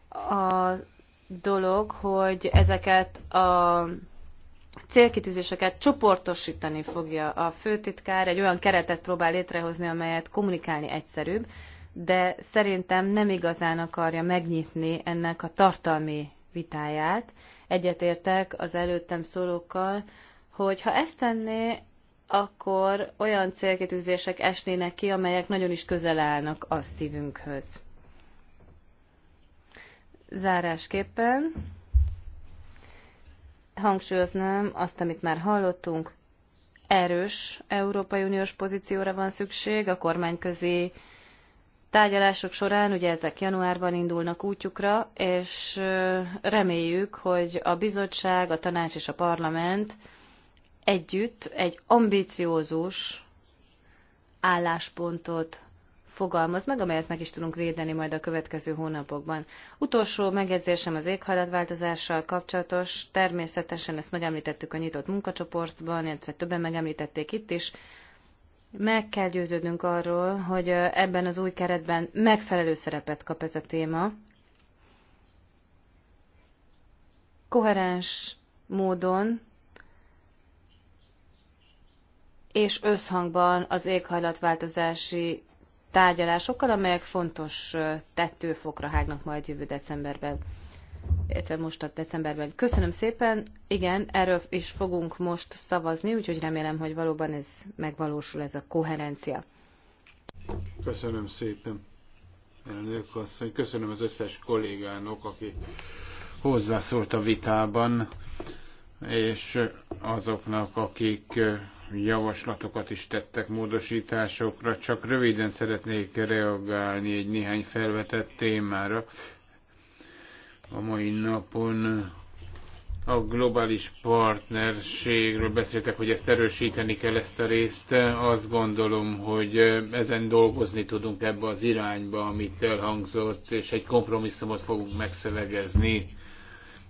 a dolog, hogy ezeket a célkitűzéseket csoportosítani fogja a főtitkár, egy olyan keretet próbál létrehozni, amelyet kommunikálni egyszerűbb, de szerintem nem igazán akarja megnyitni ennek a tartalmi vitáját. Egyetértek az előttem szólókkal, hogy ha ezt tenné, akkor olyan célkitűzések esnének ki, amelyek nagyon is közel állnak a szívünkhöz. Zárásképpen hangsúlyoznám azt, amit már hallottunk, erős Európai Uniós pozícióra van szükség a kormányközi tárgyalások során, ugye ezek januárban indulnak útjukra, és reméljük, hogy a bizottság, a tanács és a parlament együtt egy ambiciózus álláspontot fogalmaz meg, amelyet meg is tudunk védeni majd a következő hónapokban. Utolsó megjegyzésem az éghajlatváltozással kapcsolatos. Természetesen ezt megemlítettük a nyitott munkacsoportban, illetve többen megemlítették itt is. Meg kell győződnünk arról, hogy ebben az új keretben megfelelő szerepet kap ez a téma. Koherens módon és összhangban az éghajlatváltozási tárgyalásokkal, amelyek fontos tettőfokra hágnak majd jövő decemberben illetve most a decemberben. Köszönöm szépen, igen, erről is fogunk most szavazni, úgyhogy remélem, hogy valóban ez megvalósul, ez a koherencia. Köszönöm szépen, elnök asszony, köszönöm az összes kollégának, aki hozzászólt a vitában, és azoknak, akik javaslatokat is tettek módosításokra, csak röviden szeretnék reagálni egy néhány felvetett témára. A mai napon a globális partnerségről beszéltek, hogy ezt erősíteni kell ezt a részt. Azt gondolom, hogy ezen dolgozni tudunk ebbe az irányba, amit elhangzott, és egy kompromisszumot fogunk megszövegezni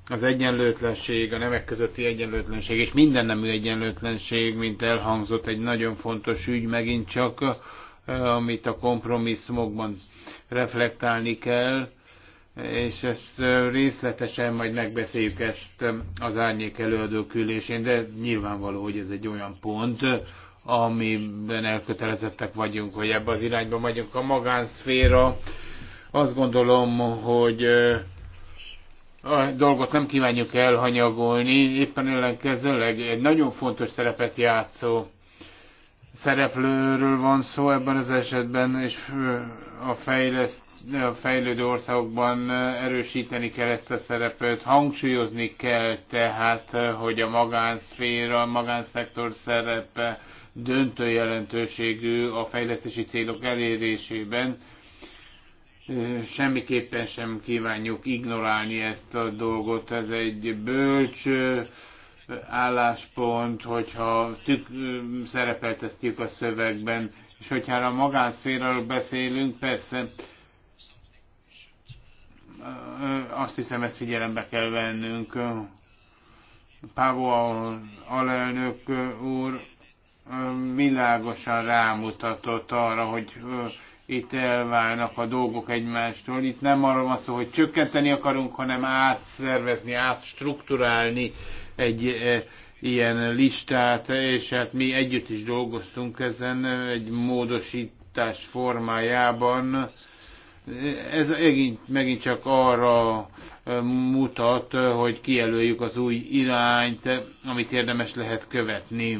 az egyenlőtlenség, a nemek közötti egyenlőtlenség és minden nemű egyenlőtlenség, mint elhangzott, egy nagyon fontos ügy megint csak, amit a kompromisszumokban reflektálni kell, és ezt részletesen majd megbeszéljük ezt az árnyék előadók ülésén, de nyilvánvaló, hogy ez egy olyan pont, amiben elkötelezettek vagyunk, hogy ebbe az irányba megyünk a magánszféra. Azt gondolom, hogy a dolgot nem kívánjuk elhanyagolni, éppen ellenkezőleg egy nagyon fontos szerepet játszó szereplőről van szó ebben az esetben, és a, fejleszt, a fejlődő országokban erősíteni kell ezt a szerepet, hangsúlyozni kell tehát, hogy a magánszféra, a magánszektor szerepe döntő jelentőségű a fejlesztési célok elérésében, semmiképpen sem kívánjuk ignorálni ezt a dolgot. Ez egy bölcs álláspont, hogyha tük, szerepelteztjük a szövegben, és hogyha a magánszféráról beszélünk, persze azt hiszem ezt figyelembe kell vennünk. Pávó alelnök úr világosan rámutatott arra, hogy itt elválnak a dolgok egymástól. Itt nem arra van szó, hogy csökkenteni akarunk, hanem átszervezni, átstruktúrálni egy e, ilyen listát, és hát mi együtt is dolgoztunk ezen egy módosítás formájában. Ez megint, megint csak arra eh, mutat, eh, hogy kijelöljük az új irányt, amit érdemes lehet követni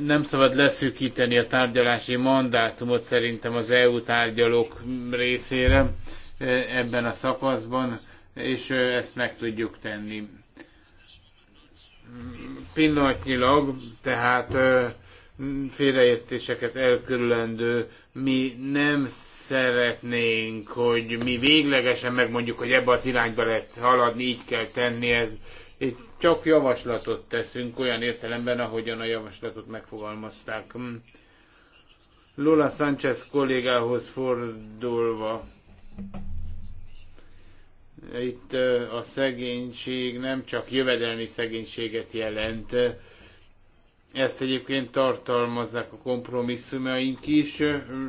nem szabad leszűkíteni a tárgyalási mandátumot szerintem az EU tárgyalók részére e, ebben a szakaszban, és e, ezt meg tudjuk tenni. Pillanatnyilag, tehát e, félreértéseket elkerülendő, mi nem szeretnénk, hogy mi véglegesen megmondjuk, hogy ebbe a irányba lehet haladni, így kell tenni, ez egy csak javaslatot teszünk olyan értelemben, ahogyan a javaslatot megfogalmazták. Lola Sánchez kollégához fordulva, itt a szegénység nem csak jövedelmi szegénységet jelent, ezt egyébként tartalmazzák a kompromisszumaink is.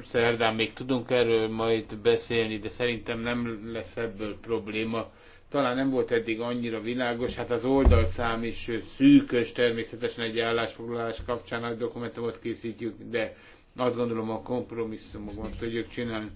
Szerdán még tudunk erről majd beszélni, de szerintem nem lesz ebből probléma talán nem volt eddig annyira világos, hát az oldalszám is szűkös természetesen egy állásfoglalás kapcsán a dokumentumot készítjük, de azt gondolom a kompromisszumokat tudjuk csinálni.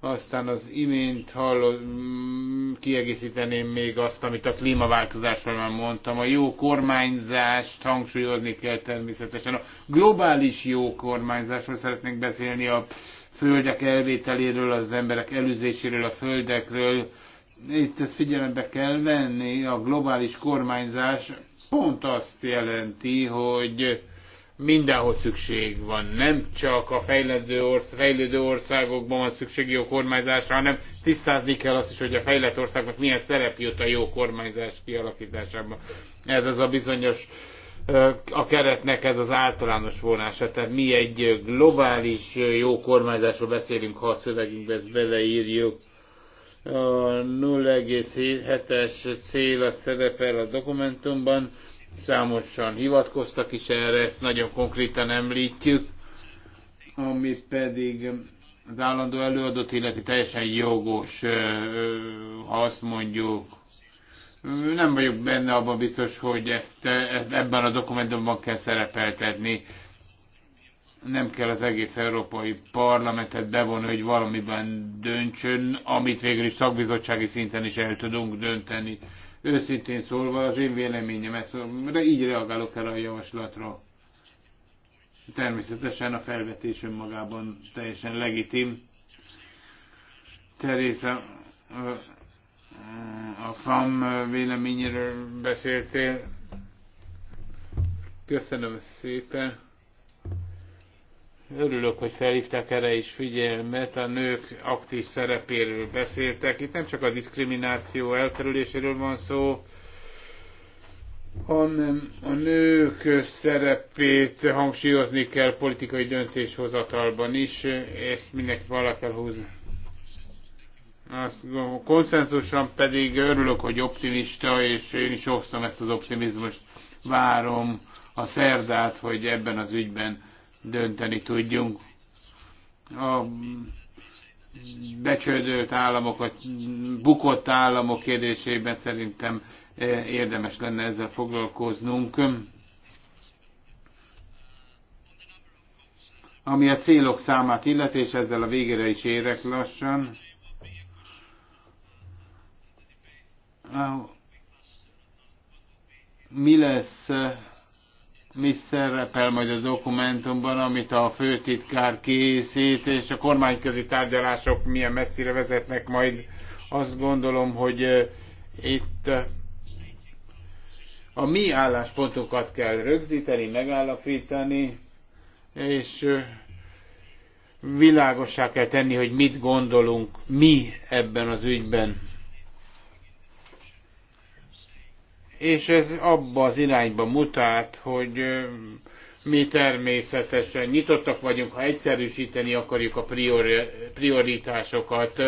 Aztán az imént hallod, mm, kiegészíteném még azt, amit a klímaváltozásról már mondtam. A jó kormányzást hangsúlyozni kell természetesen. A globális jó kormányzásról szeretnék beszélni, a földek elvételéről, az emberek elűzéséről, a földekről, itt ezt figyelembe kell venni, a globális kormányzás pont azt jelenti, hogy mindenhol szükség van. Nem csak a fejlődő, orsz, fejlődő országokban van szükség jó kormányzásra, hanem tisztázni kell azt is, hogy a fejlett országnak milyen szerep jut a jó kormányzás kialakításában. Ez az a bizonyos a keretnek ez az általános vonása. Tehát mi egy globális jó kormányzásról beszélünk, ha a szövegünkbe ezt beleírjuk a 0,7-es cél a szerepel a dokumentumban, számosan hivatkoztak is erre, ezt nagyon konkrétan említjük, ami pedig az állandó előadott, illeti teljesen jogos, ha azt mondjuk, nem vagyok benne abban biztos, hogy ezt ebben a dokumentumban kell szerepeltetni nem kell az egész Európai Parlamentet bevonni, hogy valamiben döntsön, amit végül is szakbizottsági szinten is el tudunk dönteni. Őszintén szólva az én véleményem, ez, de így reagálok erre a javaslatra. Természetesen a felvetés önmagában teljesen legitim. Teresa, a FAM véleményéről beszéltél. Köszönöm szépen. Örülök, hogy felhívták erre is figyelmet, a nők aktív szerepéről beszéltek. Itt nem csak a diszkrimináció elkerüléséről van szó, hanem a nők szerepét hangsúlyozni kell politikai döntéshozatalban is, ezt mindenki vala kell húzni. Azt konszenzusan pedig örülök, hogy optimista, és én is osztom ezt az optimizmust. Várom a szerdát, hogy ebben az ügyben dönteni tudjunk. A becsődölt államokat, bukott államok kérdésében szerintem eh, érdemes lenne ezzel foglalkoznunk. Ami a célok számát illeti, és ezzel a végére is érek lassan. Mi lesz eh, mi szerepel majd a dokumentumban, amit a főtitkár készít, és a kormányközi tárgyalások milyen messzire vezetnek majd. Azt gondolom, hogy itt a mi álláspontokat kell rögzíteni, megállapítani, és világossá kell tenni, hogy mit gondolunk mi ebben az ügyben és ez abba az irányba mutat, hogy mi természetesen nyitottak vagyunk, ha egyszerűsíteni akarjuk a priori, prioritásokat,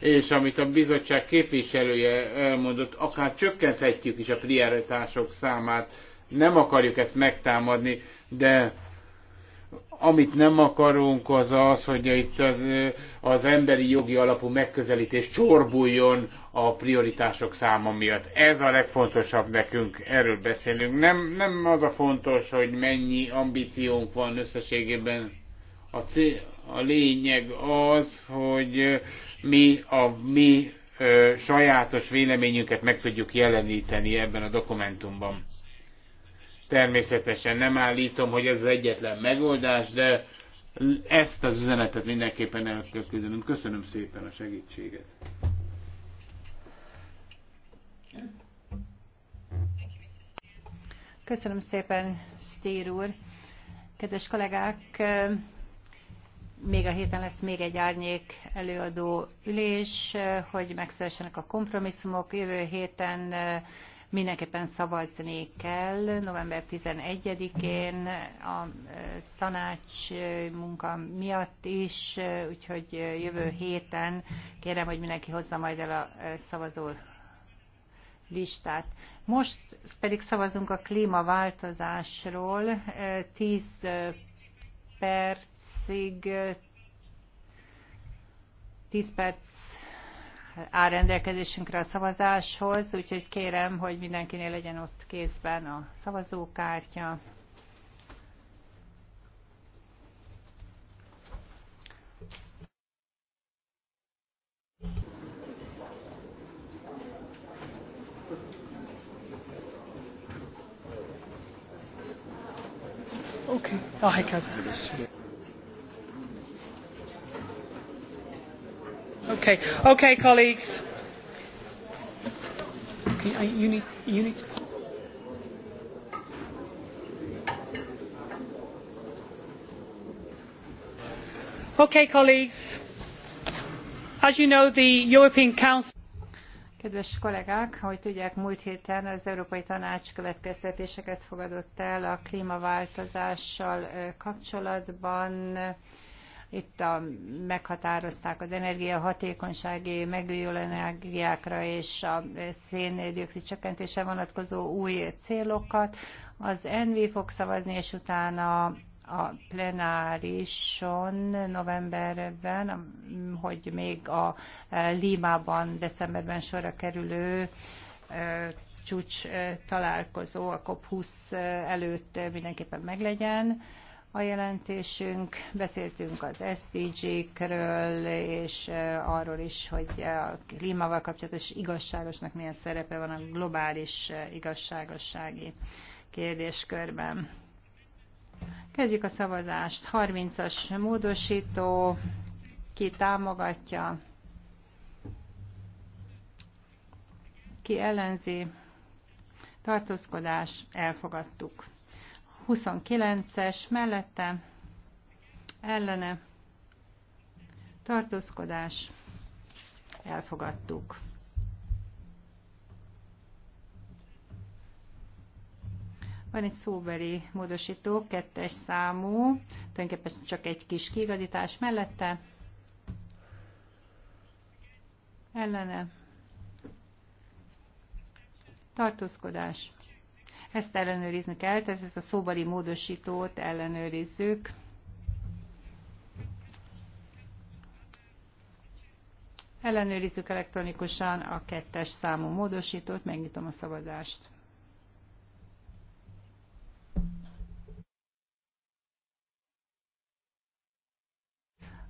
és amit a bizottság képviselője elmondott, akár csökkenthetjük is a prioritások számát, nem akarjuk ezt megtámadni, de amit nem akarunk, az az, hogy itt az, az emberi jogi alapú megközelítés csorbuljon a prioritások száma miatt. Ez a legfontosabb nekünk, erről beszélünk. Nem, nem az a fontos, hogy mennyi ambíciónk van összességében. A, cél, a lényeg az, hogy mi a mi ö, sajátos véleményünket meg tudjuk jeleníteni ebben a dokumentumban. Természetesen nem állítom, hogy ez az egyetlen megoldás, de ezt az üzenetet mindenképpen el kell küldenünk. Köszönöm szépen a segítséget. Köszönöm szépen, Stér úr. Kedves kollégák, még a héten lesz még egy árnyék előadó ülés, hogy megszeressenek a kompromisszumok. Jövő héten mindenképpen szavazni kell. November 11-én a e, tanács e, munka miatt is, e, úgyhogy jövő héten kérem, hogy mindenki hozza majd el a szavazó listát. Most pedig szavazunk a klímaváltozásról. 10 percig 10 perc áll rendelkezésünkre a szavazáshoz, úgyhogy kérem, hogy mindenkinél legyen ott kézben a szavazókártya. Okay. a I can. Okay. Okay, colleagues. Okay, you need, you need to... Okay, colleagues. As you know, the European Council. Kedves kollégák, hogy tudják, múlt héten az Európai Tanács következtetéseket fogadott el a klímaváltozással kapcsolatban itt a, meghatározták az energiahatékonysági, megújuló energiákra és a széndiokszid csökkentése vonatkozó új célokat. Az NV fog szavazni, és utána a plenárison novemberben, hogy még a Límában decemberben sorra kerülő csúcs találkozó a COP20 előtt mindenképpen meglegyen. A jelentésünk beszéltünk az SDG-kről, és arról is, hogy a klímával kapcsolatos igazságosnak milyen szerepe van a globális igazságossági kérdéskörben. Kezdjük a szavazást. 30-as módosító, ki támogatja, ki ellenzi, tartózkodás, elfogadtuk. 29-es mellette ellene tartózkodás elfogadtuk. Van egy szóbeli módosító, kettes számú, tulajdonképpen csak egy kis kiigazítás mellette. Ellene. Tartózkodás. Ezt ellenőrizni kell, tehát ezt a szóbali módosítót ellenőrizzük. Ellenőrizzük elektronikusan a kettes számú módosítót, megnyitom a szavazást.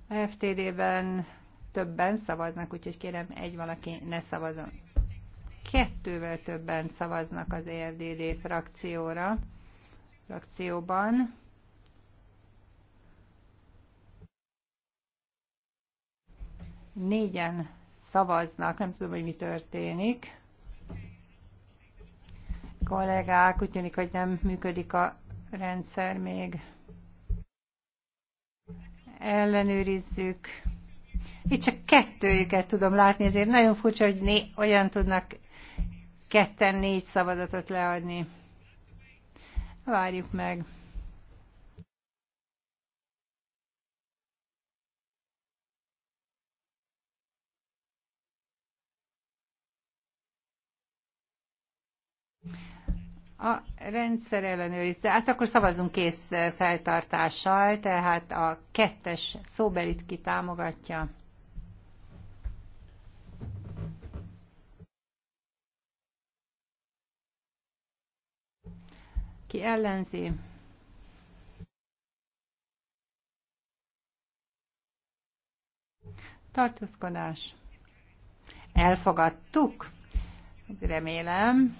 A FTD-ben többen szavaznak, úgyhogy kérem, egy valaki ne szavazzon kettővel többen szavaznak az EFDD frakcióra, frakcióban. Négyen szavaznak, nem tudom, hogy mi történik. Kollégák, úgy tűnik, hogy nem működik a rendszer még. Ellenőrizzük. Itt csak kettőjüket tudom látni, ezért nagyon furcsa, hogy né- olyan tudnak ketten négy szavazatot leadni. Várjuk meg. A rendszer ellenőriz. Hát akkor szavazunk kész feltartással, tehát a kettes szóbelit ki támogatja. aki ellenzi? Tartózkodás. Elfogadtuk. Remélem.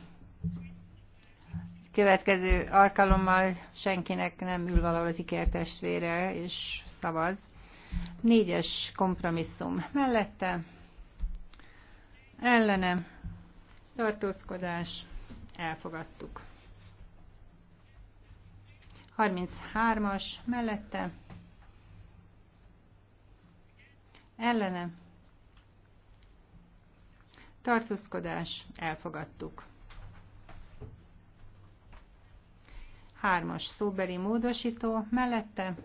Következő alkalommal senkinek nem ül valahol az ikertestvére, és szavaz. Négyes kompromisszum mellette. Ellene. Tartózkodás. Elfogadtuk. 33-as mellette ellene tartózkodás elfogadtuk. Hármas szóbeli módosító mellette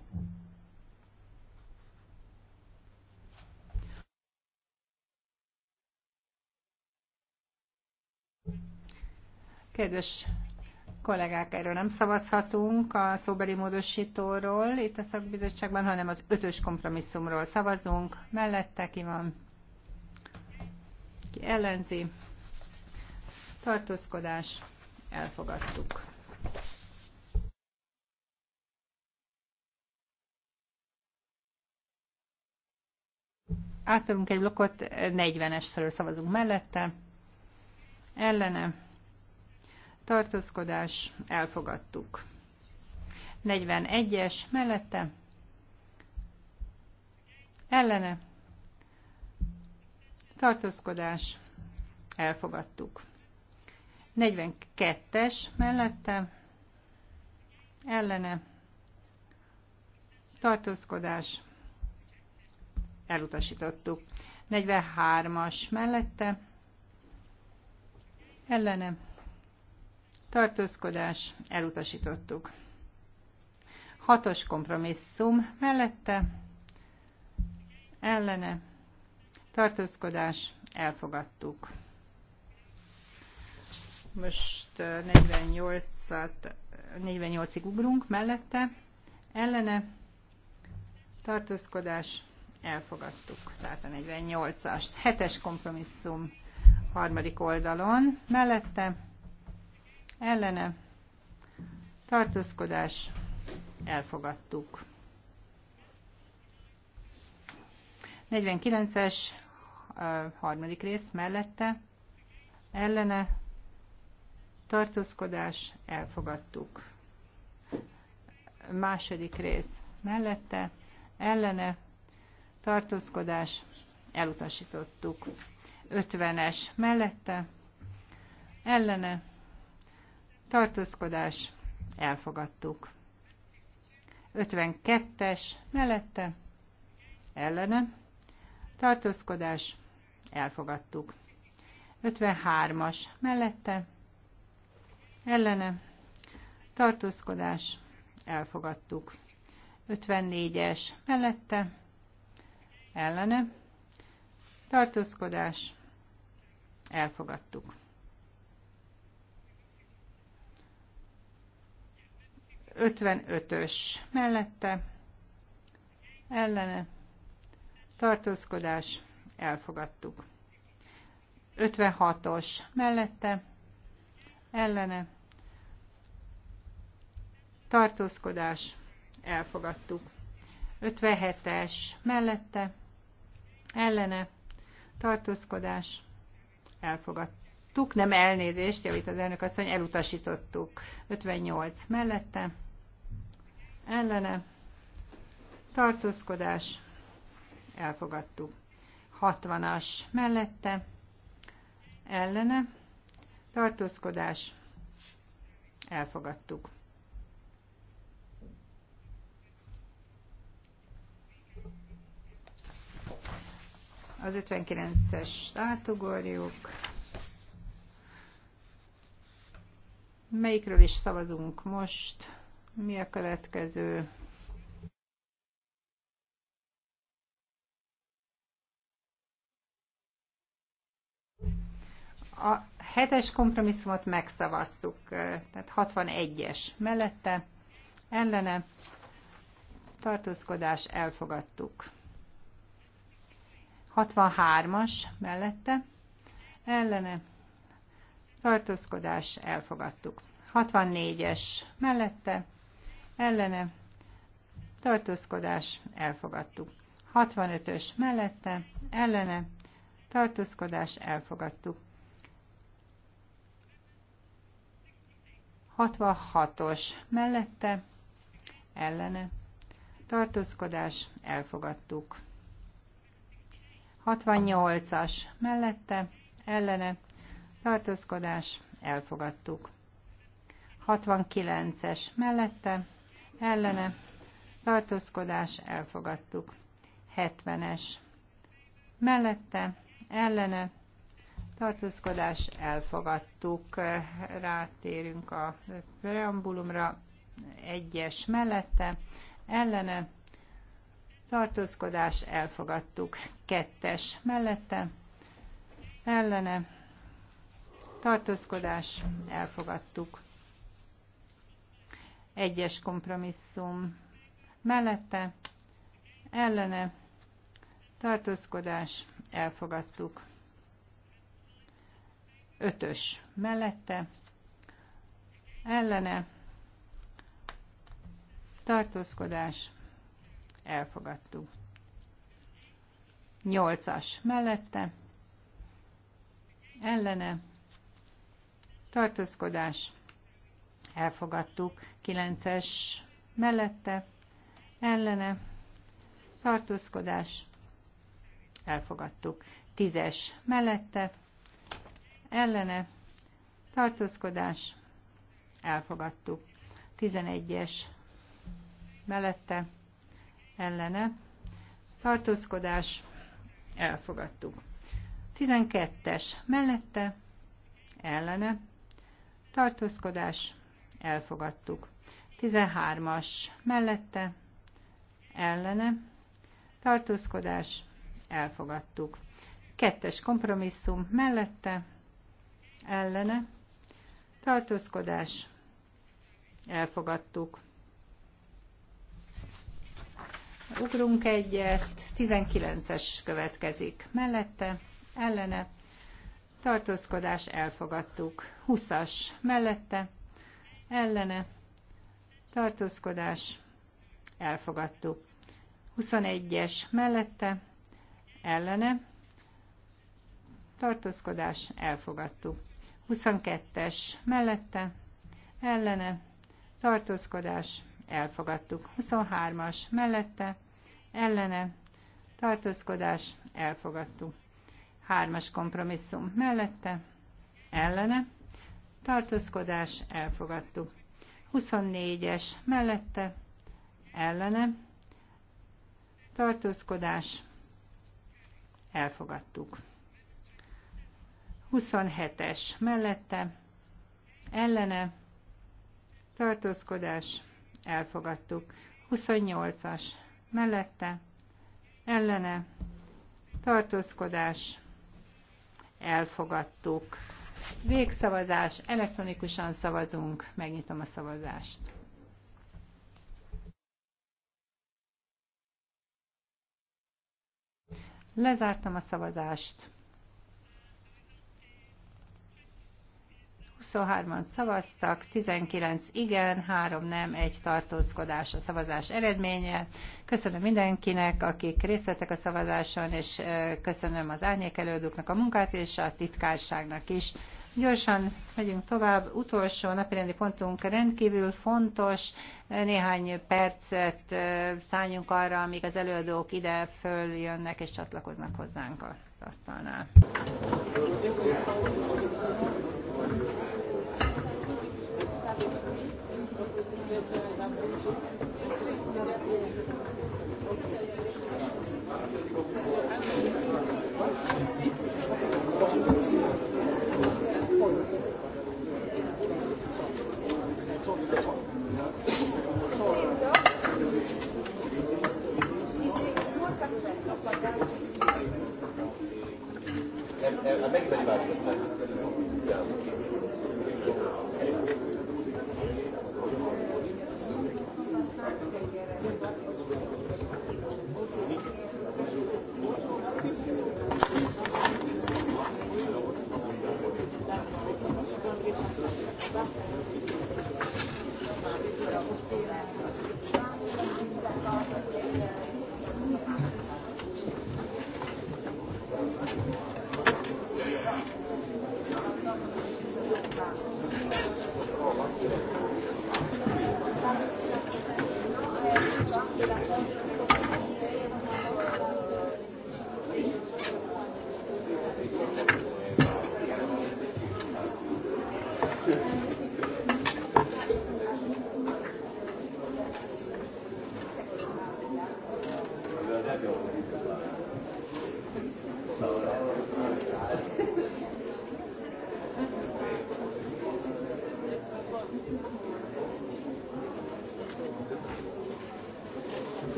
Kedves Kollégák, erről nem szavazhatunk a szóbeli módosítóról itt a szakbizottságban, hanem az ötös kompromisszumról szavazunk. Mellette ki van? Ki ellenzi? Tartózkodás. Elfogadtuk. Átadunk egy blokkot, 40 es szavazunk mellette, ellene, tartózkodás, elfogadtuk. 41-es mellette, ellene, tartózkodás, elfogadtuk. 42-es mellette, ellene, tartózkodás, elutasítottuk. 43-as mellette, ellene, tartózkodás, elutasítottuk. Hatos kompromisszum mellette, ellene, tartózkodás, elfogadtuk. Most 48 48-ig ugrunk mellette, ellene, tartózkodás, elfogadtuk. Tehát a 48-ast. Hetes kompromisszum harmadik oldalon mellette, ellene tartózkodás elfogadtuk. 49-es harmadik rész mellette ellene tartózkodás elfogadtuk. Második rész mellette ellene tartózkodás elutasítottuk. 50-es mellette ellene tartózkodás, elfogadtuk. 52-es mellette, ellene, tartózkodás, elfogadtuk. 53-as mellette, ellene, tartózkodás, elfogadtuk. 54-es mellette, ellene, tartózkodás, elfogadtuk. 55-ös mellette ellene tartózkodás elfogadtuk. 56-os mellette ellene tartózkodás elfogadtuk. 57-es mellette ellene tartózkodás elfogadtuk. Nem elnézést, javít az elnök asszony, elutasítottuk. 58 mellette ellene, tartózkodás, elfogadtuk. 60-as mellette, ellene, tartózkodás, elfogadtuk. Az 59-es átugorjuk. Melyikről is szavazunk most? Mi a következő? A hetes kompromisszumot megszavaztuk, tehát 61-es mellette, ellene, tartózkodás elfogadtuk. 63-as mellette, ellene, tartózkodás elfogadtuk. 64-es mellette, ellene, tartózkodás, elfogadtuk. 65-ös mellette, ellene, tartózkodás, elfogadtuk. 66-os mellette, ellene, tartózkodás, elfogadtuk. 68-as mellette, ellene, tartózkodás, elfogadtuk. 69-es mellette, ellene, tartózkodás, elfogadtuk. 70-es mellette, ellene, tartózkodás, elfogadtuk. Rátérünk a preambulumra, egyes mellette, ellene, tartózkodás, elfogadtuk. Kettes mellette, ellene, tartózkodás, elfogadtuk egyes kompromisszum mellette, ellene, tartózkodás, elfogadtuk. Ötös mellette, ellene, tartózkodás, elfogadtuk. Nyolcas mellette, ellene, tartózkodás, elfogadtuk. 9-es mellette, ellene, tartózkodás, elfogadtuk. 10-es mellette, ellene, tartózkodás, elfogadtuk. 11-es mellette, ellene, tartózkodás, elfogadtuk. 12-es mellette, ellene, tartózkodás, elfogadtuk. 13-as mellette, ellene, tartózkodás, elfogadtuk. Kettes kompromisszum mellette, ellene, tartózkodás, elfogadtuk. Ugrunk egyet, 19-es következik mellette, ellene, tartózkodás, elfogadtuk. 20-as mellette, ellene, tartózkodás, elfogadtuk. 21-es mellette, ellene, tartózkodás, elfogadtuk. 22-es mellette, ellene, tartózkodás, elfogadtuk. 23-as mellette, ellene, tartózkodás, elfogadtuk. 3-as kompromisszum mellette, ellene, tartózkodás, elfogadtuk. 24-es mellette, ellene, tartózkodás, elfogadtuk. 27-es mellette, ellene, tartózkodás, elfogadtuk. 28-as mellette, ellene, tartózkodás, elfogadtuk. Végszavazás, elektronikusan szavazunk, megnyitom a szavazást. Lezártam a szavazást. 23-an szavaztak, 19 igen, 3 nem, 1 tartózkodás a szavazás eredménye. Köszönöm mindenkinek, akik részt vettek a szavazáson, és köszönöm az árnyékelődőknek a munkát, és a titkárságnak is. Gyorsan megyünk tovább. Utolsó napirendi pontunk rendkívül fontos. Néhány percet szálljunk arra, amíg az előadók ide följönnek és csatlakoznak hozzánk az asztalnál. Grazie.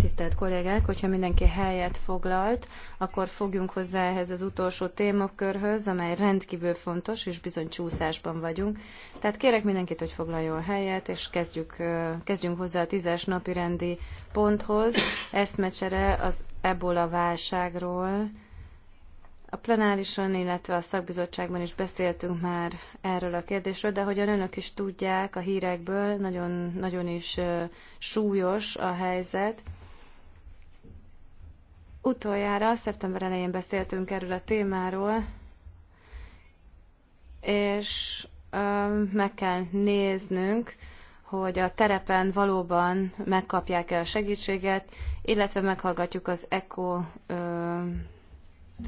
Tisztelt kollégák, hogyha mindenki helyet foglalt, akkor fogjunk hozzá ehhez az utolsó témakörhöz, amely rendkívül fontos, és bizony csúszásban vagyunk. Tehát kérek mindenkit, hogy foglaljon helyet, és kezdjük, kezdjünk hozzá a tízes napi rendi ponthoz. Eszmecsere az ebola válságról, a plenárison, illetve a szakbizottságban is beszéltünk már erről a kérdésről, de a önök is tudják a hírekből, nagyon, nagyon is súlyos a helyzet. Utoljára, szeptember elején beszéltünk erről a témáról, és meg kell néznünk, hogy a terepen valóban megkapják-e a segítséget, illetve meghallgatjuk az ECO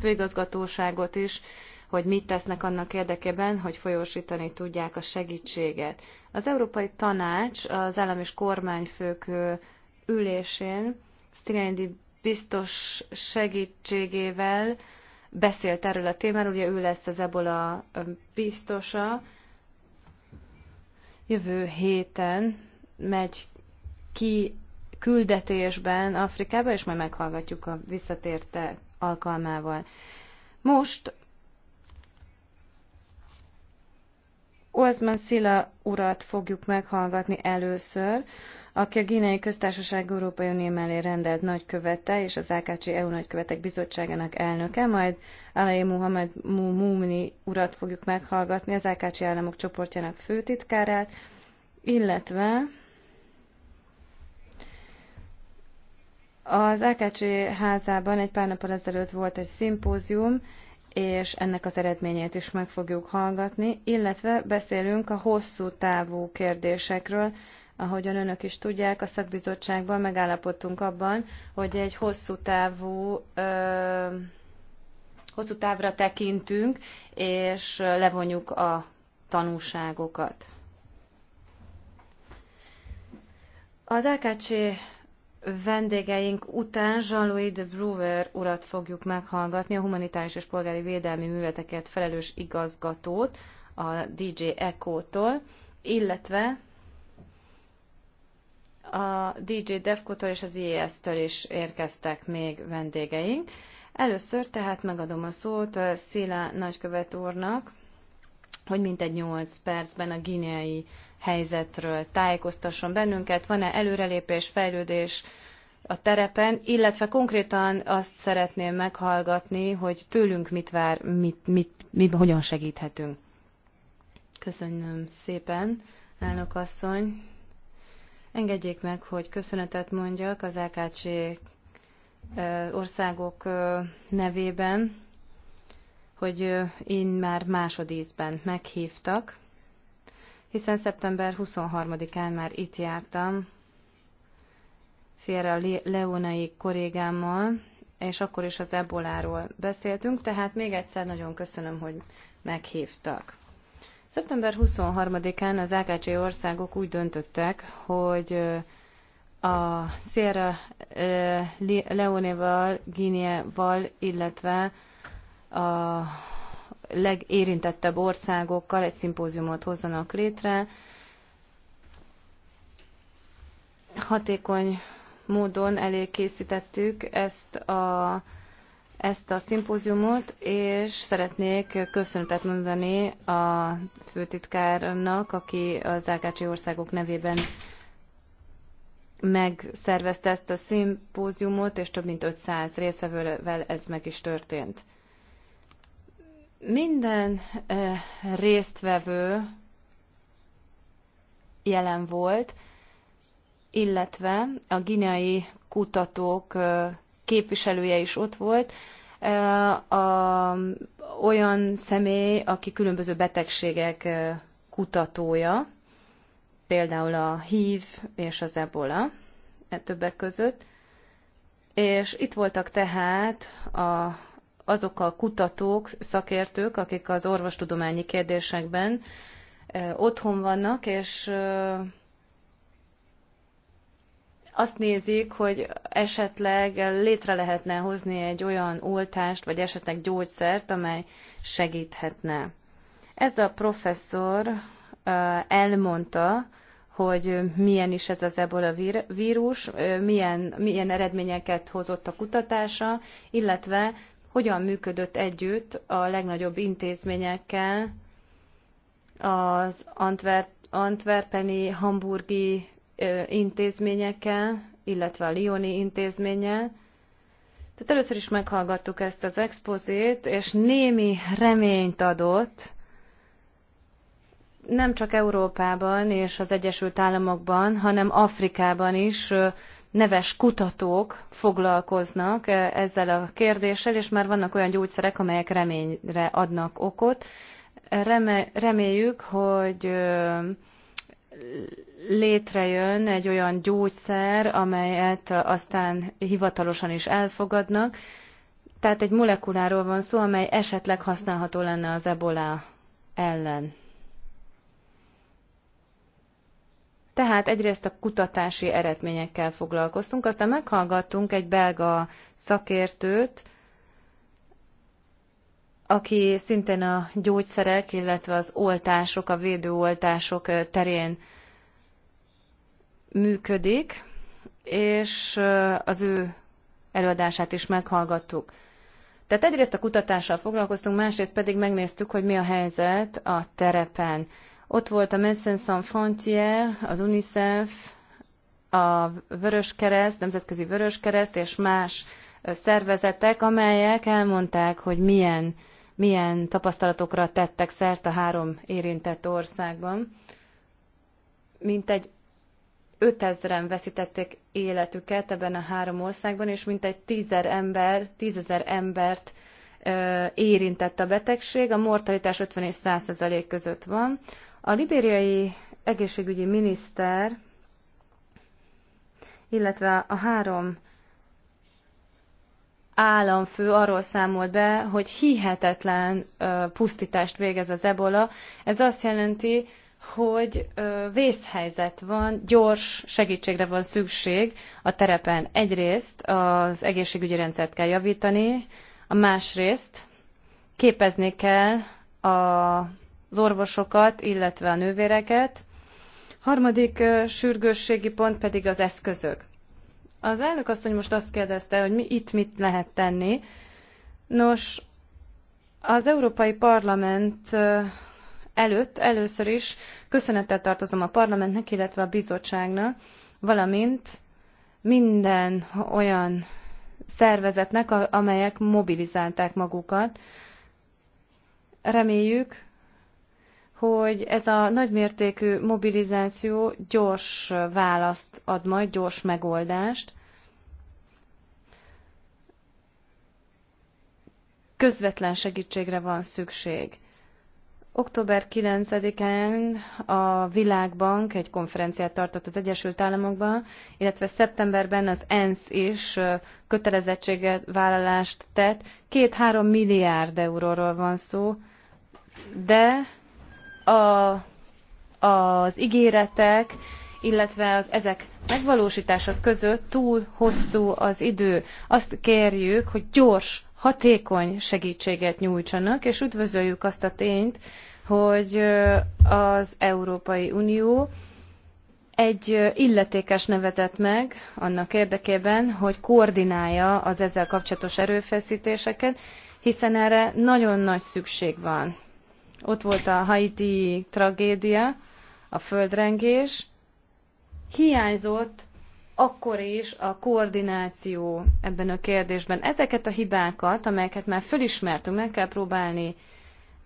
főigazgatóságot is, hogy mit tesznek annak érdekében, hogy folyósítani tudják a segítséget. Az Európai Tanács az állam és kormányfők ülésén Sztilányi biztos segítségével beszélt erről a témáról, ugye ő lesz az ebola biztosa. Jövő héten megy ki küldetésben Afrikába, és majd meghallgatjuk a visszatérte alkalmával. Most Olzman Szila urat fogjuk meghallgatni először, aki a Gínai Köztársaság Európai Unió mellé rendelt nagykövete és az AKC EU nagykövetek bizottságának elnöke, majd Alai Muhammad Mumni urat fogjuk meghallgatni, az AKC államok csoportjának főtitkárát, illetve Az AKC házában egy pár nappal ezelőtt volt egy szimpózium, és ennek az eredményét is meg fogjuk hallgatni, illetve beszélünk a hosszú távú kérdésekről. Ahogyan önök is tudják, a szakbizottságban megállapodtunk abban, hogy egy hosszú távú ö, hosszú távra tekintünk, és levonjuk a tanúságokat. Az LKC vendégeink után Jean-Louis de Brouwer urat fogjuk meghallgatni, a humanitárius és polgári védelmi műveleteket felelős igazgatót, a DJ Echo-tól, illetve a DJ Defco-tól és az IES-től is érkeztek még vendégeink. Először tehát megadom a szót eh, Széla nagykövet úrnak, hogy mintegy 8 percben a gineai helyzetről tájékoztasson bennünket, van-e előrelépés, fejlődés a terepen, illetve konkrétan azt szeretném meghallgatni, hogy tőlünk mit vár, mit, mit, mit, hogyan segíthetünk. Köszönöm szépen, elnök asszony. Engedjék meg, hogy köszönetet mondjak az LKC országok nevében, hogy én már másodízben meghívtak hiszen szeptember 23-án már itt jártam Sierra Leonai kollégámmal, és akkor is az eboláról beszéltünk, tehát még egyszer nagyon köszönöm, hogy meghívtak. Szeptember 23-án az AKC országok úgy döntöttek, hogy a Sierra Leoneval, val illetve a legérintettebb országokkal egy szimpóziumot hozzanak létre. Hatékony módon elkészítettük ezt a ezt a szimpóziumot, és szeretnék köszönetet mondani a főtitkárnak, aki az Ákácsi országok nevében megszervezte ezt a szimpóziumot, és több mint 500 résztvevővel ez meg is történt. Minden résztvevő jelen volt, illetve a gineai kutatók képviselője is ott volt, a, olyan személy, aki különböző betegségek kutatója, például a HIV és az ebola e, többek között. És itt voltak tehát a azok a kutatók, szakértők, akik az orvostudományi kérdésekben otthon vannak, és azt nézik, hogy esetleg létre lehetne hozni egy olyan oltást, vagy esetleg gyógyszert, amely segíthetne. Ez a professzor elmondta, hogy milyen is ez az ebola vírus, milyen, milyen eredményeket hozott a kutatása, illetve hogyan működött együtt a legnagyobb intézményekkel, az Antwerp, antwerpeni, hamburgi ö, intézményekkel, illetve a Lioni intézménnyel. Tehát először is meghallgattuk ezt az expozét, és némi reményt adott, nem csak Európában és az Egyesült Államokban, hanem Afrikában is neves kutatók foglalkoznak e, ezzel a kérdéssel, és már vannak olyan gyógyszerek, amelyek reményre adnak okot. Reméljük, hogy létrejön egy olyan gyógyszer, amelyet aztán hivatalosan is elfogadnak. Tehát egy molekuláról van szó, amely esetleg használható lenne az ebola ellen. Tehát egyrészt a kutatási eredményekkel foglalkoztunk, aztán meghallgattunk egy belga szakértőt, aki szintén a gyógyszerek, illetve az oltások, a védőoltások terén működik, és az ő előadását is meghallgattuk. Tehát egyrészt a kutatással foglalkoztunk, másrészt pedig megnéztük, hogy mi a helyzet a terepen. Ott volt a Médecins Sans Frontières, az UNICEF, a Vörös Kereszt, Nemzetközi Kereszt és más szervezetek, amelyek elmondták, hogy milyen, milyen tapasztalatokra tettek szert a három érintett országban. Mintegy 5000-en veszítették életüket ebben a három országban, és mintegy 10 ember, 10 embert érintett a betegség. A mortalitás 50 és 100 között van. A libériai egészségügyi miniszter, illetve a három államfő arról számolt be, hogy hihetetlen pusztítást végez az ebola. Ez azt jelenti, hogy vészhelyzet van, gyors segítségre van szükség a terepen. Egyrészt az egészségügyi rendszert kell javítani, a másrészt képezni kell a az orvosokat, illetve a nővéreket. Harmadik sürgősségi pont pedig az eszközök. Az elnök asszony most azt kérdezte, hogy mi itt mit lehet tenni. Nos, az Európai Parlament előtt először is köszönettel tartozom a parlamentnek, illetve a bizottságnak, valamint minden olyan szervezetnek, amelyek mobilizálták magukat. Reméljük, hogy ez a nagymértékű mobilizáció gyors választ ad majd, gyors megoldást. Közvetlen segítségre van szükség. Október 9 en a Világbank egy konferenciát tartott az Egyesült Államokban, illetve szeptemberben az ENSZ is kötelezettséget vállalást tett. Két-három milliárd euróról van szó, de a, az ígéretek, illetve az ezek megvalósítása között túl hosszú az idő. Azt kérjük, hogy gyors, hatékony segítséget nyújtsanak, és üdvözöljük azt a tényt, hogy az Európai Unió egy illetékes nevetett meg annak érdekében, hogy koordinálja az ezzel kapcsolatos erőfeszítéseket, hiszen erre nagyon nagy szükség van. Ott volt a haiti tragédia, a földrengés. Hiányzott akkor is a koordináció ebben a kérdésben. Ezeket a hibákat, amelyeket már fölismertünk, meg kell próbálni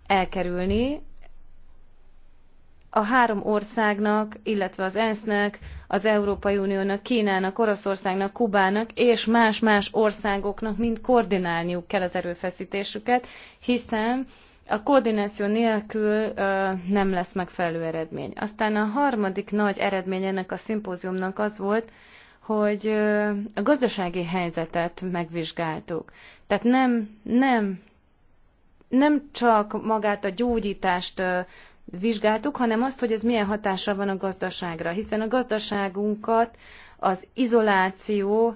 elkerülni, a három országnak, illetve az ENSZ-nek, az Európai Uniónak, Kínának, Oroszországnak, Kubának és más-más országoknak mind koordinálniuk kell az erőfeszítésüket, hiszen a koordináció nélkül nem lesz megfelelő eredmény. Aztán a harmadik nagy eredmény ennek a szimpóziumnak az volt, hogy a gazdasági helyzetet megvizsgáltuk. Tehát nem, nem, nem csak magát a gyógyítást vizsgáltuk, hanem azt, hogy ez milyen hatással van a gazdaságra, hiszen a gazdaságunkat az izoláció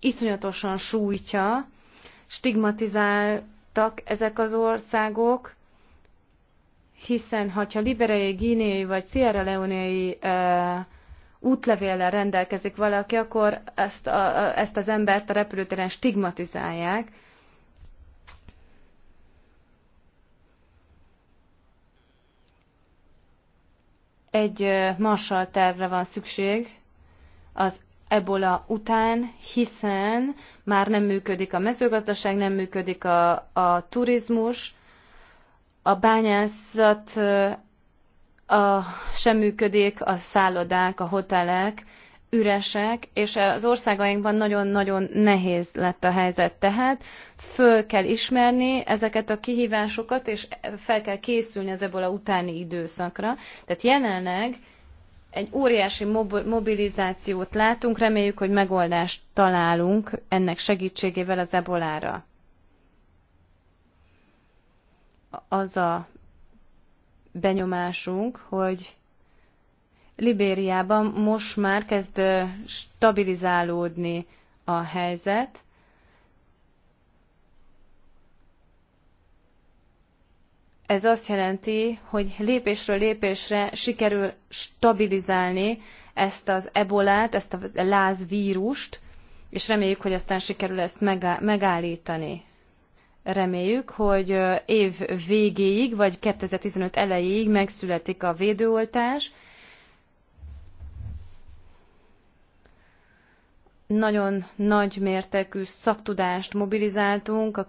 iszonyatosan sújtja, stigmatizál maradtak ezek az országok, hiszen ha liberei, guineai vagy Sierra Leoneai uh, útlevéllel rendelkezik valaki, akkor ezt, a, ezt az embert a repülőtéren stigmatizálják. Egy marsal tervre van szükség az ebola után, hiszen már nem működik a mezőgazdaság, nem működik a, a turizmus, a bányászat a, sem működik, a szállodák, a hotelek üresek, és az országainkban nagyon-nagyon nehéz lett a helyzet. Tehát föl kell ismerni ezeket a kihívásokat, és fel kell készülni az ebola utáni időszakra. Tehát jelenleg egy óriási mobilizációt látunk, reméljük, hogy megoldást találunk ennek segítségével az ebolára. Az a benyomásunk, hogy Libériában most már kezd stabilizálódni a helyzet, Ez azt jelenti, hogy lépésről lépésre sikerül stabilizálni ezt az ebolát, ezt a lázvírust, és reméljük, hogy aztán sikerül ezt megállítani. Reméljük, hogy év végéig, vagy 2015 elejéig megszületik a védőoltás, nagyon nagy mértékű szaktudást mobilizáltunk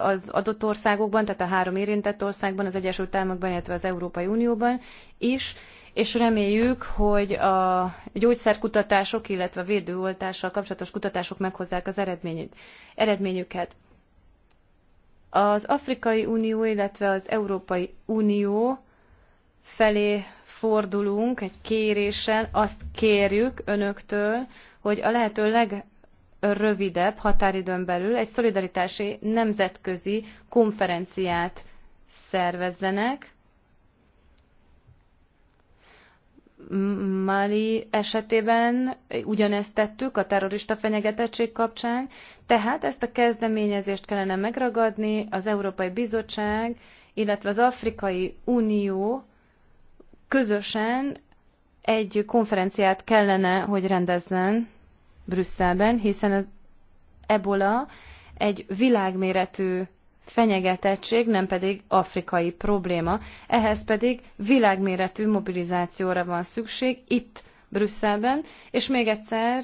az adott országokban, tehát a három érintett országban, az Egyesült Államokban, illetve az Európai Unióban is, és reméljük, hogy a gyógyszerkutatások, illetve a védőoltással kapcsolatos kutatások meghozzák az eredményüket. Az Afrikai Unió, illetve az Európai Unió felé fordulunk egy kéréssel, azt kérjük önöktől, hogy a lehető legrövidebb határidőn belül egy szolidaritási nemzetközi konferenciát szervezzenek. Mali esetében ugyanezt tettük a terrorista fenyegetettség kapcsán, tehát ezt a kezdeményezést kellene megragadni, az Európai Bizottság, illetve az Afrikai Unió közösen egy konferenciát kellene, hogy rendezzen Brüsszelben, hiszen az ebola egy világméretű fenyegetettség, nem pedig afrikai probléma. Ehhez pedig világméretű mobilizációra van szükség itt Brüsszelben, és még egyszer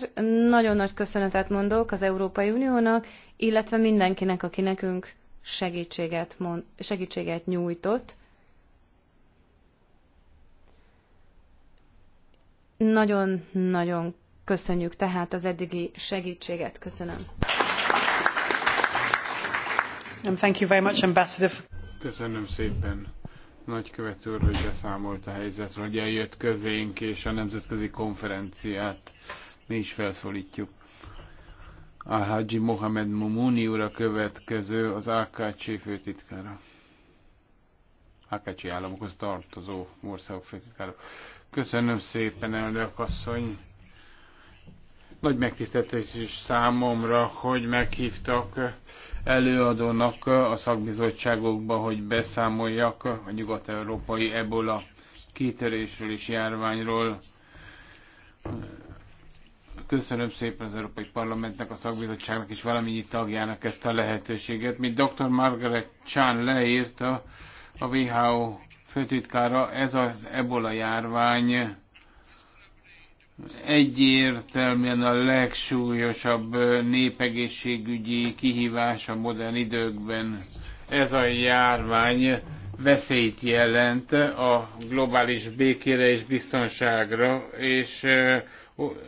nagyon nagy köszönetet mondok az Európai Uniónak, illetve mindenkinek, aki nekünk segítséget, mond, segítséget nyújtott. Nagyon-nagyon köszönjük tehát az eddigi segítséget. Köszönöm. And thank you very much, Ambassador. Köszönöm szépen nagykövet úr, hogy beszámolt a helyzetről, hogy eljött közénk, és a nemzetközi konferenciát mi is felszólítjuk. A Haji Mohamed Mumuni úr a következő, az AKC főtitkára. AKC államokhoz tartozó országok főtitkára. Köszönöm szépen, elnök asszony. Nagy megtiszteltetés is számomra, hogy meghívtak előadónak a szakbizottságokba, hogy beszámoljak a nyugat-európai ebola kitörésről és járványról. Köszönöm szépen az Európai Parlamentnek, a szakbizottságnak és valamennyi tagjának ezt a lehetőséget. Mint dr. Margaret Chan leírta, a WHO főtitkára, ez az ebola járvány egyértelműen a legsúlyosabb népegészségügyi kihívás a modern időkben. Ez a járvány veszélyt jelent a globális békére és biztonságra, és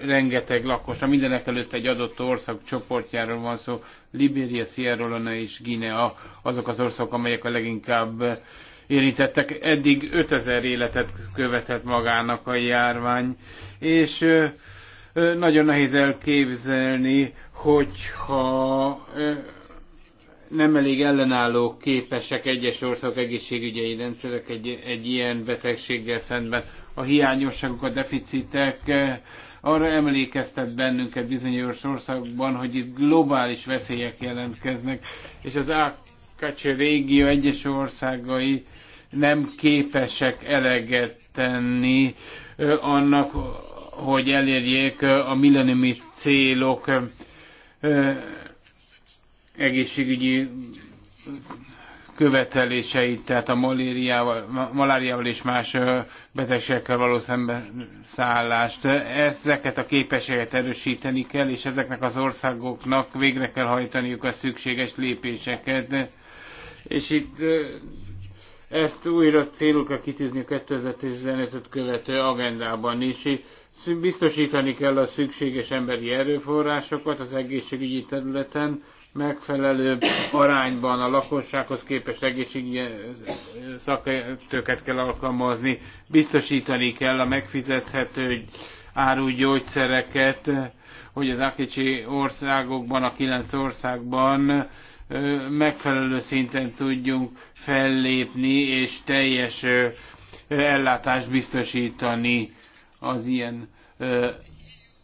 rengeteg lakosra, mindenek előtt egy adott ország csoportjáról van szó, Libéria, Sierra Leone és Guinea, azok az országok, amelyek a leginkább érintettek. Eddig 5000 életet követett magának a járvány, és nagyon nehéz elképzelni, hogyha nem elég ellenálló képesek egyes ország egészségügyi rendszerek egy, egy ilyen betegséggel szemben. A hiányosságok, a deficitek arra emlékeztet bennünket bizonyos országban, hogy itt globális veszélyek jelentkeznek, és az AKC régió egyes országai nem képesek eleget tenni annak, hogy elérjék a millenniumi célok egészségügyi követeléseit, tehát a maláriával és más betegségekkel való szembeszállást. Ezeket a képességet erősíteni kell, és ezeknek az országoknak végre kell hajtaniuk a szükséges lépéseket. És itt ezt újra célokra kitűzni a 2015-öt követő agendában is. Biztosítani kell a szükséges emberi erőforrásokat az egészségügyi területen, megfelelő arányban a lakossághoz képest egészségügyi eh, szakértőket kell alkalmazni, biztosítani kell a megfizethető áru gyógyszereket, hogy az Akicsi országokban, a kilenc országban megfelelő szinten tudjunk fellépni és teljes ellátást biztosítani az ilyen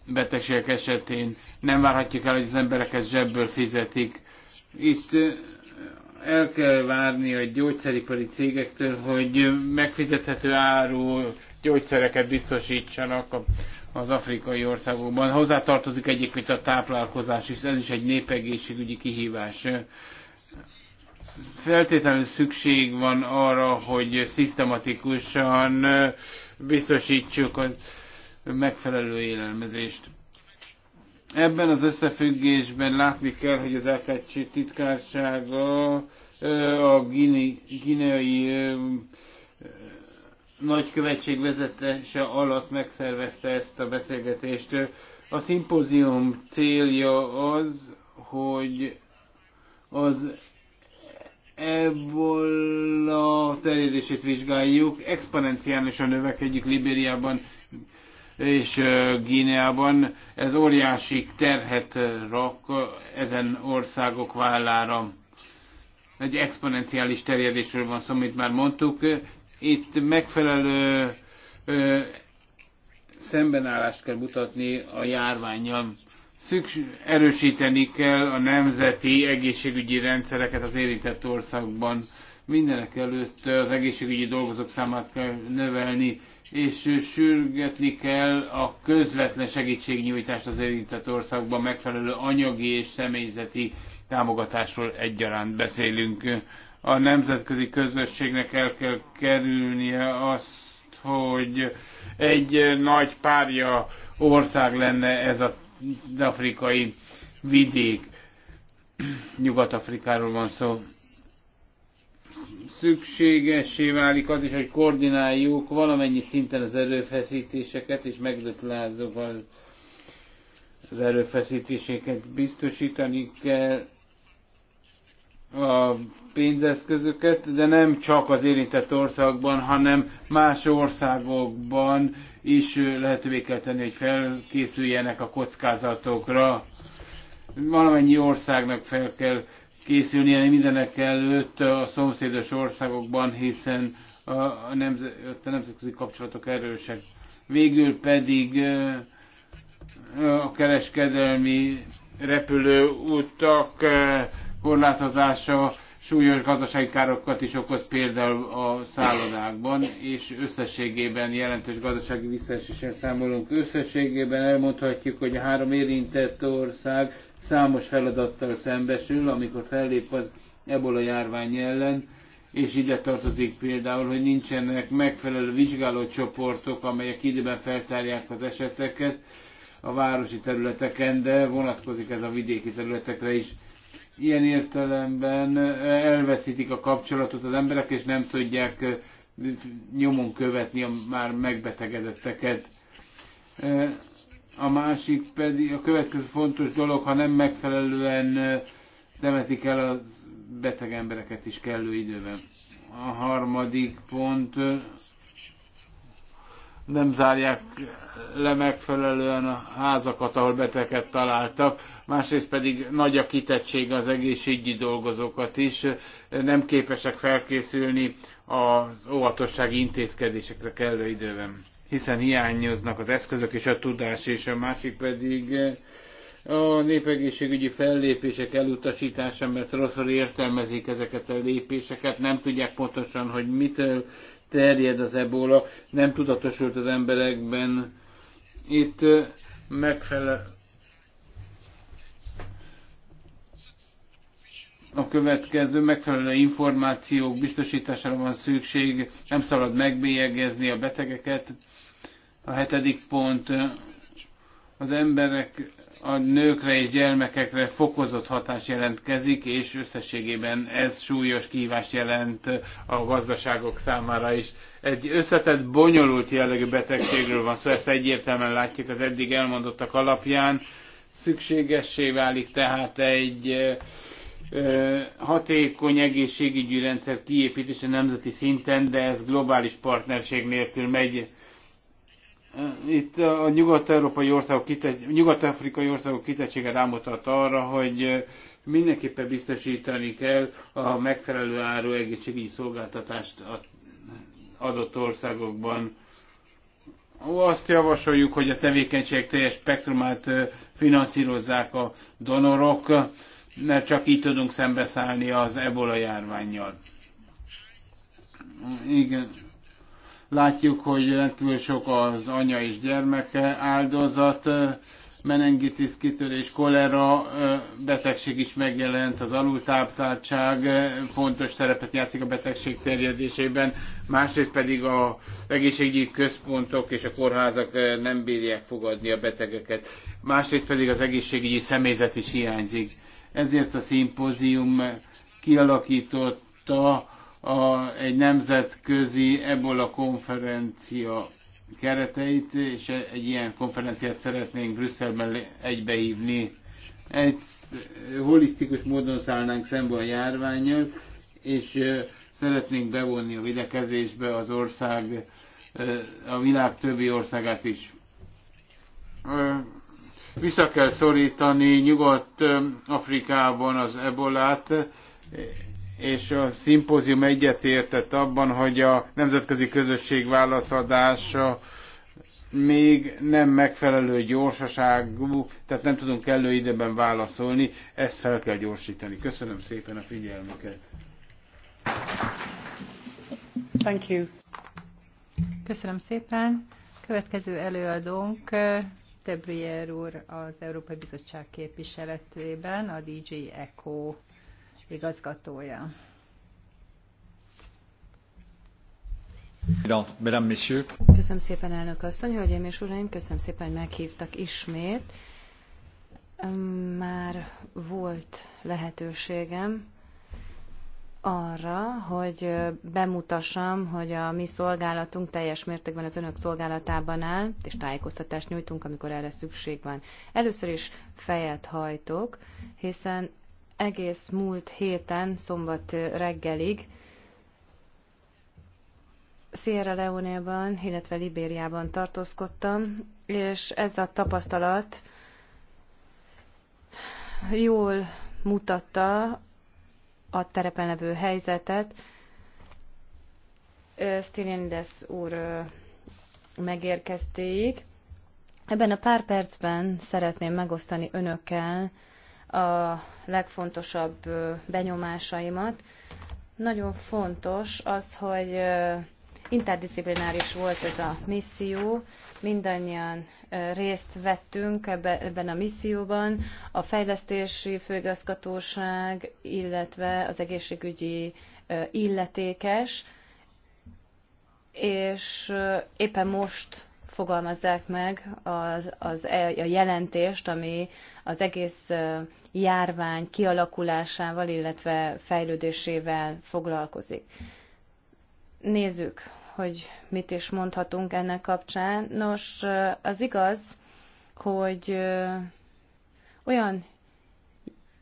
betegségek esetén. Nem várhatjuk el, hogy az emberek ezt zsebből fizetik. Itt el kell várni a gyógyszeripari cégektől, hogy megfizethető áru gyógyszereket biztosítsanak a az afrikai országokban. Hozzátartozik egyébként a táplálkozás is, ez is egy népegészségügyi kihívás. Feltétlenül szükség van arra, hogy szisztematikusan biztosítsuk a megfelelő élelmezést. Ebben az összefüggésben látni kell, hogy az AKC titkársága a guineai nagykövetség vezetése alatt megszervezte ezt a beszélgetést. A szimpózium célja az, hogy az ebola terjedését vizsgáljuk, exponenciálisan növekedjük Libériában és Gíneában. Ez óriási terhet rak ezen országok vállára. Egy exponenciális terjedésről van szó, amit már mondtuk, itt megfelelő ö, szembenállást kell mutatni a járványjal. Szükség, erősíteni kell a nemzeti egészségügyi rendszereket az érintett országban. Mindenek előtt az egészségügyi dolgozók számát kell növelni, és sürgetni kell a közvetlen segítségnyújtást az érintett országban megfelelő anyagi és személyzeti támogatásról egyaránt beszélünk a nemzetközi közösségnek el kell kerülnie azt, hogy egy nagy párja ország lenne ez az afrikai vidék. Nyugat-Afrikáról van szó. Szükségessé válik az is, hogy koordináljuk valamennyi szinten az erőfeszítéseket, és megdötlázzuk az, az erőfeszítéseket biztosítani kell, a pénzeszközöket, de nem csak az érintett országban, hanem más országokban is lehetővé kell tenni, hogy felkészüljenek a kockázatokra. Valamennyi országnak fel kell készülnie mindenek előtt a szomszédos országokban, hiszen a, nemze, a nemzetközi kapcsolatok erősek. Végül pedig a kereskedelmi repülőutak korlátozása súlyos gazdasági károkat is okoz például a szállodákban, és összességében jelentős gazdasági visszaesésen számolunk. Összességében elmondhatjuk, hogy a három érintett ország számos feladattal szembesül, amikor fellép az ebola járvány ellen, és ide tartozik például, hogy nincsenek megfelelő vizsgálócsoportok, amelyek időben feltárják az eseteket a városi területeken, de vonatkozik ez a vidéki területekre is ilyen értelemben elveszítik a kapcsolatot az emberek, és nem tudják eh, nyomon követni a már megbetegedetteket. Eh, a másik pedig, a következő fontos dolog, ha nem megfelelően temetik eh, el a beteg embereket is kellő időben. A harmadik pont nem zárják le megfelelően a házakat, ahol beteket találtak, másrészt pedig nagy a kitettség az egészségügyi dolgozókat is, nem képesek felkészülni az óvatossági intézkedésekre kellő időben, hiszen hiányoznak az eszközök és a tudás, és a másik pedig a népegészségügyi fellépések elutasítása, mert rosszul értelmezik ezeket a lépéseket, nem tudják pontosan, hogy mitől terjed az ebola, nem tudatosult az emberekben. Itt megfelel a következő megfelelő információk biztosítására van szükség, nem szabad megbélyegezni a betegeket. A hetedik pont az emberek, a nőkre és gyermekekre fokozott hatás jelentkezik, és összességében ez súlyos kihívást jelent a gazdaságok számára is. Egy összetett, bonyolult jellegű betegségről van szó, szóval ezt egyértelműen látjuk az eddig elmondottak alapján. Szükségessé válik tehát egy hatékony egészségügyi rendszer kiépítése nemzeti szinten, de ez globális partnerség nélkül megy itt a nyugat-európai országok, nyugat-afrikai országok kitettsége rámutat arra, hogy mindenképpen biztosítani kell a megfelelő áru egészségügyi szolgáltatást adott országokban. Azt javasoljuk, hogy a tevékenységek teljes spektrumát finanszírozzák a donorok, mert csak így tudunk szembeszállni az ebola járványjal. Igen Látjuk, hogy rendkívül sok az anya és gyermeke áldozat, menengitis kitörés, kolera betegség is megjelent, az alultápláltság fontos szerepet játszik a betegség terjedésében, másrészt pedig az egészségügyi központok és a kórházak nem bírják fogadni a betegeket, másrészt pedig az egészségügyi személyzet is hiányzik. Ezért a szimpózium kialakította a, egy nemzetközi ebola konferencia kereteit, és egy ilyen konferenciát szeretnénk Brüsszelben egybehívni. Egy holisztikus módon szállnánk szembe a járványjal, és szeretnénk bevonni a videkezésbe az ország, a világ többi országát is. Vissza kell szorítani Nyugat-Afrikában az ebolát, és a szimpózium egyetértett abban, hogy a nemzetközi közösség válaszadása még nem megfelelő gyorsaságú, tehát nem tudunk elő időben válaszolni, ezt fel kell gyorsítani. Köszönöm szépen a figyelmüket. Thank you. Köszönöm szépen. Következő előadónk Tebrier úr az Európai Bizottság képviseletében, a DJ Eco igazgatója. Köszönöm szépen, elnök asszony, hölgyeim és uraim, köszönöm szépen, hogy meghívtak ismét. Már volt lehetőségem arra, hogy bemutassam, hogy a mi szolgálatunk teljes mértékben az önök szolgálatában áll, és tájékoztatást nyújtunk, amikor erre szükség van. Először is fejet hajtok, hiszen egész múlt héten, szombat reggelig Sierra leone illetve Libériában tartózkodtam, és ez a tapasztalat jól mutatta a terepen levő helyzetet. Stilindes úr megérkeztéig. Ebben a pár percben szeretném megosztani önökkel a legfontosabb benyomásaimat. Nagyon fontos az, hogy interdisziplináris volt ez a misszió, mindannyian részt vettünk ebben a misszióban, a fejlesztési főigazgatóság, illetve az egészségügyi illetékes, és éppen most fogalmazzák meg az, az, e, a jelentést, ami az egész járvány kialakulásával, illetve fejlődésével foglalkozik. Nézzük, hogy mit is mondhatunk ennek kapcsán. Nos, az igaz, hogy olyan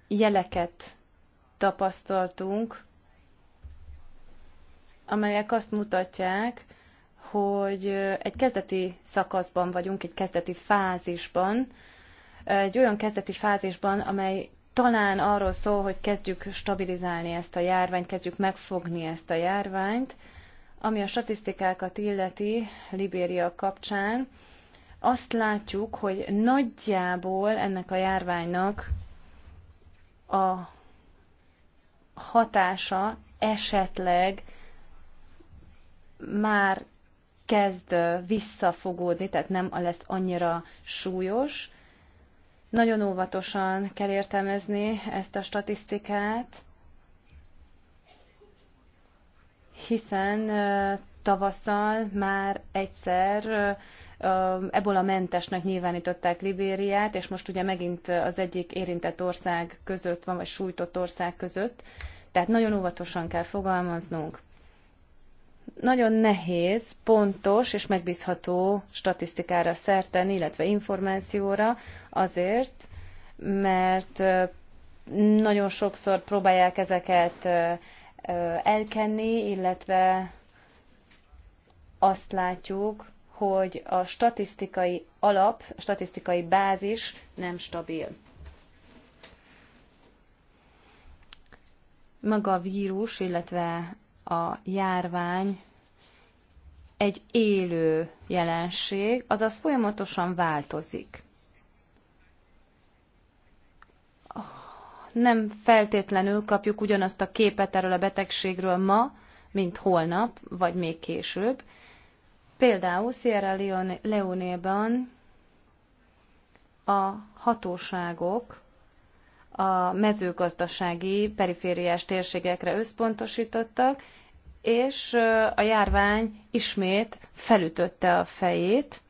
jeleket tapasztaltunk, amelyek azt mutatják, hogy egy kezdeti szakaszban vagyunk, egy kezdeti fázisban, egy olyan kezdeti fázisban, amely talán arról szól, hogy kezdjük stabilizálni ezt a járványt, kezdjük megfogni ezt a járványt. Ami a statisztikákat illeti Libéria kapcsán, azt látjuk, hogy nagyjából ennek a járványnak a hatása esetleg már kezd visszafogódni, tehát nem lesz annyira súlyos. Nagyon óvatosan kell értelmezni ezt a statisztikát, hiszen tavasszal már egyszer ebből a mentesnek nyilvánították Libériát, és most ugye megint az egyik érintett ország között van, vagy sújtott ország között, tehát nagyon óvatosan kell fogalmaznunk nagyon nehéz pontos és megbízható statisztikára szerteni illetve információra azért, mert nagyon sokszor próbálják ezeket elkenni, illetve azt látjuk, hogy a statisztikai alap, a statisztikai bázis nem stabil. Maga a vírus, illetve a járvány egy élő jelenség, azaz folyamatosan változik. Nem feltétlenül kapjuk ugyanazt a képet erről a betegségről ma, mint holnap, vagy még később. Például Sierra Leone-ban a hatóságok a mezőgazdasági perifériás térségekre összpontosítottak, és a járvány ismét felütötte a fejét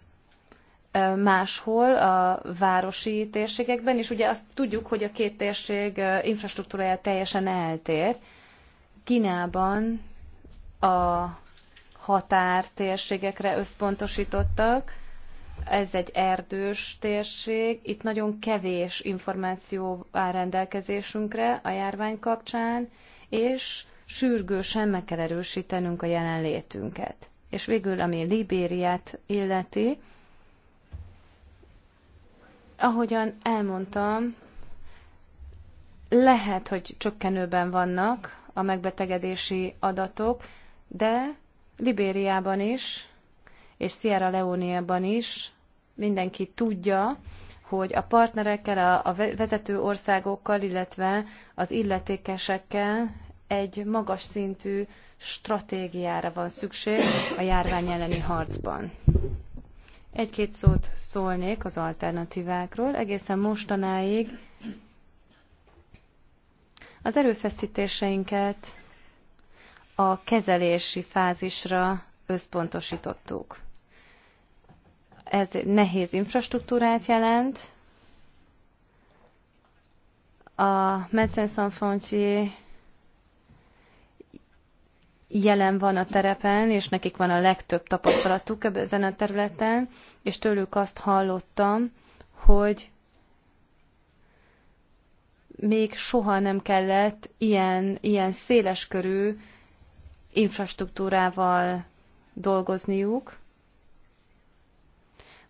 máshol a városi térségekben, és ugye azt tudjuk, hogy a két térség infrastruktúrája teljesen eltér. Kínában a határ térségekre összpontosítottak, ez egy erdős térség, itt nagyon kevés információ áll rendelkezésünkre a járvány kapcsán, és sürgősen meg kell erősítenünk a jelenlétünket. És végül, ami Libériát illeti, ahogyan elmondtam, lehet, hogy csökkenőben vannak a megbetegedési adatok, de Libériában is és Sierra Leone-ban is mindenki tudja, hogy a partnerekkel, a vezető országokkal, illetve az illetékesekkel egy magas szintű stratégiára van szükség a járvány elleni harcban. Egy-két szót szólnék az alternatívákról. Egészen mostanáig az erőfeszítéseinket a kezelési fázisra összpontosítottuk. Ez nehéz infrastruktúrát jelent. A Médecins Sans Frontier jelen van a terepen, és nekik van a legtöbb tapasztalatuk ezen a területen, és tőlük azt hallottam, hogy még soha nem kellett ilyen, ilyen széleskörű infrastruktúrával dolgozniuk.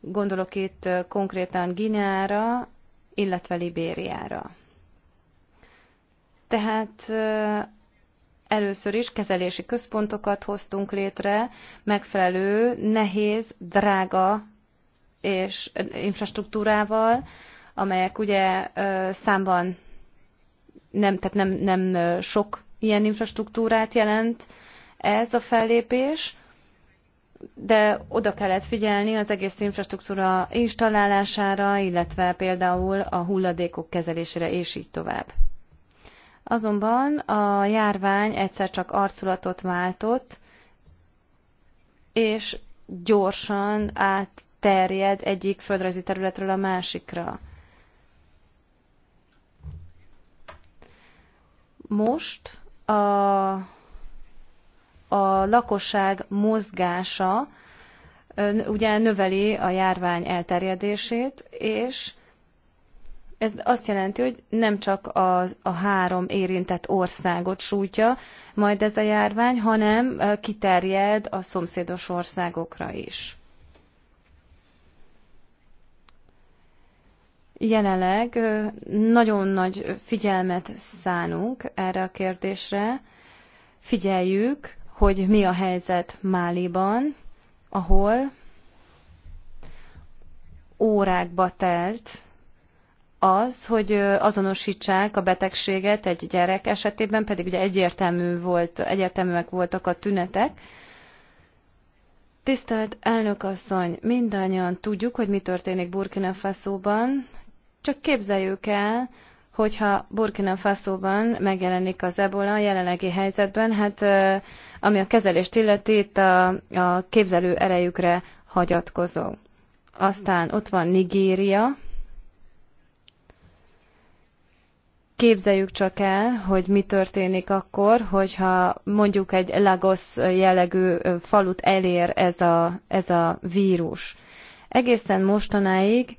Gondolok itt konkrétan Gineára, illetve Libériára. Tehát először is kezelési központokat hoztunk létre, megfelelő, nehéz, drága és infrastruktúrával, amelyek ugye számban nem, tehát nem, nem sok ilyen infrastruktúrát jelent ez a fellépés, de oda kellett figyelni az egész infrastruktúra installálására, illetve például a hulladékok kezelésére, és így tovább. Azonban a járvány egyszer csak arculatot váltott, és gyorsan átterjed egyik földrajzi területről a másikra. Most a a lakosság mozgása ugye növeli a járvány elterjedését, és ez azt jelenti, hogy nem csak az, a három érintett országot sújtja majd ez a járvány, hanem kiterjed a szomszédos országokra is. Jelenleg nagyon nagy figyelmet szánunk erre a kérdésre, figyeljük hogy mi a helyzet Máliban, ahol órákba telt az, hogy azonosítsák a betegséget egy gyerek esetében, pedig ugye egyértelmű volt, egyértelműek voltak a tünetek. Tisztelt elnökasszony, mindannyian tudjuk, hogy mi történik Burkina Faso-ban, csak képzeljük el, hogyha Burkina Faso-ban megjelenik az ebola a jelenlegi helyzetben, hát ami a kezelést illeti, itt a, a képzelő erejükre hagyatkozó. Aztán ott van Nigéria. Képzeljük csak el, hogy mi történik akkor, hogyha mondjuk egy Lagos jellegű falut elér ez a, ez a vírus. Egészen mostanáig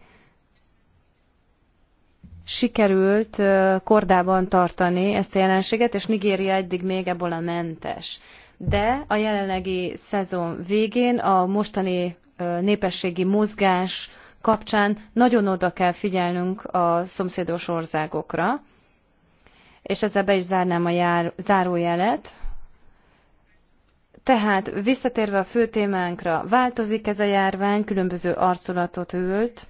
sikerült kordában tartani ezt a jelenséget, és Nigéria eddig még ebből a mentes. De a jelenlegi szezon végén a mostani népességi mozgás kapcsán nagyon oda kell figyelnünk a szomszédos országokra, és ezzel be is zárnám a jár, zárójelet. Tehát visszatérve a fő témánkra, változik ez a járvány, különböző arculatot ült,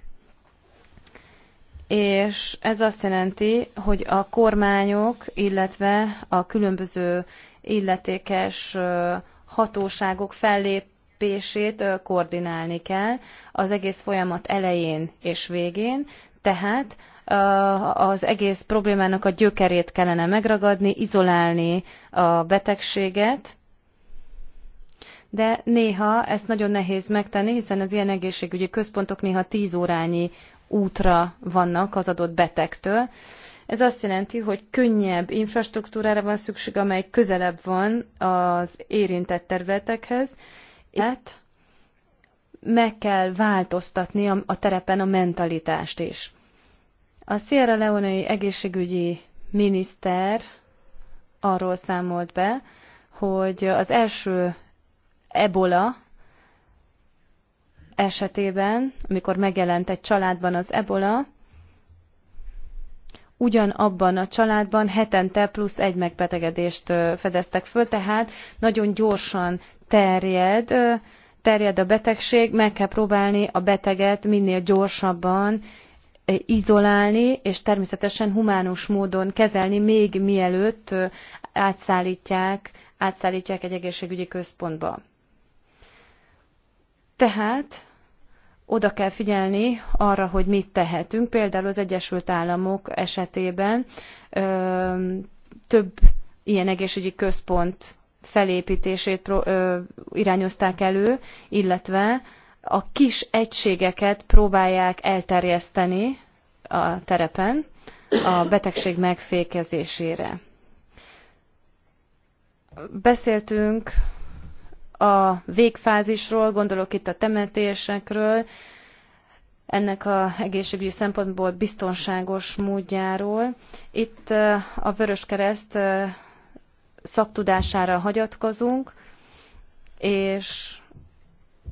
és ez azt jelenti, hogy a kormányok, illetve a különböző illetékes hatóságok fellépését koordinálni kell az egész folyamat elején és végén, tehát az egész problémának a gyökerét kellene megragadni, izolálni a betegséget, de néha ezt nagyon nehéz megtenni, hiszen az ilyen egészségügyi központok néha tíz órányi útra vannak az adott betegtől. Ez azt jelenti, hogy könnyebb infrastruktúrára van szükség, amely közelebb van az érintett területekhez, illetve meg kell változtatni a, a terepen a mentalitást is. A Sierra Leonei egészségügyi miniszter arról számolt be, hogy az első ebola esetében, amikor megjelent egy családban az ebola, ugyanabban a családban hetente plusz egy megbetegedést fedeztek föl, tehát nagyon gyorsan terjed, terjed a betegség, meg kell próbálni a beteget minél gyorsabban izolálni, és természetesen humánus módon kezelni, még mielőtt átszállítják, átszállítják egy egészségügyi központba. Tehát oda kell figyelni arra, hogy mit tehetünk. Például az Egyesült Államok esetében ö, több ilyen egészségügyi központ felépítését pro, ö, irányozták elő, illetve a kis egységeket próbálják elterjeszteni a terepen a betegség megfékezésére. Beszéltünk a végfázisról, gondolok itt a temetésekről, ennek a egészségügyi szempontból biztonságos módjáról. Itt a vörös Kereszt szaktudására hagyatkozunk, és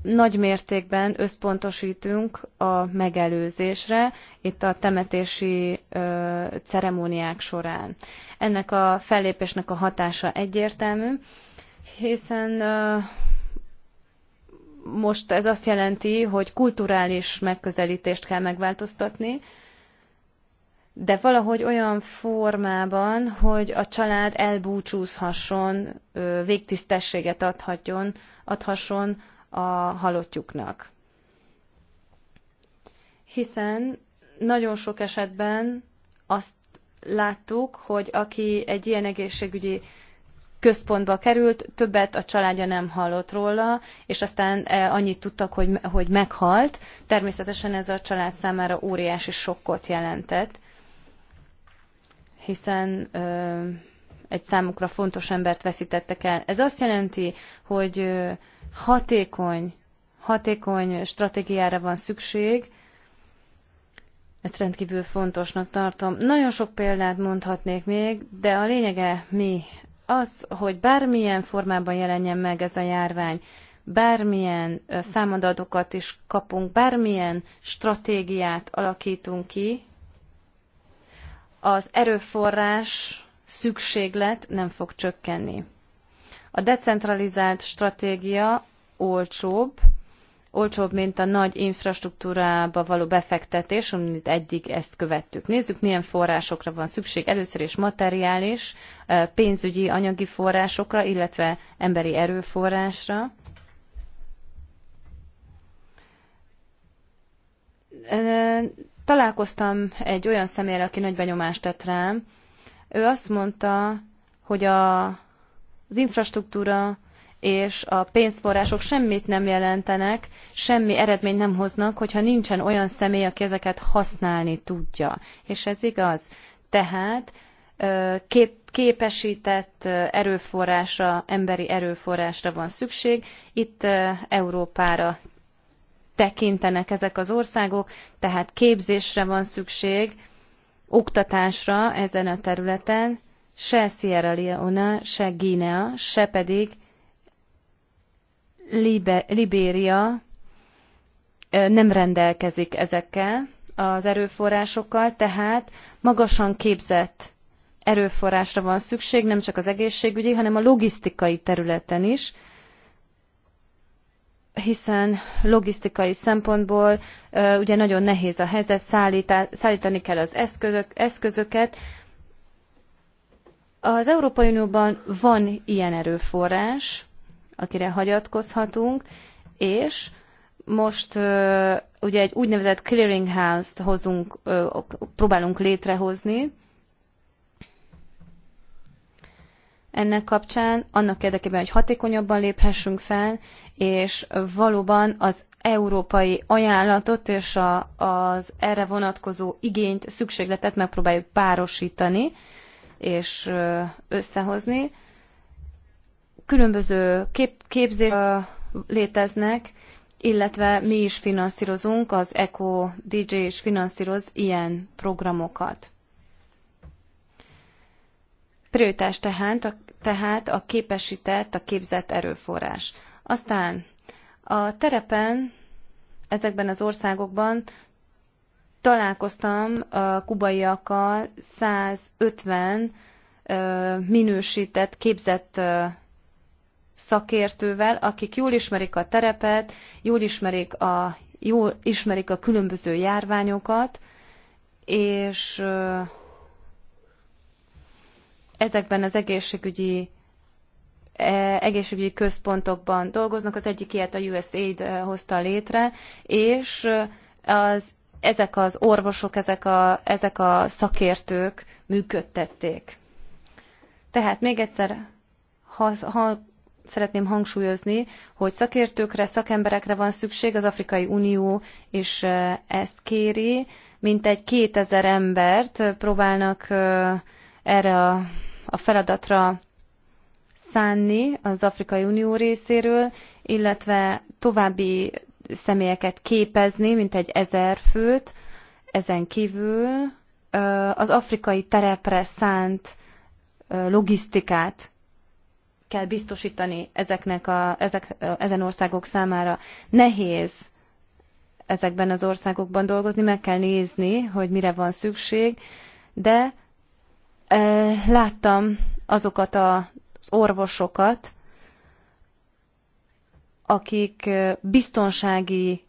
nagy mértékben összpontosítunk a megelőzésre itt a temetési ö, ceremóniák során. Ennek a fellépésnek a hatása egyértelmű, hiszen most ez azt jelenti, hogy kulturális megközelítést kell megváltoztatni, de valahogy olyan formában, hogy a család elbúcsúzhasson, végtisztességet adhatjon, adhasson a halottjuknak. Hiszen nagyon sok esetben azt láttuk, hogy aki egy ilyen egészségügyi központba került, többet a családja nem hallott róla, és aztán e, annyit tudtak, hogy, hogy meghalt. Természetesen ez a család számára óriási sokkot jelentett, hiszen ö, egy számukra fontos embert veszítettek el. Ez azt jelenti, hogy hatékony, hatékony stratégiára van szükség, ezt rendkívül fontosnak tartom. Nagyon sok példát mondhatnék még, de a lényege mi az, hogy bármilyen formában jelenjen meg ez a járvány, bármilyen számadatokat is kapunk, bármilyen stratégiát alakítunk ki, az erőforrás szükséglet nem fog csökkenni. A decentralizált stratégia olcsóbb, olcsóbb, mint a nagy infrastruktúrába való befektetés, amit eddig ezt követtük. Nézzük, milyen forrásokra van szükség. Először is materiális, pénzügyi, anyagi forrásokra, illetve emberi erőforrásra. Találkoztam egy olyan személyre, aki nagy benyomást tett rám. Ő azt mondta, hogy a, az infrastruktúra és a pénzforrások semmit nem jelentenek, semmi eredményt nem hoznak, hogyha nincsen olyan személy, aki ezeket használni tudja. És ez igaz. Tehát kép, képesített erőforrásra, emberi erőforrásra van szükség. Itt Európára tekintenek ezek az országok, tehát képzésre van szükség, oktatásra ezen a területen, se Sierra Leone, se Guinea, se pedig Libe, Libéria nem rendelkezik ezekkel az erőforrásokkal, tehát magasan képzett erőforrásra van szükség, nem csak az egészségügyi, hanem a logisztikai területen is, hiszen logisztikai szempontból ugye nagyon nehéz a helyzet, szállítani kell az eszközök, eszközöket. Az Európai Unióban van ilyen erőforrás, akire hagyatkozhatunk, és most ugye egy úgynevezett clearinghouse-t hozunk, próbálunk létrehozni, ennek kapcsán, annak érdekében, hogy hatékonyabban léphessünk fel, és valóban az európai ajánlatot és a, az erre vonatkozó igényt, szükségletet megpróbáljuk párosítani és összehozni. Különböző kép, képzés léteznek, illetve mi is finanszírozunk, az Eco DJ is finanszíroz ilyen programokat. Prioritás tehát a, tehát a képesített, a képzett erőforrás. Aztán a terepen, ezekben az országokban találkoztam a kubaiakkal 150 minősített, képzett szakértővel, akik jól ismerik a terepet, jól ismerik a, jól ismerik a különböző járványokat, és ezekben az egészségügyi e, egészségügyi központokban dolgoznak, az egyik ilyet a USAID hozta létre, és az, ezek az orvosok, ezek a, ezek a szakértők működtették. Tehát még egyszer ha, ha szeretném hangsúlyozni, hogy szakértőkre, szakemberekre van szükség, az Afrikai Unió is ezt kéri. Mintegy 2000 embert próbálnak erre a, a feladatra szánni az Afrikai Unió részéről, illetve további személyeket képezni, mint egy ezer főt, ezen kívül az afrikai terepre szánt logisztikát kell biztosítani ezeknek a, ezek, ezen országok számára. Nehéz ezekben az országokban dolgozni, meg kell nézni, hogy mire van szükség, de e, láttam azokat a, az orvosokat, akik biztonsági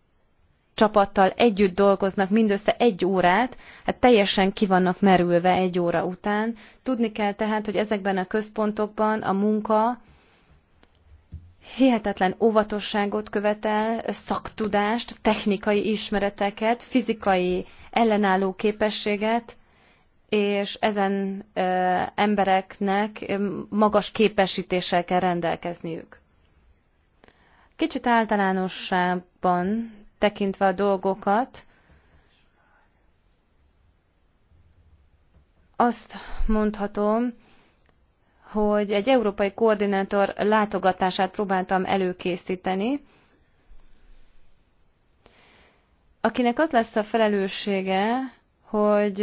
csapattal együtt dolgoznak mindössze egy órát, hát teljesen ki vannak merülve egy óra után. Tudni kell tehát, hogy ezekben a központokban a munka hihetetlen óvatosságot követel, szaktudást, technikai ismereteket, fizikai ellenálló képességet, és ezen ö, embereknek magas képesítéssel kell rendelkezniük. Kicsit általánossában tekintve a dolgokat, azt mondhatom, hogy egy európai koordinátor látogatását próbáltam előkészíteni, akinek az lesz a felelőssége, hogy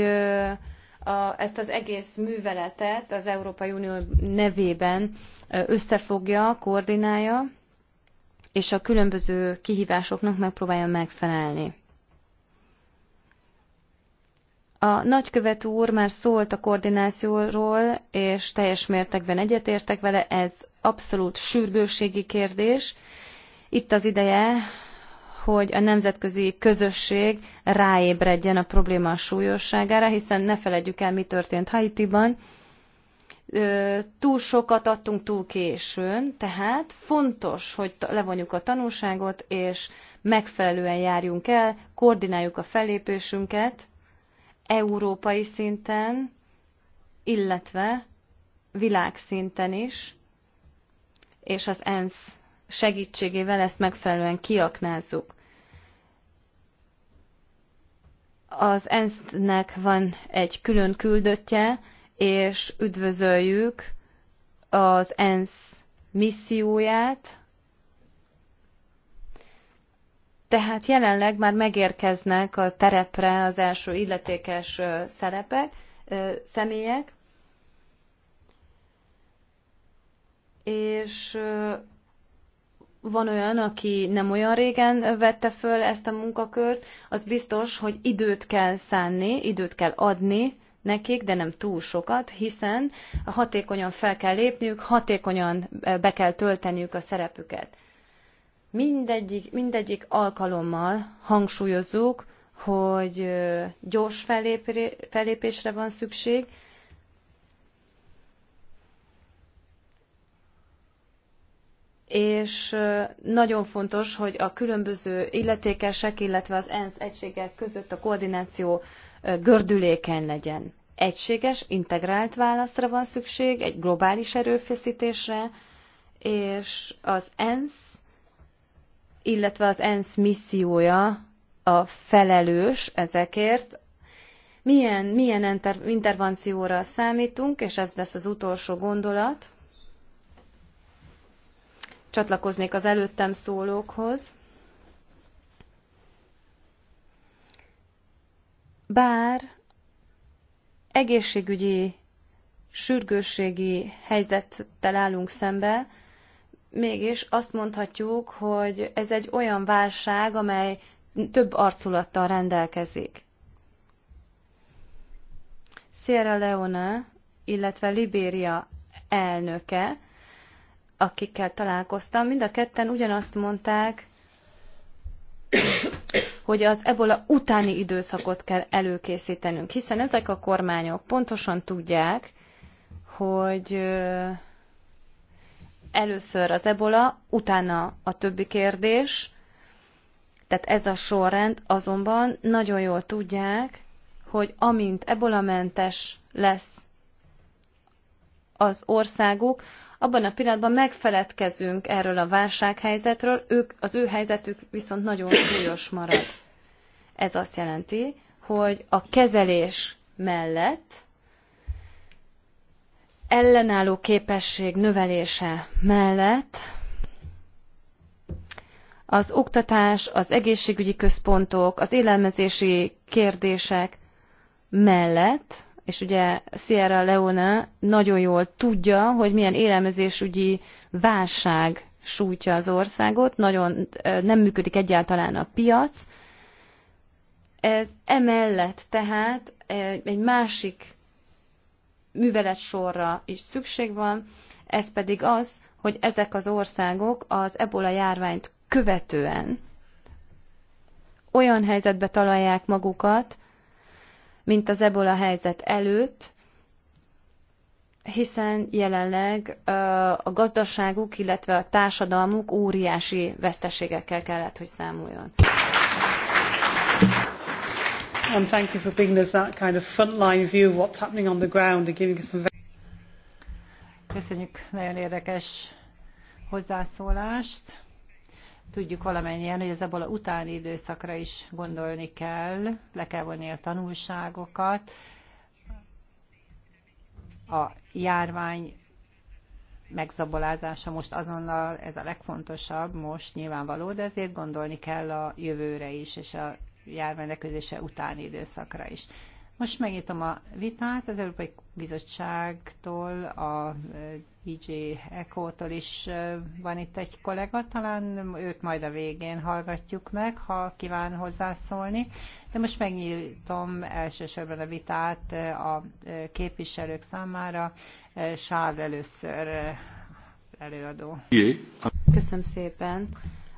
a, ezt az egész műveletet az Európai Unió nevében összefogja, koordinálja, és a különböző kihívásoknak megpróbáljon megfelelni. A nagykövet úr már szólt a koordinációról, és teljes mértékben egyetértek vele, ez abszolút sürgőségi kérdés. Itt az ideje, hogy a nemzetközi közösség ráébredjen a probléma súlyosságára, hiszen ne feledjük el, mi történt Haitiban, túl sokat adtunk túl későn, tehát fontos, hogy levonjuk a tanulságot, és megfelelően járjunk el, koordináljuk a fellépésünket európai szinten, illetve világszinten is, és az ENSZ segítségével ezt megfelelően kiaknázzuk. Az ENSZ-nek van egy külön küldöttje, és üdvözöljük az ENSZ misszióját. Tehát jelenleg már megérkeznek a terepre az első illetékes szerepek, személyek, és van olyan, aki nem olyan régen vette föl ezt a munkakört, az biztos, hogy időt kell szánni, időt kell adni nekik, de nem túl sokat, hiszen hatékonyan fel kell lépniük, hatékonyan eh, be kell tölteniük a szerepüket. Mindegyik, mindegyik alkalommal hangsúlyozzuk, hogy eh, gyors fellépésre van szükség, és eh, nagyon fontos, hogy a különböző illetékesek, illetve az ENSZ egységek között a koordináció gördülékeny legyen. Egységes, integrált válaszra van szükség, egy globális erőfeszítésre, és az ENSZ, illetve az ENSZ missziója a felelős ezekért, milyen, milyen inter, intervencióra számítunk, és ez lesz az utolsó gondolat. Csatlakoznék az előttem szólókhoz. Bár egészségügyi, sürgősségi helyzettel állunk szembe, mégis azt mondhatjuk, hogy ez egy olyan válság, amely több arculattal rendelkezik. Sierra Leone, illetve Libéria elnöke, akikkel találkoztam, mind a ketten ugyanazt mondták, hogy az ebola utáni időszakot kell előkészítenünk, hiszen ezek a kormányok pontosan tudják, hogy először az ebola, utána a többi kérdés, tehát ez a sorrend azonban nagyon jól tudják, hogy amint ebolamentes lesz az országuk, abban a pillanatban megfeledkezünk erről a válsághelyzetről, ők, az ő helyzetük viszont nagyon súlyos marad. Ez azt jelenti, hogy a kezelés mellett ellenálló képesség növelése mellett az oktatás, az egészségügyi központok, az élelmezési kérdések mellett és ugye Sierra Leone nagyon jól tudja, hogy milyen élelmezésügyi válság sújtja az országot, nagyon nem működik egyáltalán a piac. Ez emellett tehát egy másik műveletsorra is szükség van, ez pedig az, hogy ezek az országok az ebola járványt követően olyan helyzetbe találják magukat, mint az ebola helyzet előtt, hiszen jelenleg a gazdaságuk, illetve a társadalmuk óriási veszteségekkel kellett, hogy számoljon. And thank you for bringing us that kind of frontline view of what's happening on the ground and giving us some Köszönjük, nagyon érdekes hozzászólást tudjuk valamennyien, hogy az ebola utáni időszakra is gondolni kell, le kell vonni a tanulságokat. A járvány megzabolázása most azonnal ez a legfontosabb, most nyilvánvaló, de ezért gondolni kell a jövőre is, és a járvány leküzdése utáni időszakra is. Most megnyitom a vitát az Európai Bizottságtól, a DJ eh, Eco-tól is eh, van itt egy kollega, talán őt majd a végén hallgatjuk meg, ha kíván hozzászólni. De most megnyitom elsősorban a vitát eh, a képviselők számára. Sár először előadó. Köszönöm szépen.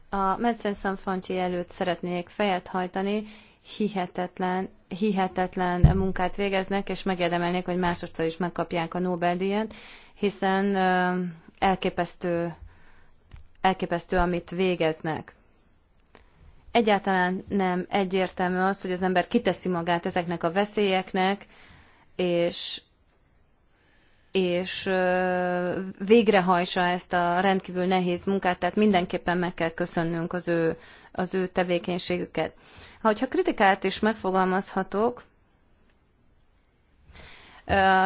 A Medicine Sans előtt szeretnék fejet hajtani. Hihetetlen hihetetlen munkát végeznek, és megérdemelnék, hogy másodszor is megkapják a Nobel-díjat, hiszen elképesztő, elképesztő, amit végeznek. Egyáltalán nem egyértelmű az, hogy az ember kiteszi magát ezeknek a veszélyeknek, és és végrehajtsa ezt a rendkívül nehéz munkát, tehát mindenképpen meg kell köszönnünk az ő, az ő tevékenységüket. Ha Hogyha kritikát is megfogalmazhatok,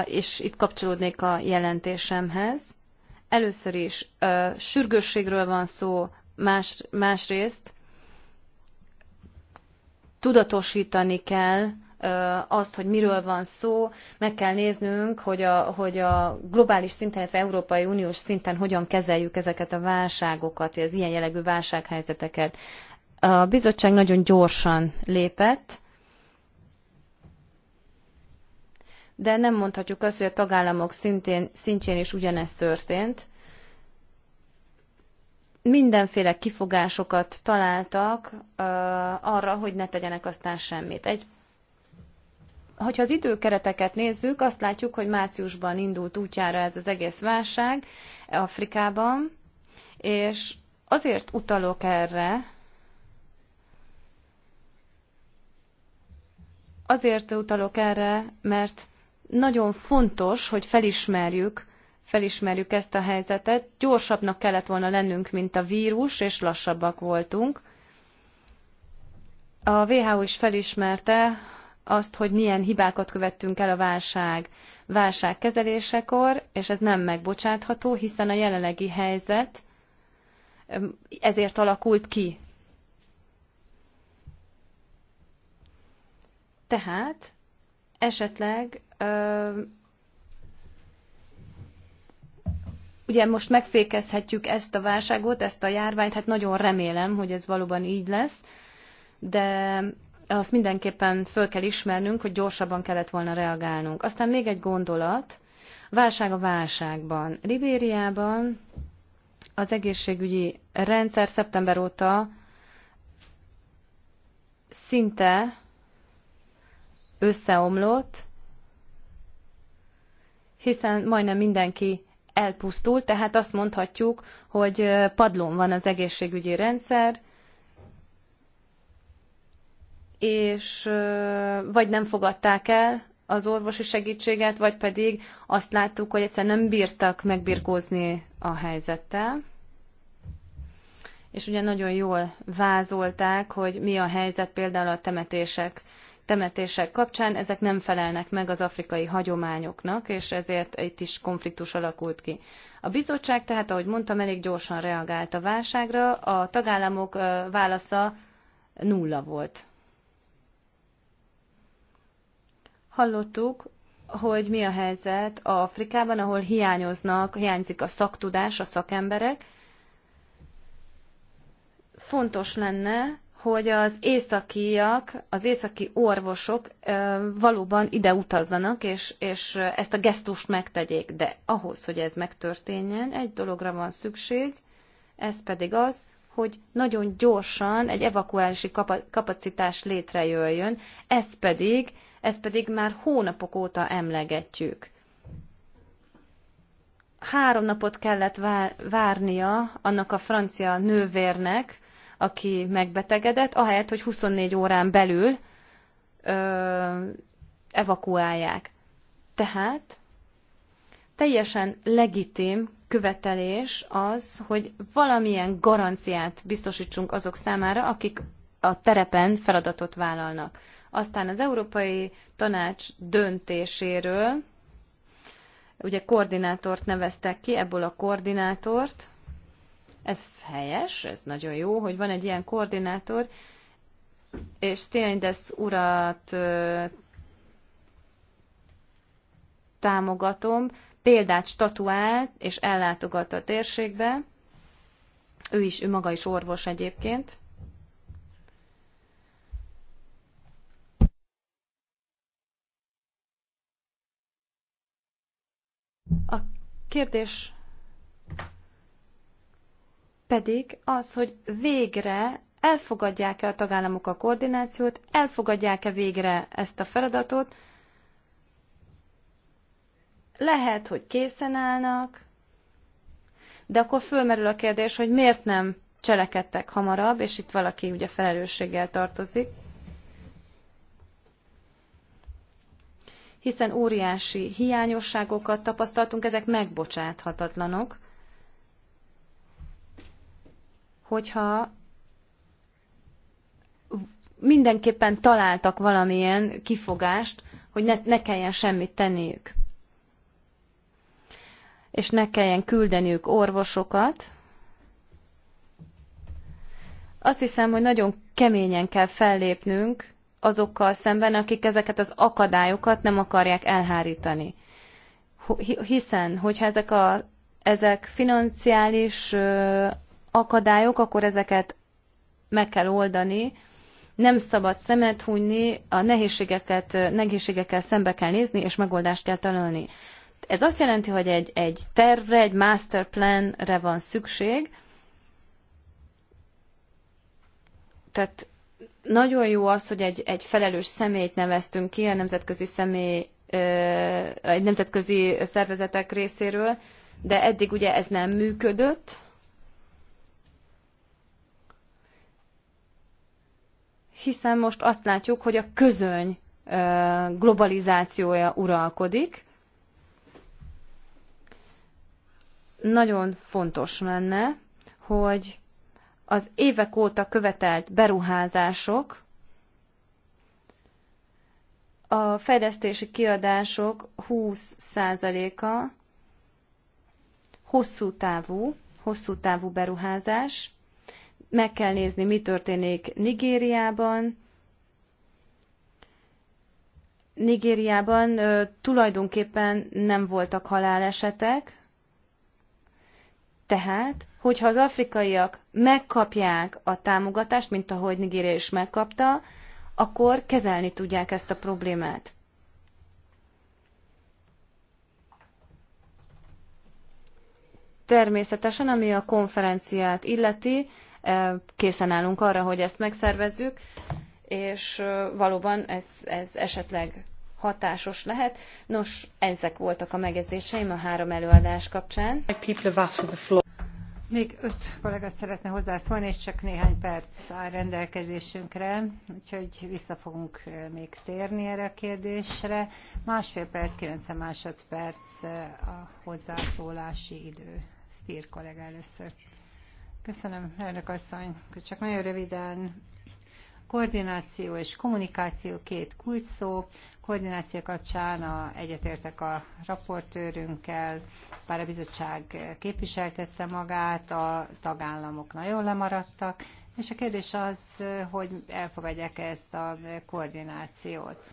és itt kapcsolódnék a jelentésemhez, először is sürgősségről van szó más, másrészt, tudatosítani kell, azt, hogy miről van szó, meg kell néznünk, hogy a, hogy a globális szinten, illetve Európai Uniós szinten hogyan kezeljük ezeket a válságokat, az ilyen jellegű válsághelyzeteket. A bizottság nagyon gyorsan lépett, de nem mondhatjuk azt, hogy a tagállamok szintén, szintjén is ugyanezt történt. Mindenféle kifogásokat találtak uh, arra, hogy ne tegyenek aztán semmit. Egy Hogyha az időkereteket nézzük, azt látjuk, hogy márciusban indult útjára ez az egész válság Afrikában, és azért utalok erre, azért utalok erre, mert nagyon fontos, hogy felismerjük, felismerjük ezt a helyzetet. Gyorsabbnak kellett volna lennünk, mint a vírus, és lassabbak voltunk. A WHO is felismerte, azt, hogy milyen hibákat követtünk el a válság, válság kezelésekor, és ez nem megbocsátható, hiszen a jelenlegi helyzet ezért alakult ki. Tehát esetleg ö, ugye most megfékezhetjük ezt a válságot, ezt a járványt, hát nagyon remélem, hogy ez valóban így lesz, de azt mindenképpen föl kell ismernünk, hogy gyorsabban kellett volna reagálnunk. Aztán még egy gondolat, válság a válságban. Libériában az egészségügyi rendszer szeptember óta szinte összeomlott, hiszen majdnem mindenki elpusztult, tehát azt mondhatjuk, hogy padlón van az egészségügyi rendszer, és vagy nem fogadták el az orvosi segítséget, vagy pedig azt láttuk, hogy egyszerűen nem bírtak megbirkózni a helyzettel. És ugye nagyon jól vázolták, hogy mi a helyzet például a temetések temetések kapcsán, ezek nem felelnek meg az afrikai hagyományoknak, és ezért itt is konfliktus alakult ki. A bizottság tehát, ahogy mondtam, elég gyorsan reagált a válságra, a tagállamok válasza nulla volt. Hallottuk, hogy mi a helyzet Afrikában, ahol hiányoznak, hiányzik a szaktudás, a szakemberek. Fontos lenne, hogy az északiak, az északi orvosok valóban ide utazzanak, és, és ezt a gesztust megtegyék. De ahhoz, hogy ez megtörténjen, egy dologra van szükség, ez pedig az, hogy nagyon gyorsan egy evakuálási kapacitás létrejöjjön, ez pedig ezt pedig már hónapok óta emlegetjük. Három napot kellett várnia annak a francia nővérnek, aki megbetegedett, ahelyett, hogy 24 órán belül ö, evakuálják. Tehát teljesen legitim követelés az, hogy valamilyen garanciát biztosítsunk azok számára, akik a terepen feladatot vállalnak. Aztán az Európai Tanács döntéséről, ugye koordinátort neveztek ki, ebből a koordinátort, ez helyes, ez nagyon jó, hogy van egy ilyen koordinátor, és Stilindes urat támogatom, példát statuált és ellátogat a térségbe. Ő is, ő maga is orvos egyébként. Kérdés pedig az, hogy végre elfogadják-e a tagállamok a koordinációt, elfogadják-e végre ezt a feladatot. Lehet, hogy készen állnak, de akkor fölmerül a kérdés, hogy miért nem cselekedtek hamarabb, és itt valaki ugye felelősséggel tartozik. hiszen óriási hiányosságokat tapasztaltunk, ezek megbocsáthatatlanok, hogyha mindenképpen találtak valamilyen kifogást, hogy ne, ne kelljen semmit tenniük. És ne kelljen küldeniük orvosokat. Azt hiszem, hogy nagyon keményen kell fellépnünk azokkal szemben, akik ezeket az akadályokat nem akarják elhárítani. Hiszen, hogyha ezek, a, ezek financiális akadályok, akkor ezeket meg kell oldani, nem szabad szemet hunyni, a nehézségeket, nehézségekkel szembe kell nézni, és megoldást kell találni. Ez azt jelenti, hogy egy, egy tervre, egy master planre van szükség, tehát nagyon jó az, hogy egy, egy felelős személyt neveztünk ki a nemzetközi személy, egy nemzetközi szervezetek részéről, de eddig ugye ez nem működött. Hiszen most azt látjuk, hogy a közöny globalizációja uralkodik. Nagyon fontos lenne, hogy az évek óta követelt beruházások, a fejlesztési kiadások 20%-a hosszú távú, hosszú távú beruházás. Meg kell nézni, mi történik Nigériában. Nigériában ö, tulajdonképpen nem voltak halálesetek, tehát hogyha az afrikaiak megkapják a támogatást, mint ahogy Nigéria is megkapta, akkor kezelni tudják ezt a problémát. Természetesen, ami a konferenciát illeti, eh, készen állunk arra, hogy ezt megszervezzük, és eh, valóban ez, ez esetleg hatásos lehet. Nos, ezek voltak a megjegyzéseim a három előadás kapcsán. Még öt kollégát szeretne hozzászólni, és csak néhány perc áll rendelkezésünkre, úgyhogy vissza fogunk még térni erre a kérdésre. Másfél perc, 90 másodperc a hozzászólási idő. Szpír kollega először. Köszönöm, elnök asszony. Csak nagyon röviden Koordináció és kommunikáció két kulcs szó. Koordináció kapcsán a, egyetértek a raportőrünkkel, bár a bizottság képviseltette magát, a tagállamok nagyon lemaradtak, és a kérdés az, hogy elfogadják -e ezt a koordinációt.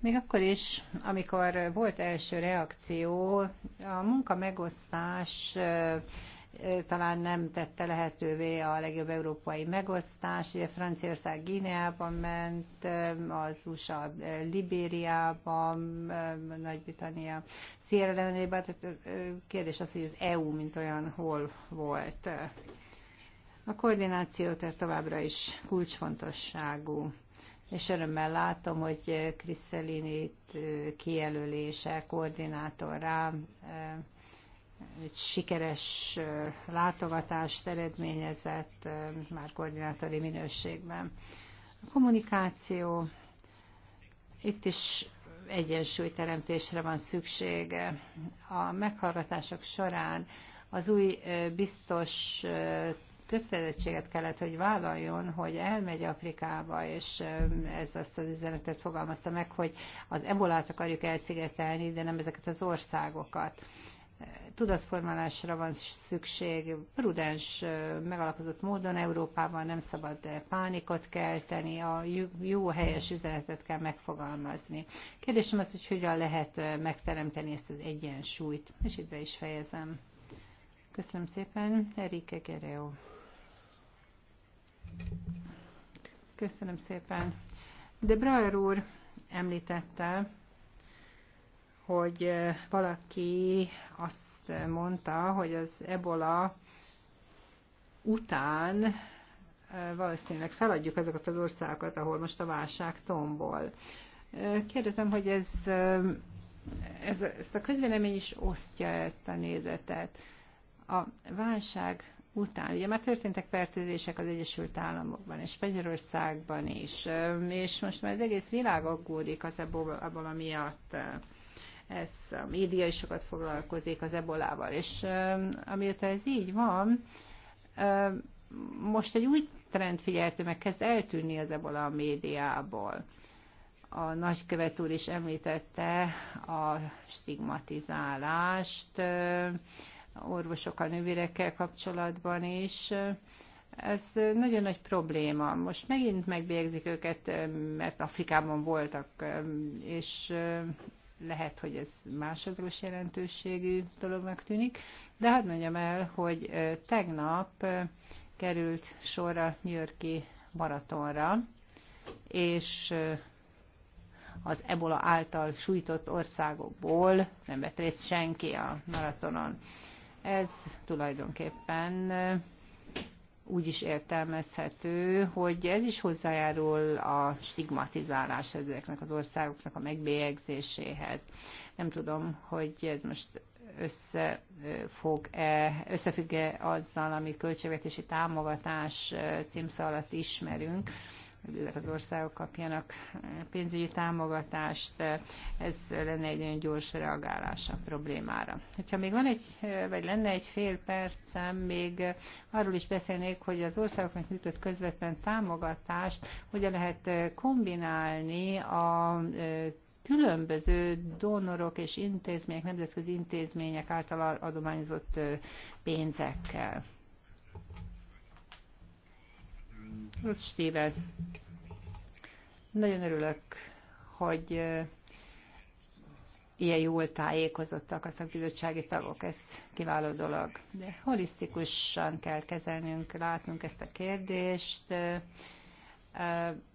Még akkor is, amikor volt első reakció, a munka megosztás talán nem tette lehetővé a legjobb európai megosztás. Ugye Franciaország Gíneába ment, az USA Libériába, Nagy-Britannia Sierra Leone-ba. Kérdés az, hogy az EU mint olyan hol volt. A koordináció tehát továbbra is kulcsfontosságú és örömmel látom, hogy Kriszelinit kijelölése koordinátorrá egy sikeres látogatást eredményezett már koordinátori minőségben. A kommunikáció, itt is egyensúlyteremtésre van szüksége. A meghallgatások során az új biztos kötelezettséget kellett, hogy vállaljon, hogy elmegy Afrikába, és ez azt az üzenetet fogalmazta meg, hogy az ebolát akarjuk elszigetelni, de nem ezeket az országokat tudatformálásra van szükség, prudens, megalapozott módon Európában nem szabad pánikot kelteni, a jó, helyes üzenetet kell megfogalmazni. Kérdésem az, hogy hogyan lehet megteremteni ezt az egyensúlyt, és itt be is fejezem. Köszönöm szépen, Erike Gereo. Köszönöm szépen. De Brauer úr említette, hogy valaki azt mondta, hogy az ebola után valószínűleg feladjuk azokat az országokat, ahol most a válság tombol. Kérdezem, hogy ez, ez, ezt a közvélemény is osztja ezt a nézetet. A válság után, ugye már történtek fertőzések az Egyesült Államokban és Spanyolországban is, és most már az egész világ aggódik az ebből, abból miatt ez a média is sokat foglalkozik az ebolával, és amióta ez így van, most egy új trend figyeltő, meg, kezd eltűnni az ebola a médiából. A nagykövet úr is említette a stigmatizálást, a nővérekkel kapcsolatban is. Ez nagyon nagy probléma. Most megint megbélyegzik őket, mert Afrikában voltak, és lehet, hogy ez másodros jelentőségű dolognak tűnik, de hadd mondjam el, hogy tegnap került sorra New Yorki maratonra, és az ebola által sújtott országokból nem vett részt senki a maratonon. Ez tulajdonképpen úgy is értelmezhető, hogy ez is hozzájárul a stigmatizálás ezeknek az országoknak a megbélyegzéséhez. Nem tudom, hogy ez most összefog-e, összefügg-e azzal, amit költségvetési támogatás címsze alatt ismerünk, illetve az országok kapjanak pénzügyi támogatást, ez lenne egy nagyon gyors reagálás a problémára. Hogyha még van egy, vagy lenne egy fél percem, még arról is beszélnék, hogy az országoknak nyújtott közvetlen támogatást hogyan lehet kombinálni a különböző donorok és intézmények, nemzetközi intézmények által adományozott pénzekkel. Stével. Nagyon örülök, hogy ilyen jól tájékozottak a szakbizottsági tagok, ez kiváló dolog. De holisztikusan kell kezelnünk, látnunk ezt a kérdést.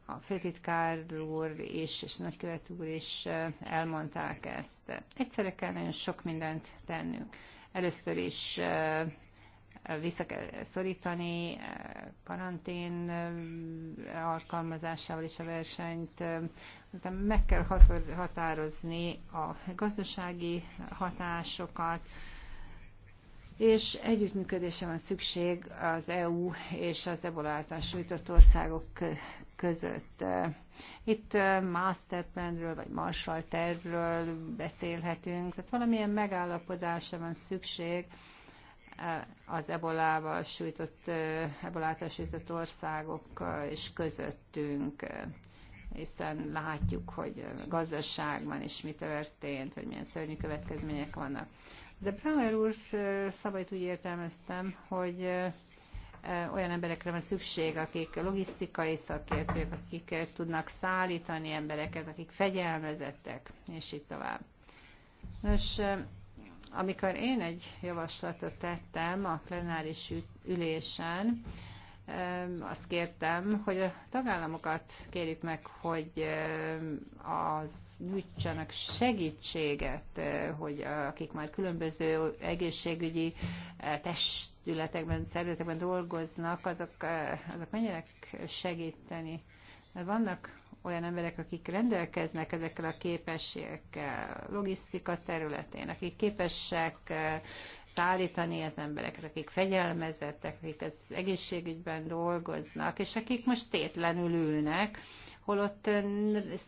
A főtitkár úr is, és a nagykövet úr is elmondták ezt. Egyszerre kell nagyon sok mindent tennünk. Először is vissza kell szorítani karantén alkalmazásával is a versenyt, utána meg kell határozni a gazdasági hatásokat, és együttműködése van szükség az EU és az ebola által sújtott országok között. Itt masterplanről vagy marshall tervről beszélhetünk, tehát valamilyen megállapodásra van szükség, az ebolával sújtott, ebolától sújtott országok és közöttünk, hiszen látjuk, hogy gazdaságban is mi történt, hogy milyen szörnyű következmények vannak. De Brauer úr szabályt úgy értelmeztem, hogy olyan emberekre van szükség, akik logisztikai szakértők, akik tudnak szállítani embereket, akik fegyelmezettek, és így tovább. Nos, amikor én egy javaslatot tettem a plenáris ülésen, azt kértem, hogy a tagállamokat kérjük meg, hogy az nyújtsanak segítséget, eh, hogy akik már különböző egészségügyi eh, testületekben, szervezetekben dolgoznak, azok, eh, azok menjenek segíteni. Mert vannak olyan emberek, akik rendelkeznek ezekkel a képességekkel, logisztika területén, akik képesek eh, szállítani az embereket, akik fegyelmezettek, akik az egészségügyben dolgoznak, és akik most tétlenül ülnek, holott eh,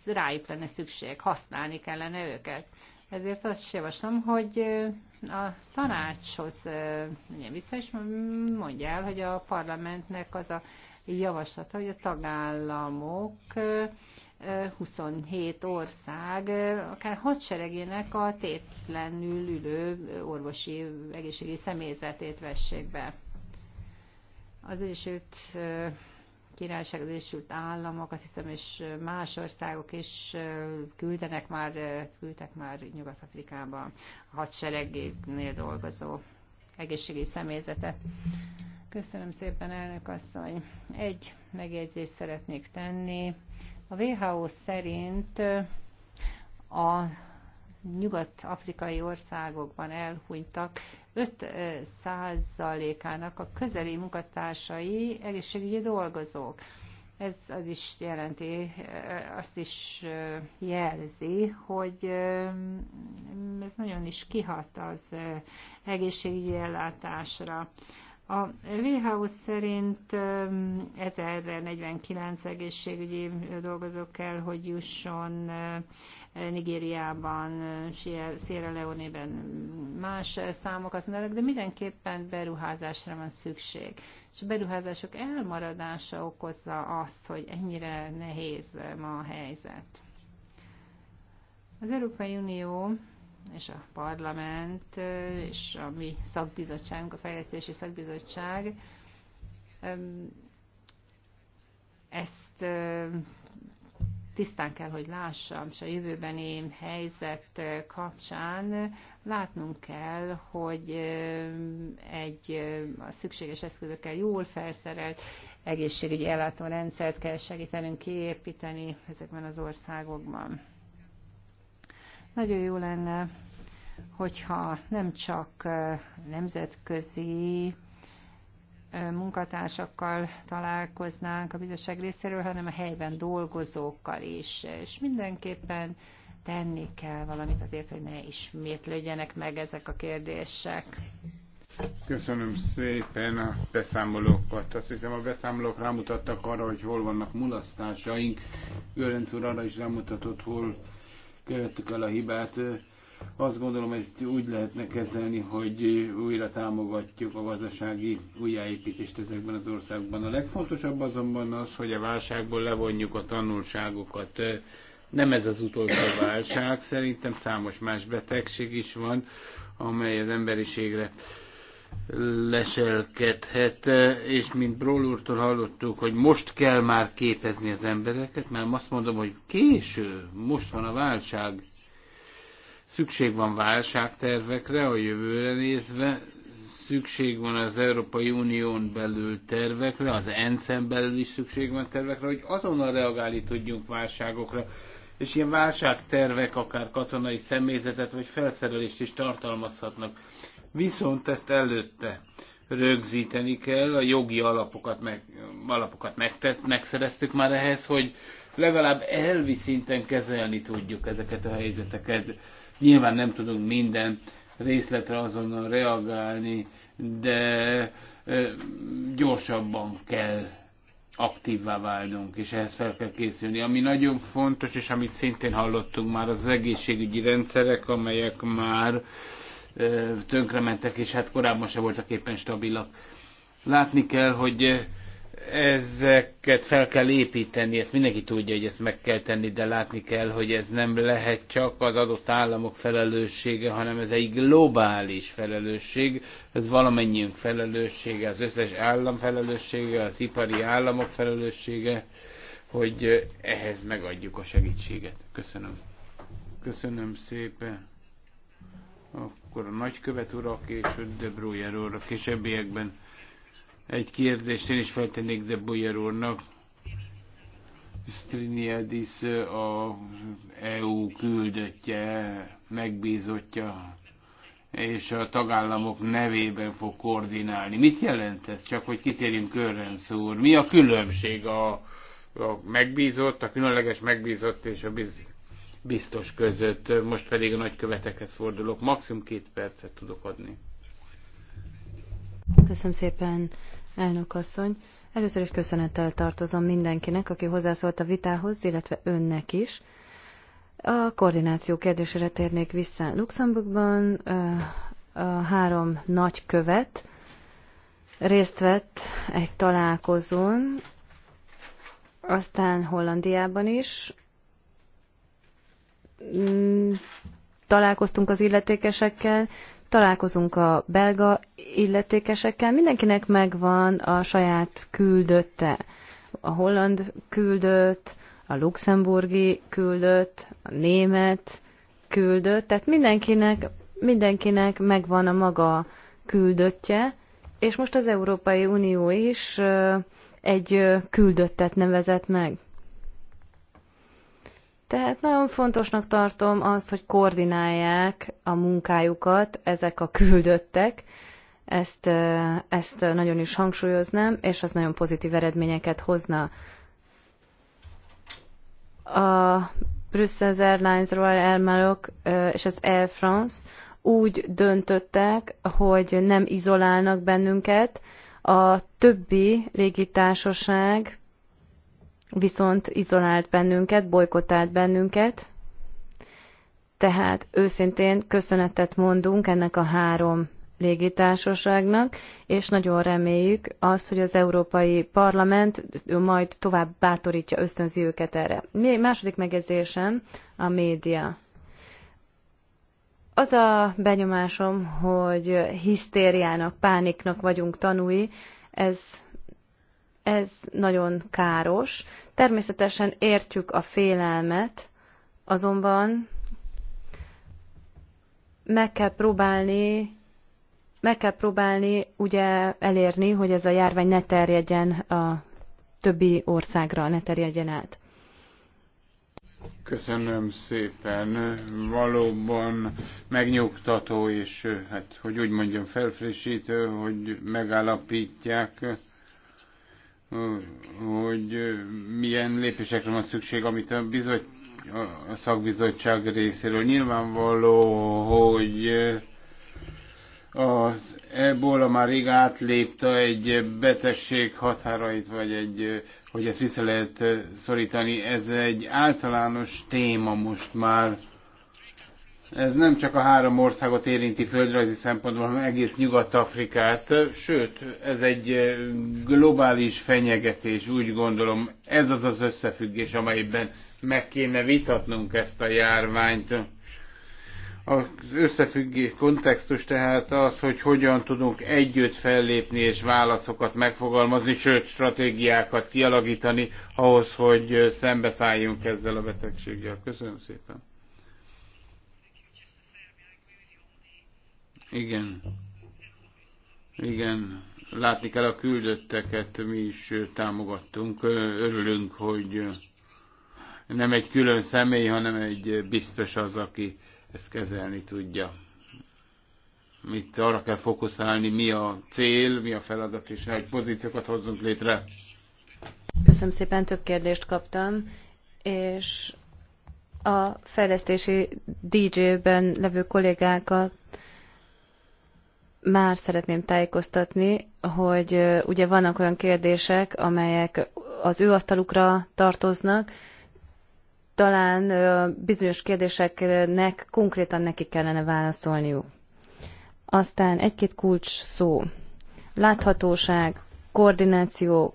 rájuk lenne szükség, használni kellene őket. Ezért azt javaslom, hogy eh, a tanácshoz vissza is mondja el, hogy a parlamentnek az a javaslata, hogy a tagállamok 27 ország, akár hadseregének a tétlenül ülő orvosi egészségügyi személyzetét vessék be. Az Egyesült Királyság, az Egyesült Államok, azt hiszem, és más országok is küldenek már, küldtek már Nyugat-Afrikában a hadseregnél dolgozó egészségügyi személyzetet. Köszönöm szépen, elnök asszony. Egy megjegyzést szeretnék tenni. A WHO szerint a nyugat-afrikai országokban elhunytak 5%-ának a közeli munkatársai egészségügyi dolgozók. Ez az is jelenti, azt is jelzi, hogy ez nagyon is kihat az egészségügyi ellátásra. A WHO szerint 1049 egészségügyi dolgozó kell, hogy jusson Nigériában, Sierra Leone-ben más számokat mondanak, de mindenképpen beruházásra van szükség. És a beruházások elmaradása okozza azt, hogy ennyire nehéz ma a helyzet. Az Európai Unió és a parlament, és a mi szakbizottságunk, a fejlesztési szakbizottság ezt tisztán kell, hogy lássam, és a jövőbeni helyzet kapcsán látnunk kell, hogy egy a szükséges eszközökkel jól felszerelt egészségügyi ellátórendszert kell segítenünk kiépíteni ezekben az országokban. Nagyon jó lenne, hogyha nem csak nemzetközi munkatársakkal találkoznánk a bizottság részéről, hanem a helyben dolgozókkal is. És mindenképpen tenni kell valamit azért, hogy ne ismétlődjenek meg ezek a kérdések. Köszönöm szépen a beszámolókat. Azt hiszem a beszámolók rámutattak arra, hogy hol vannak mulasztásaink. ő úr arra is rámutatott, hol követtük el a hibát. Azt gondolom, ezt úgy lehetne kezelni, hogy újra támogatjuk a gazdasági újjáépítést ezekben az országban. A legfontosabb azonban az, hogy a válságból levonjuk a tanulságokat. Nem ez az utolsó válság, szerintem számos más betegség is van, amely az emberiségre leselkedhet, és mint Broll úrtól hallottuk, hogy most kell már képezni az embereket, mert azt mondom, hogy késő, most van a válság. Szükség van válságtervekre a jövőre nézve, szükség van az Európai Unión belül tervekre, az ENSZ-en belül is szükség van tervekre, hogy azonnal reagálni tudjunk válságokra. És ilyen válságtervek akár katonai személyzetet vagy felszerelést is tartalmazhatnak viszont ezt előtte rögzíteni kell, a jogi alapokat, meg, alapokat megtett, megszereztük már ehhez, hogy legalább elvi szinten kezelni tudjuk ezeket a helyzeteket. Nyilván nem tudunk minden részletre azonnal reagálni, de gyorsabban kell aktívvá válnunk, és ehhez fel kell készülni. Ami nagyon fontos, és amit szintén hallottunk már, az egészségügyi rendszerek, amelyek már tönkrementek, és hát korábban se voltak éppen stabilak. Látni kell, hogy ezeket fel kell építeni, ezt mindenki tudja, hogy ezt meg kell tenni, de látni kell, hogy ez nem lehet csak az adott államok felelőssége, hanem ez egy globális felelősség, ez valamennyiünk felelőssége, az összes állam felelőssége, az ipari államok felelőssége, hogy ehhez megadjuk a segítséget. Köszönöm. Köszönöm szépen akkor a nagykövet urak és De Bruyер úr a későbbiekben. Egy kérdést én is feltennék De Bruyер úrnak. Striniadis a EU küldöttje, megbízottja, és a tagállamok nevében fog koordinálni. Mit jelent ez? Csak hogy kitérjünk Körrenc úr. Mi a különbség a, a megbízott, a különleges megbízott és a biz, biztos között. Most pedig a nagykövetekhez fordulok. Maximum két percet tudok adni. Köszönöm szépen, elnök asszony. Először is köszönettel tartozom mindenkinek, aki hozzászólt a vitához, illetve önnek is. A koordináció kérdésére térnék vissza. Luxemburgban a három nagy követ részt vett egy találkozón, aztán Hollandiában is, Mm, találkoztunk az illetékesekkel, találkozunk a belga illetékesekkel, mindenkinek megvan a saját küldötte, a holland küldött, a luxemburgi küldött, a német küldött, tehát mindenkinek, mindenkinek megvan a maga küldöttje, és most az Európai Unió is egy küldöttet nevezett meg. Tehát nagyon fontosnak tartom azt, hogy koordinálják a munkájukat ezek a küldöttek, ezt, ezt nagyon is hangsúlyoznám, és az nagyon pozitív eredményeket hozna. A Brussels Airlines, Royal Airmarok és az Air France úgy döntöttek, hogy nem izolálnak bennünket, a többi légitársaság viszont izolált bennünket, bolykotált bennünket, tehát őszintén köszönetet mondunk ennek a három légitársaságnak, és nagyon reméljük az, hogy az Európai Parlament majd tovább bátorítja, ösztönzi őket erre. Második megjegyzésem a média. Az a benyomásom, hogy hisztériának, pániknak vagyunk tanúi, ez ez nagyon káros. Természetesen értjük a félelmet, azonban meg kell próbálni meg kell próbálni ugye elérni, hogy ez a járvány ne terjedjen a többi országra, ne terjedjen át. Köszönöm szépen. Valóban megnyugtató, és hát, hogy úgy mondjam, felfrissítő, hogy megállapítják, hogy milyen lépésekre van szükség, amit a, bizot, a szakbizottság részéről. Nyilvánvaló, hogy az ebola már rég átlépte egy betegség határait, vagy egy, hogy ezt vissza lehet szorítani. Ez egy általános téma most már ez nem csak a három országot érinti földrajzi szempontból, hanem egész Nyugat-Afrikát, sőt, ez egy globális fenyegetés, úgy gondolom. Ez az az összefüggés, amelyben meg kéne vitatnunk ezt a járványt. Az összefüggés kontextus tehát az, hogy hogyan tudunk együtt fellépni és válaszokat megfogalmazni, sőt stratégiákat kialakítani ahhoz, hogy szembeszálljunk ezzel a betegséggel. Köszönöm szépen! Igen. Igen. Látni kell a küldötteket, mi is támogattunk. Örülünk, hogy nem egy külön személy, hanem egy biztos az, aki ezt kezelni tudja. Mit arra kell fókuszálni, mi a cél, mi a feladat, és egy pozíciókat hozzunk létre. Köszönöm szépen, több kérdést kaptam, és a fejlesztési DJ-ben levő kollégákat már szeretném tájékoztatni, hogy ugye vannak olyan kérdések, amelyek az ő asztalukra tartoznak, talán bizonyos kérdéseknek konkrétan neki kellene válaszolniuk. Aztán egy-két kulcs szó. Láthatóság, koordináció,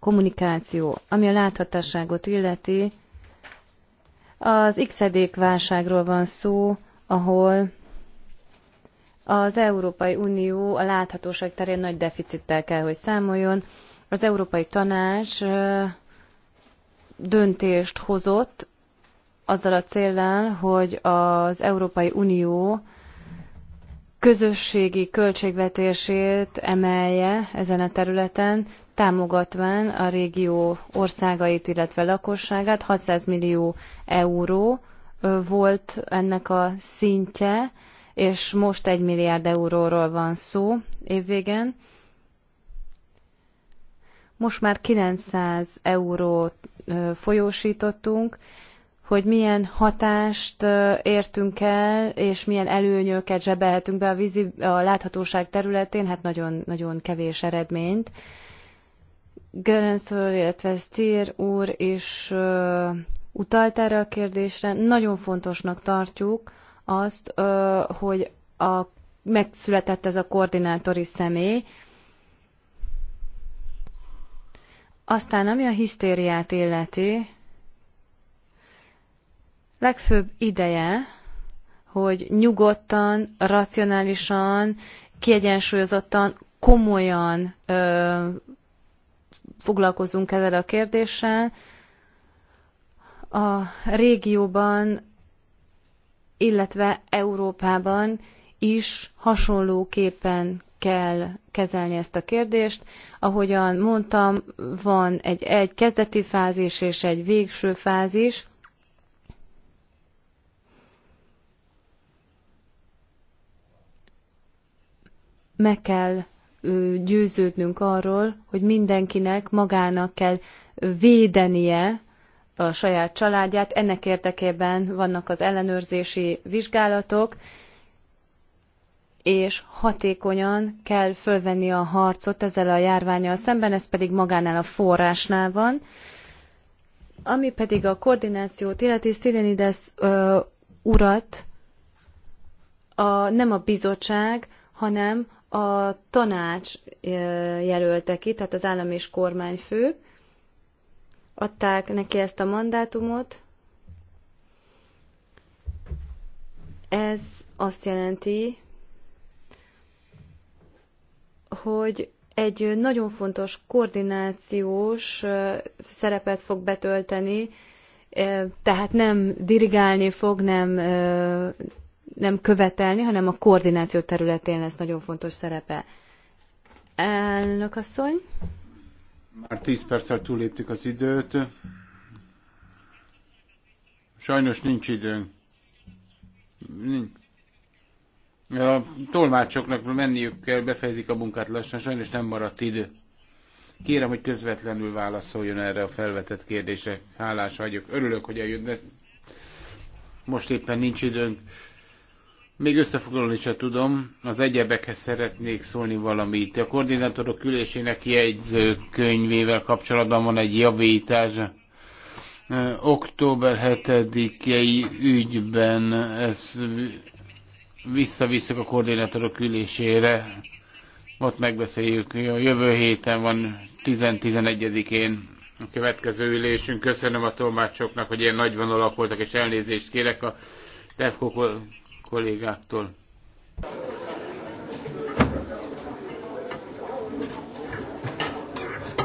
kommunikáció, ami a láthatóságot illeti. Az x válságról van szó, ahol az Európai Unió a láthatóság terén nagy deficittel kell, hogy számoljon. Az Európai Tanács döntést hozott azzal a céllal, hogy az Európai Unió közösségi költségvetését emelje ezen a területen, támogatván a régió országait, illetve lakosságát. 600 millió euró volt ennek a szintje, és most egy milliárd euróról van szó évvégen. Most már 900 eurót folyósítottunk, hogy milyen hatást értünk el, és milyen előnyöket zsebelhetünk be a, vízi, a láthatóság területén, hát nagyon, nagyon kevés eredményt. Görönsz illetve Stier úr is utalt erre a kérdésre. Nagyon fontosnak tartjuk, azt, hogy a, megszületett ez a koordinátori személy. Aztán, ami a hisztériát illeti, legfőbb ideje, hogy nyugodtan, racionálisan, kiegyensúlyozottan, komolyan ö, foglalkozunk ezzel a kérdéssel. A régióban illetve Európában is hasonlóképpen kell kezelni ezt a kérdést. Ahogyan mondtam, van egy, egy kezdeti fázis és egy végső fázis. Meg kell győződnünk arról, hogy mindenkinek magának kell védenie a saját családját. Ennek érdekében vannak az ellenőrzési vizsgálatok, és hatékonyan kell fölvenni a harcot ezzel a járványal szemben, ez pedig magánál a forrásnál van. Ami pedig a koordinációt illeti Szilénides urat, a, nem a bizottság, hanem a tanács jelölte ki, tehát az állam és kormányfők, adták neki ezt a mandátumot. Ez azt jelenti, hogy egy nagyon fontos koordinációs szerepet fog betölteni, tehát nem dirigálni fog, nem, nem követelni, hanem a koordináció területén lesz nagyon fontos szerepe. Elnök asszony. Már 10 perccel túléptük az időt. Sajnos nincs időnk. Nincs. A tolmácsoknak menniük kell, befejezik a munkát lassan, sajnos nem maradt idő. Kérem, hogy közvetlenül válaszoljon erre a felvetett kérdésre. Hálás vagyok. Örülök, hogy eljött, de most éppen nincs időnk. Még összefoglalni sem tudom, az egyebekhez szeretnék szólni valamit. A koordinátorok ülésének jegyzőkönyvével kapcsolatban van egy javítás. Október 7-i ügyben ez visszavisszük a koordinátorok ülésére. Ott megbeszéljük, a jövő héten van 10-11-én a következő ülésünk. Köszönöm a tolmácsoknak, hogy ilyen nagy vonalak voltak, és elnézést kérek a Tevkok kollégáktól.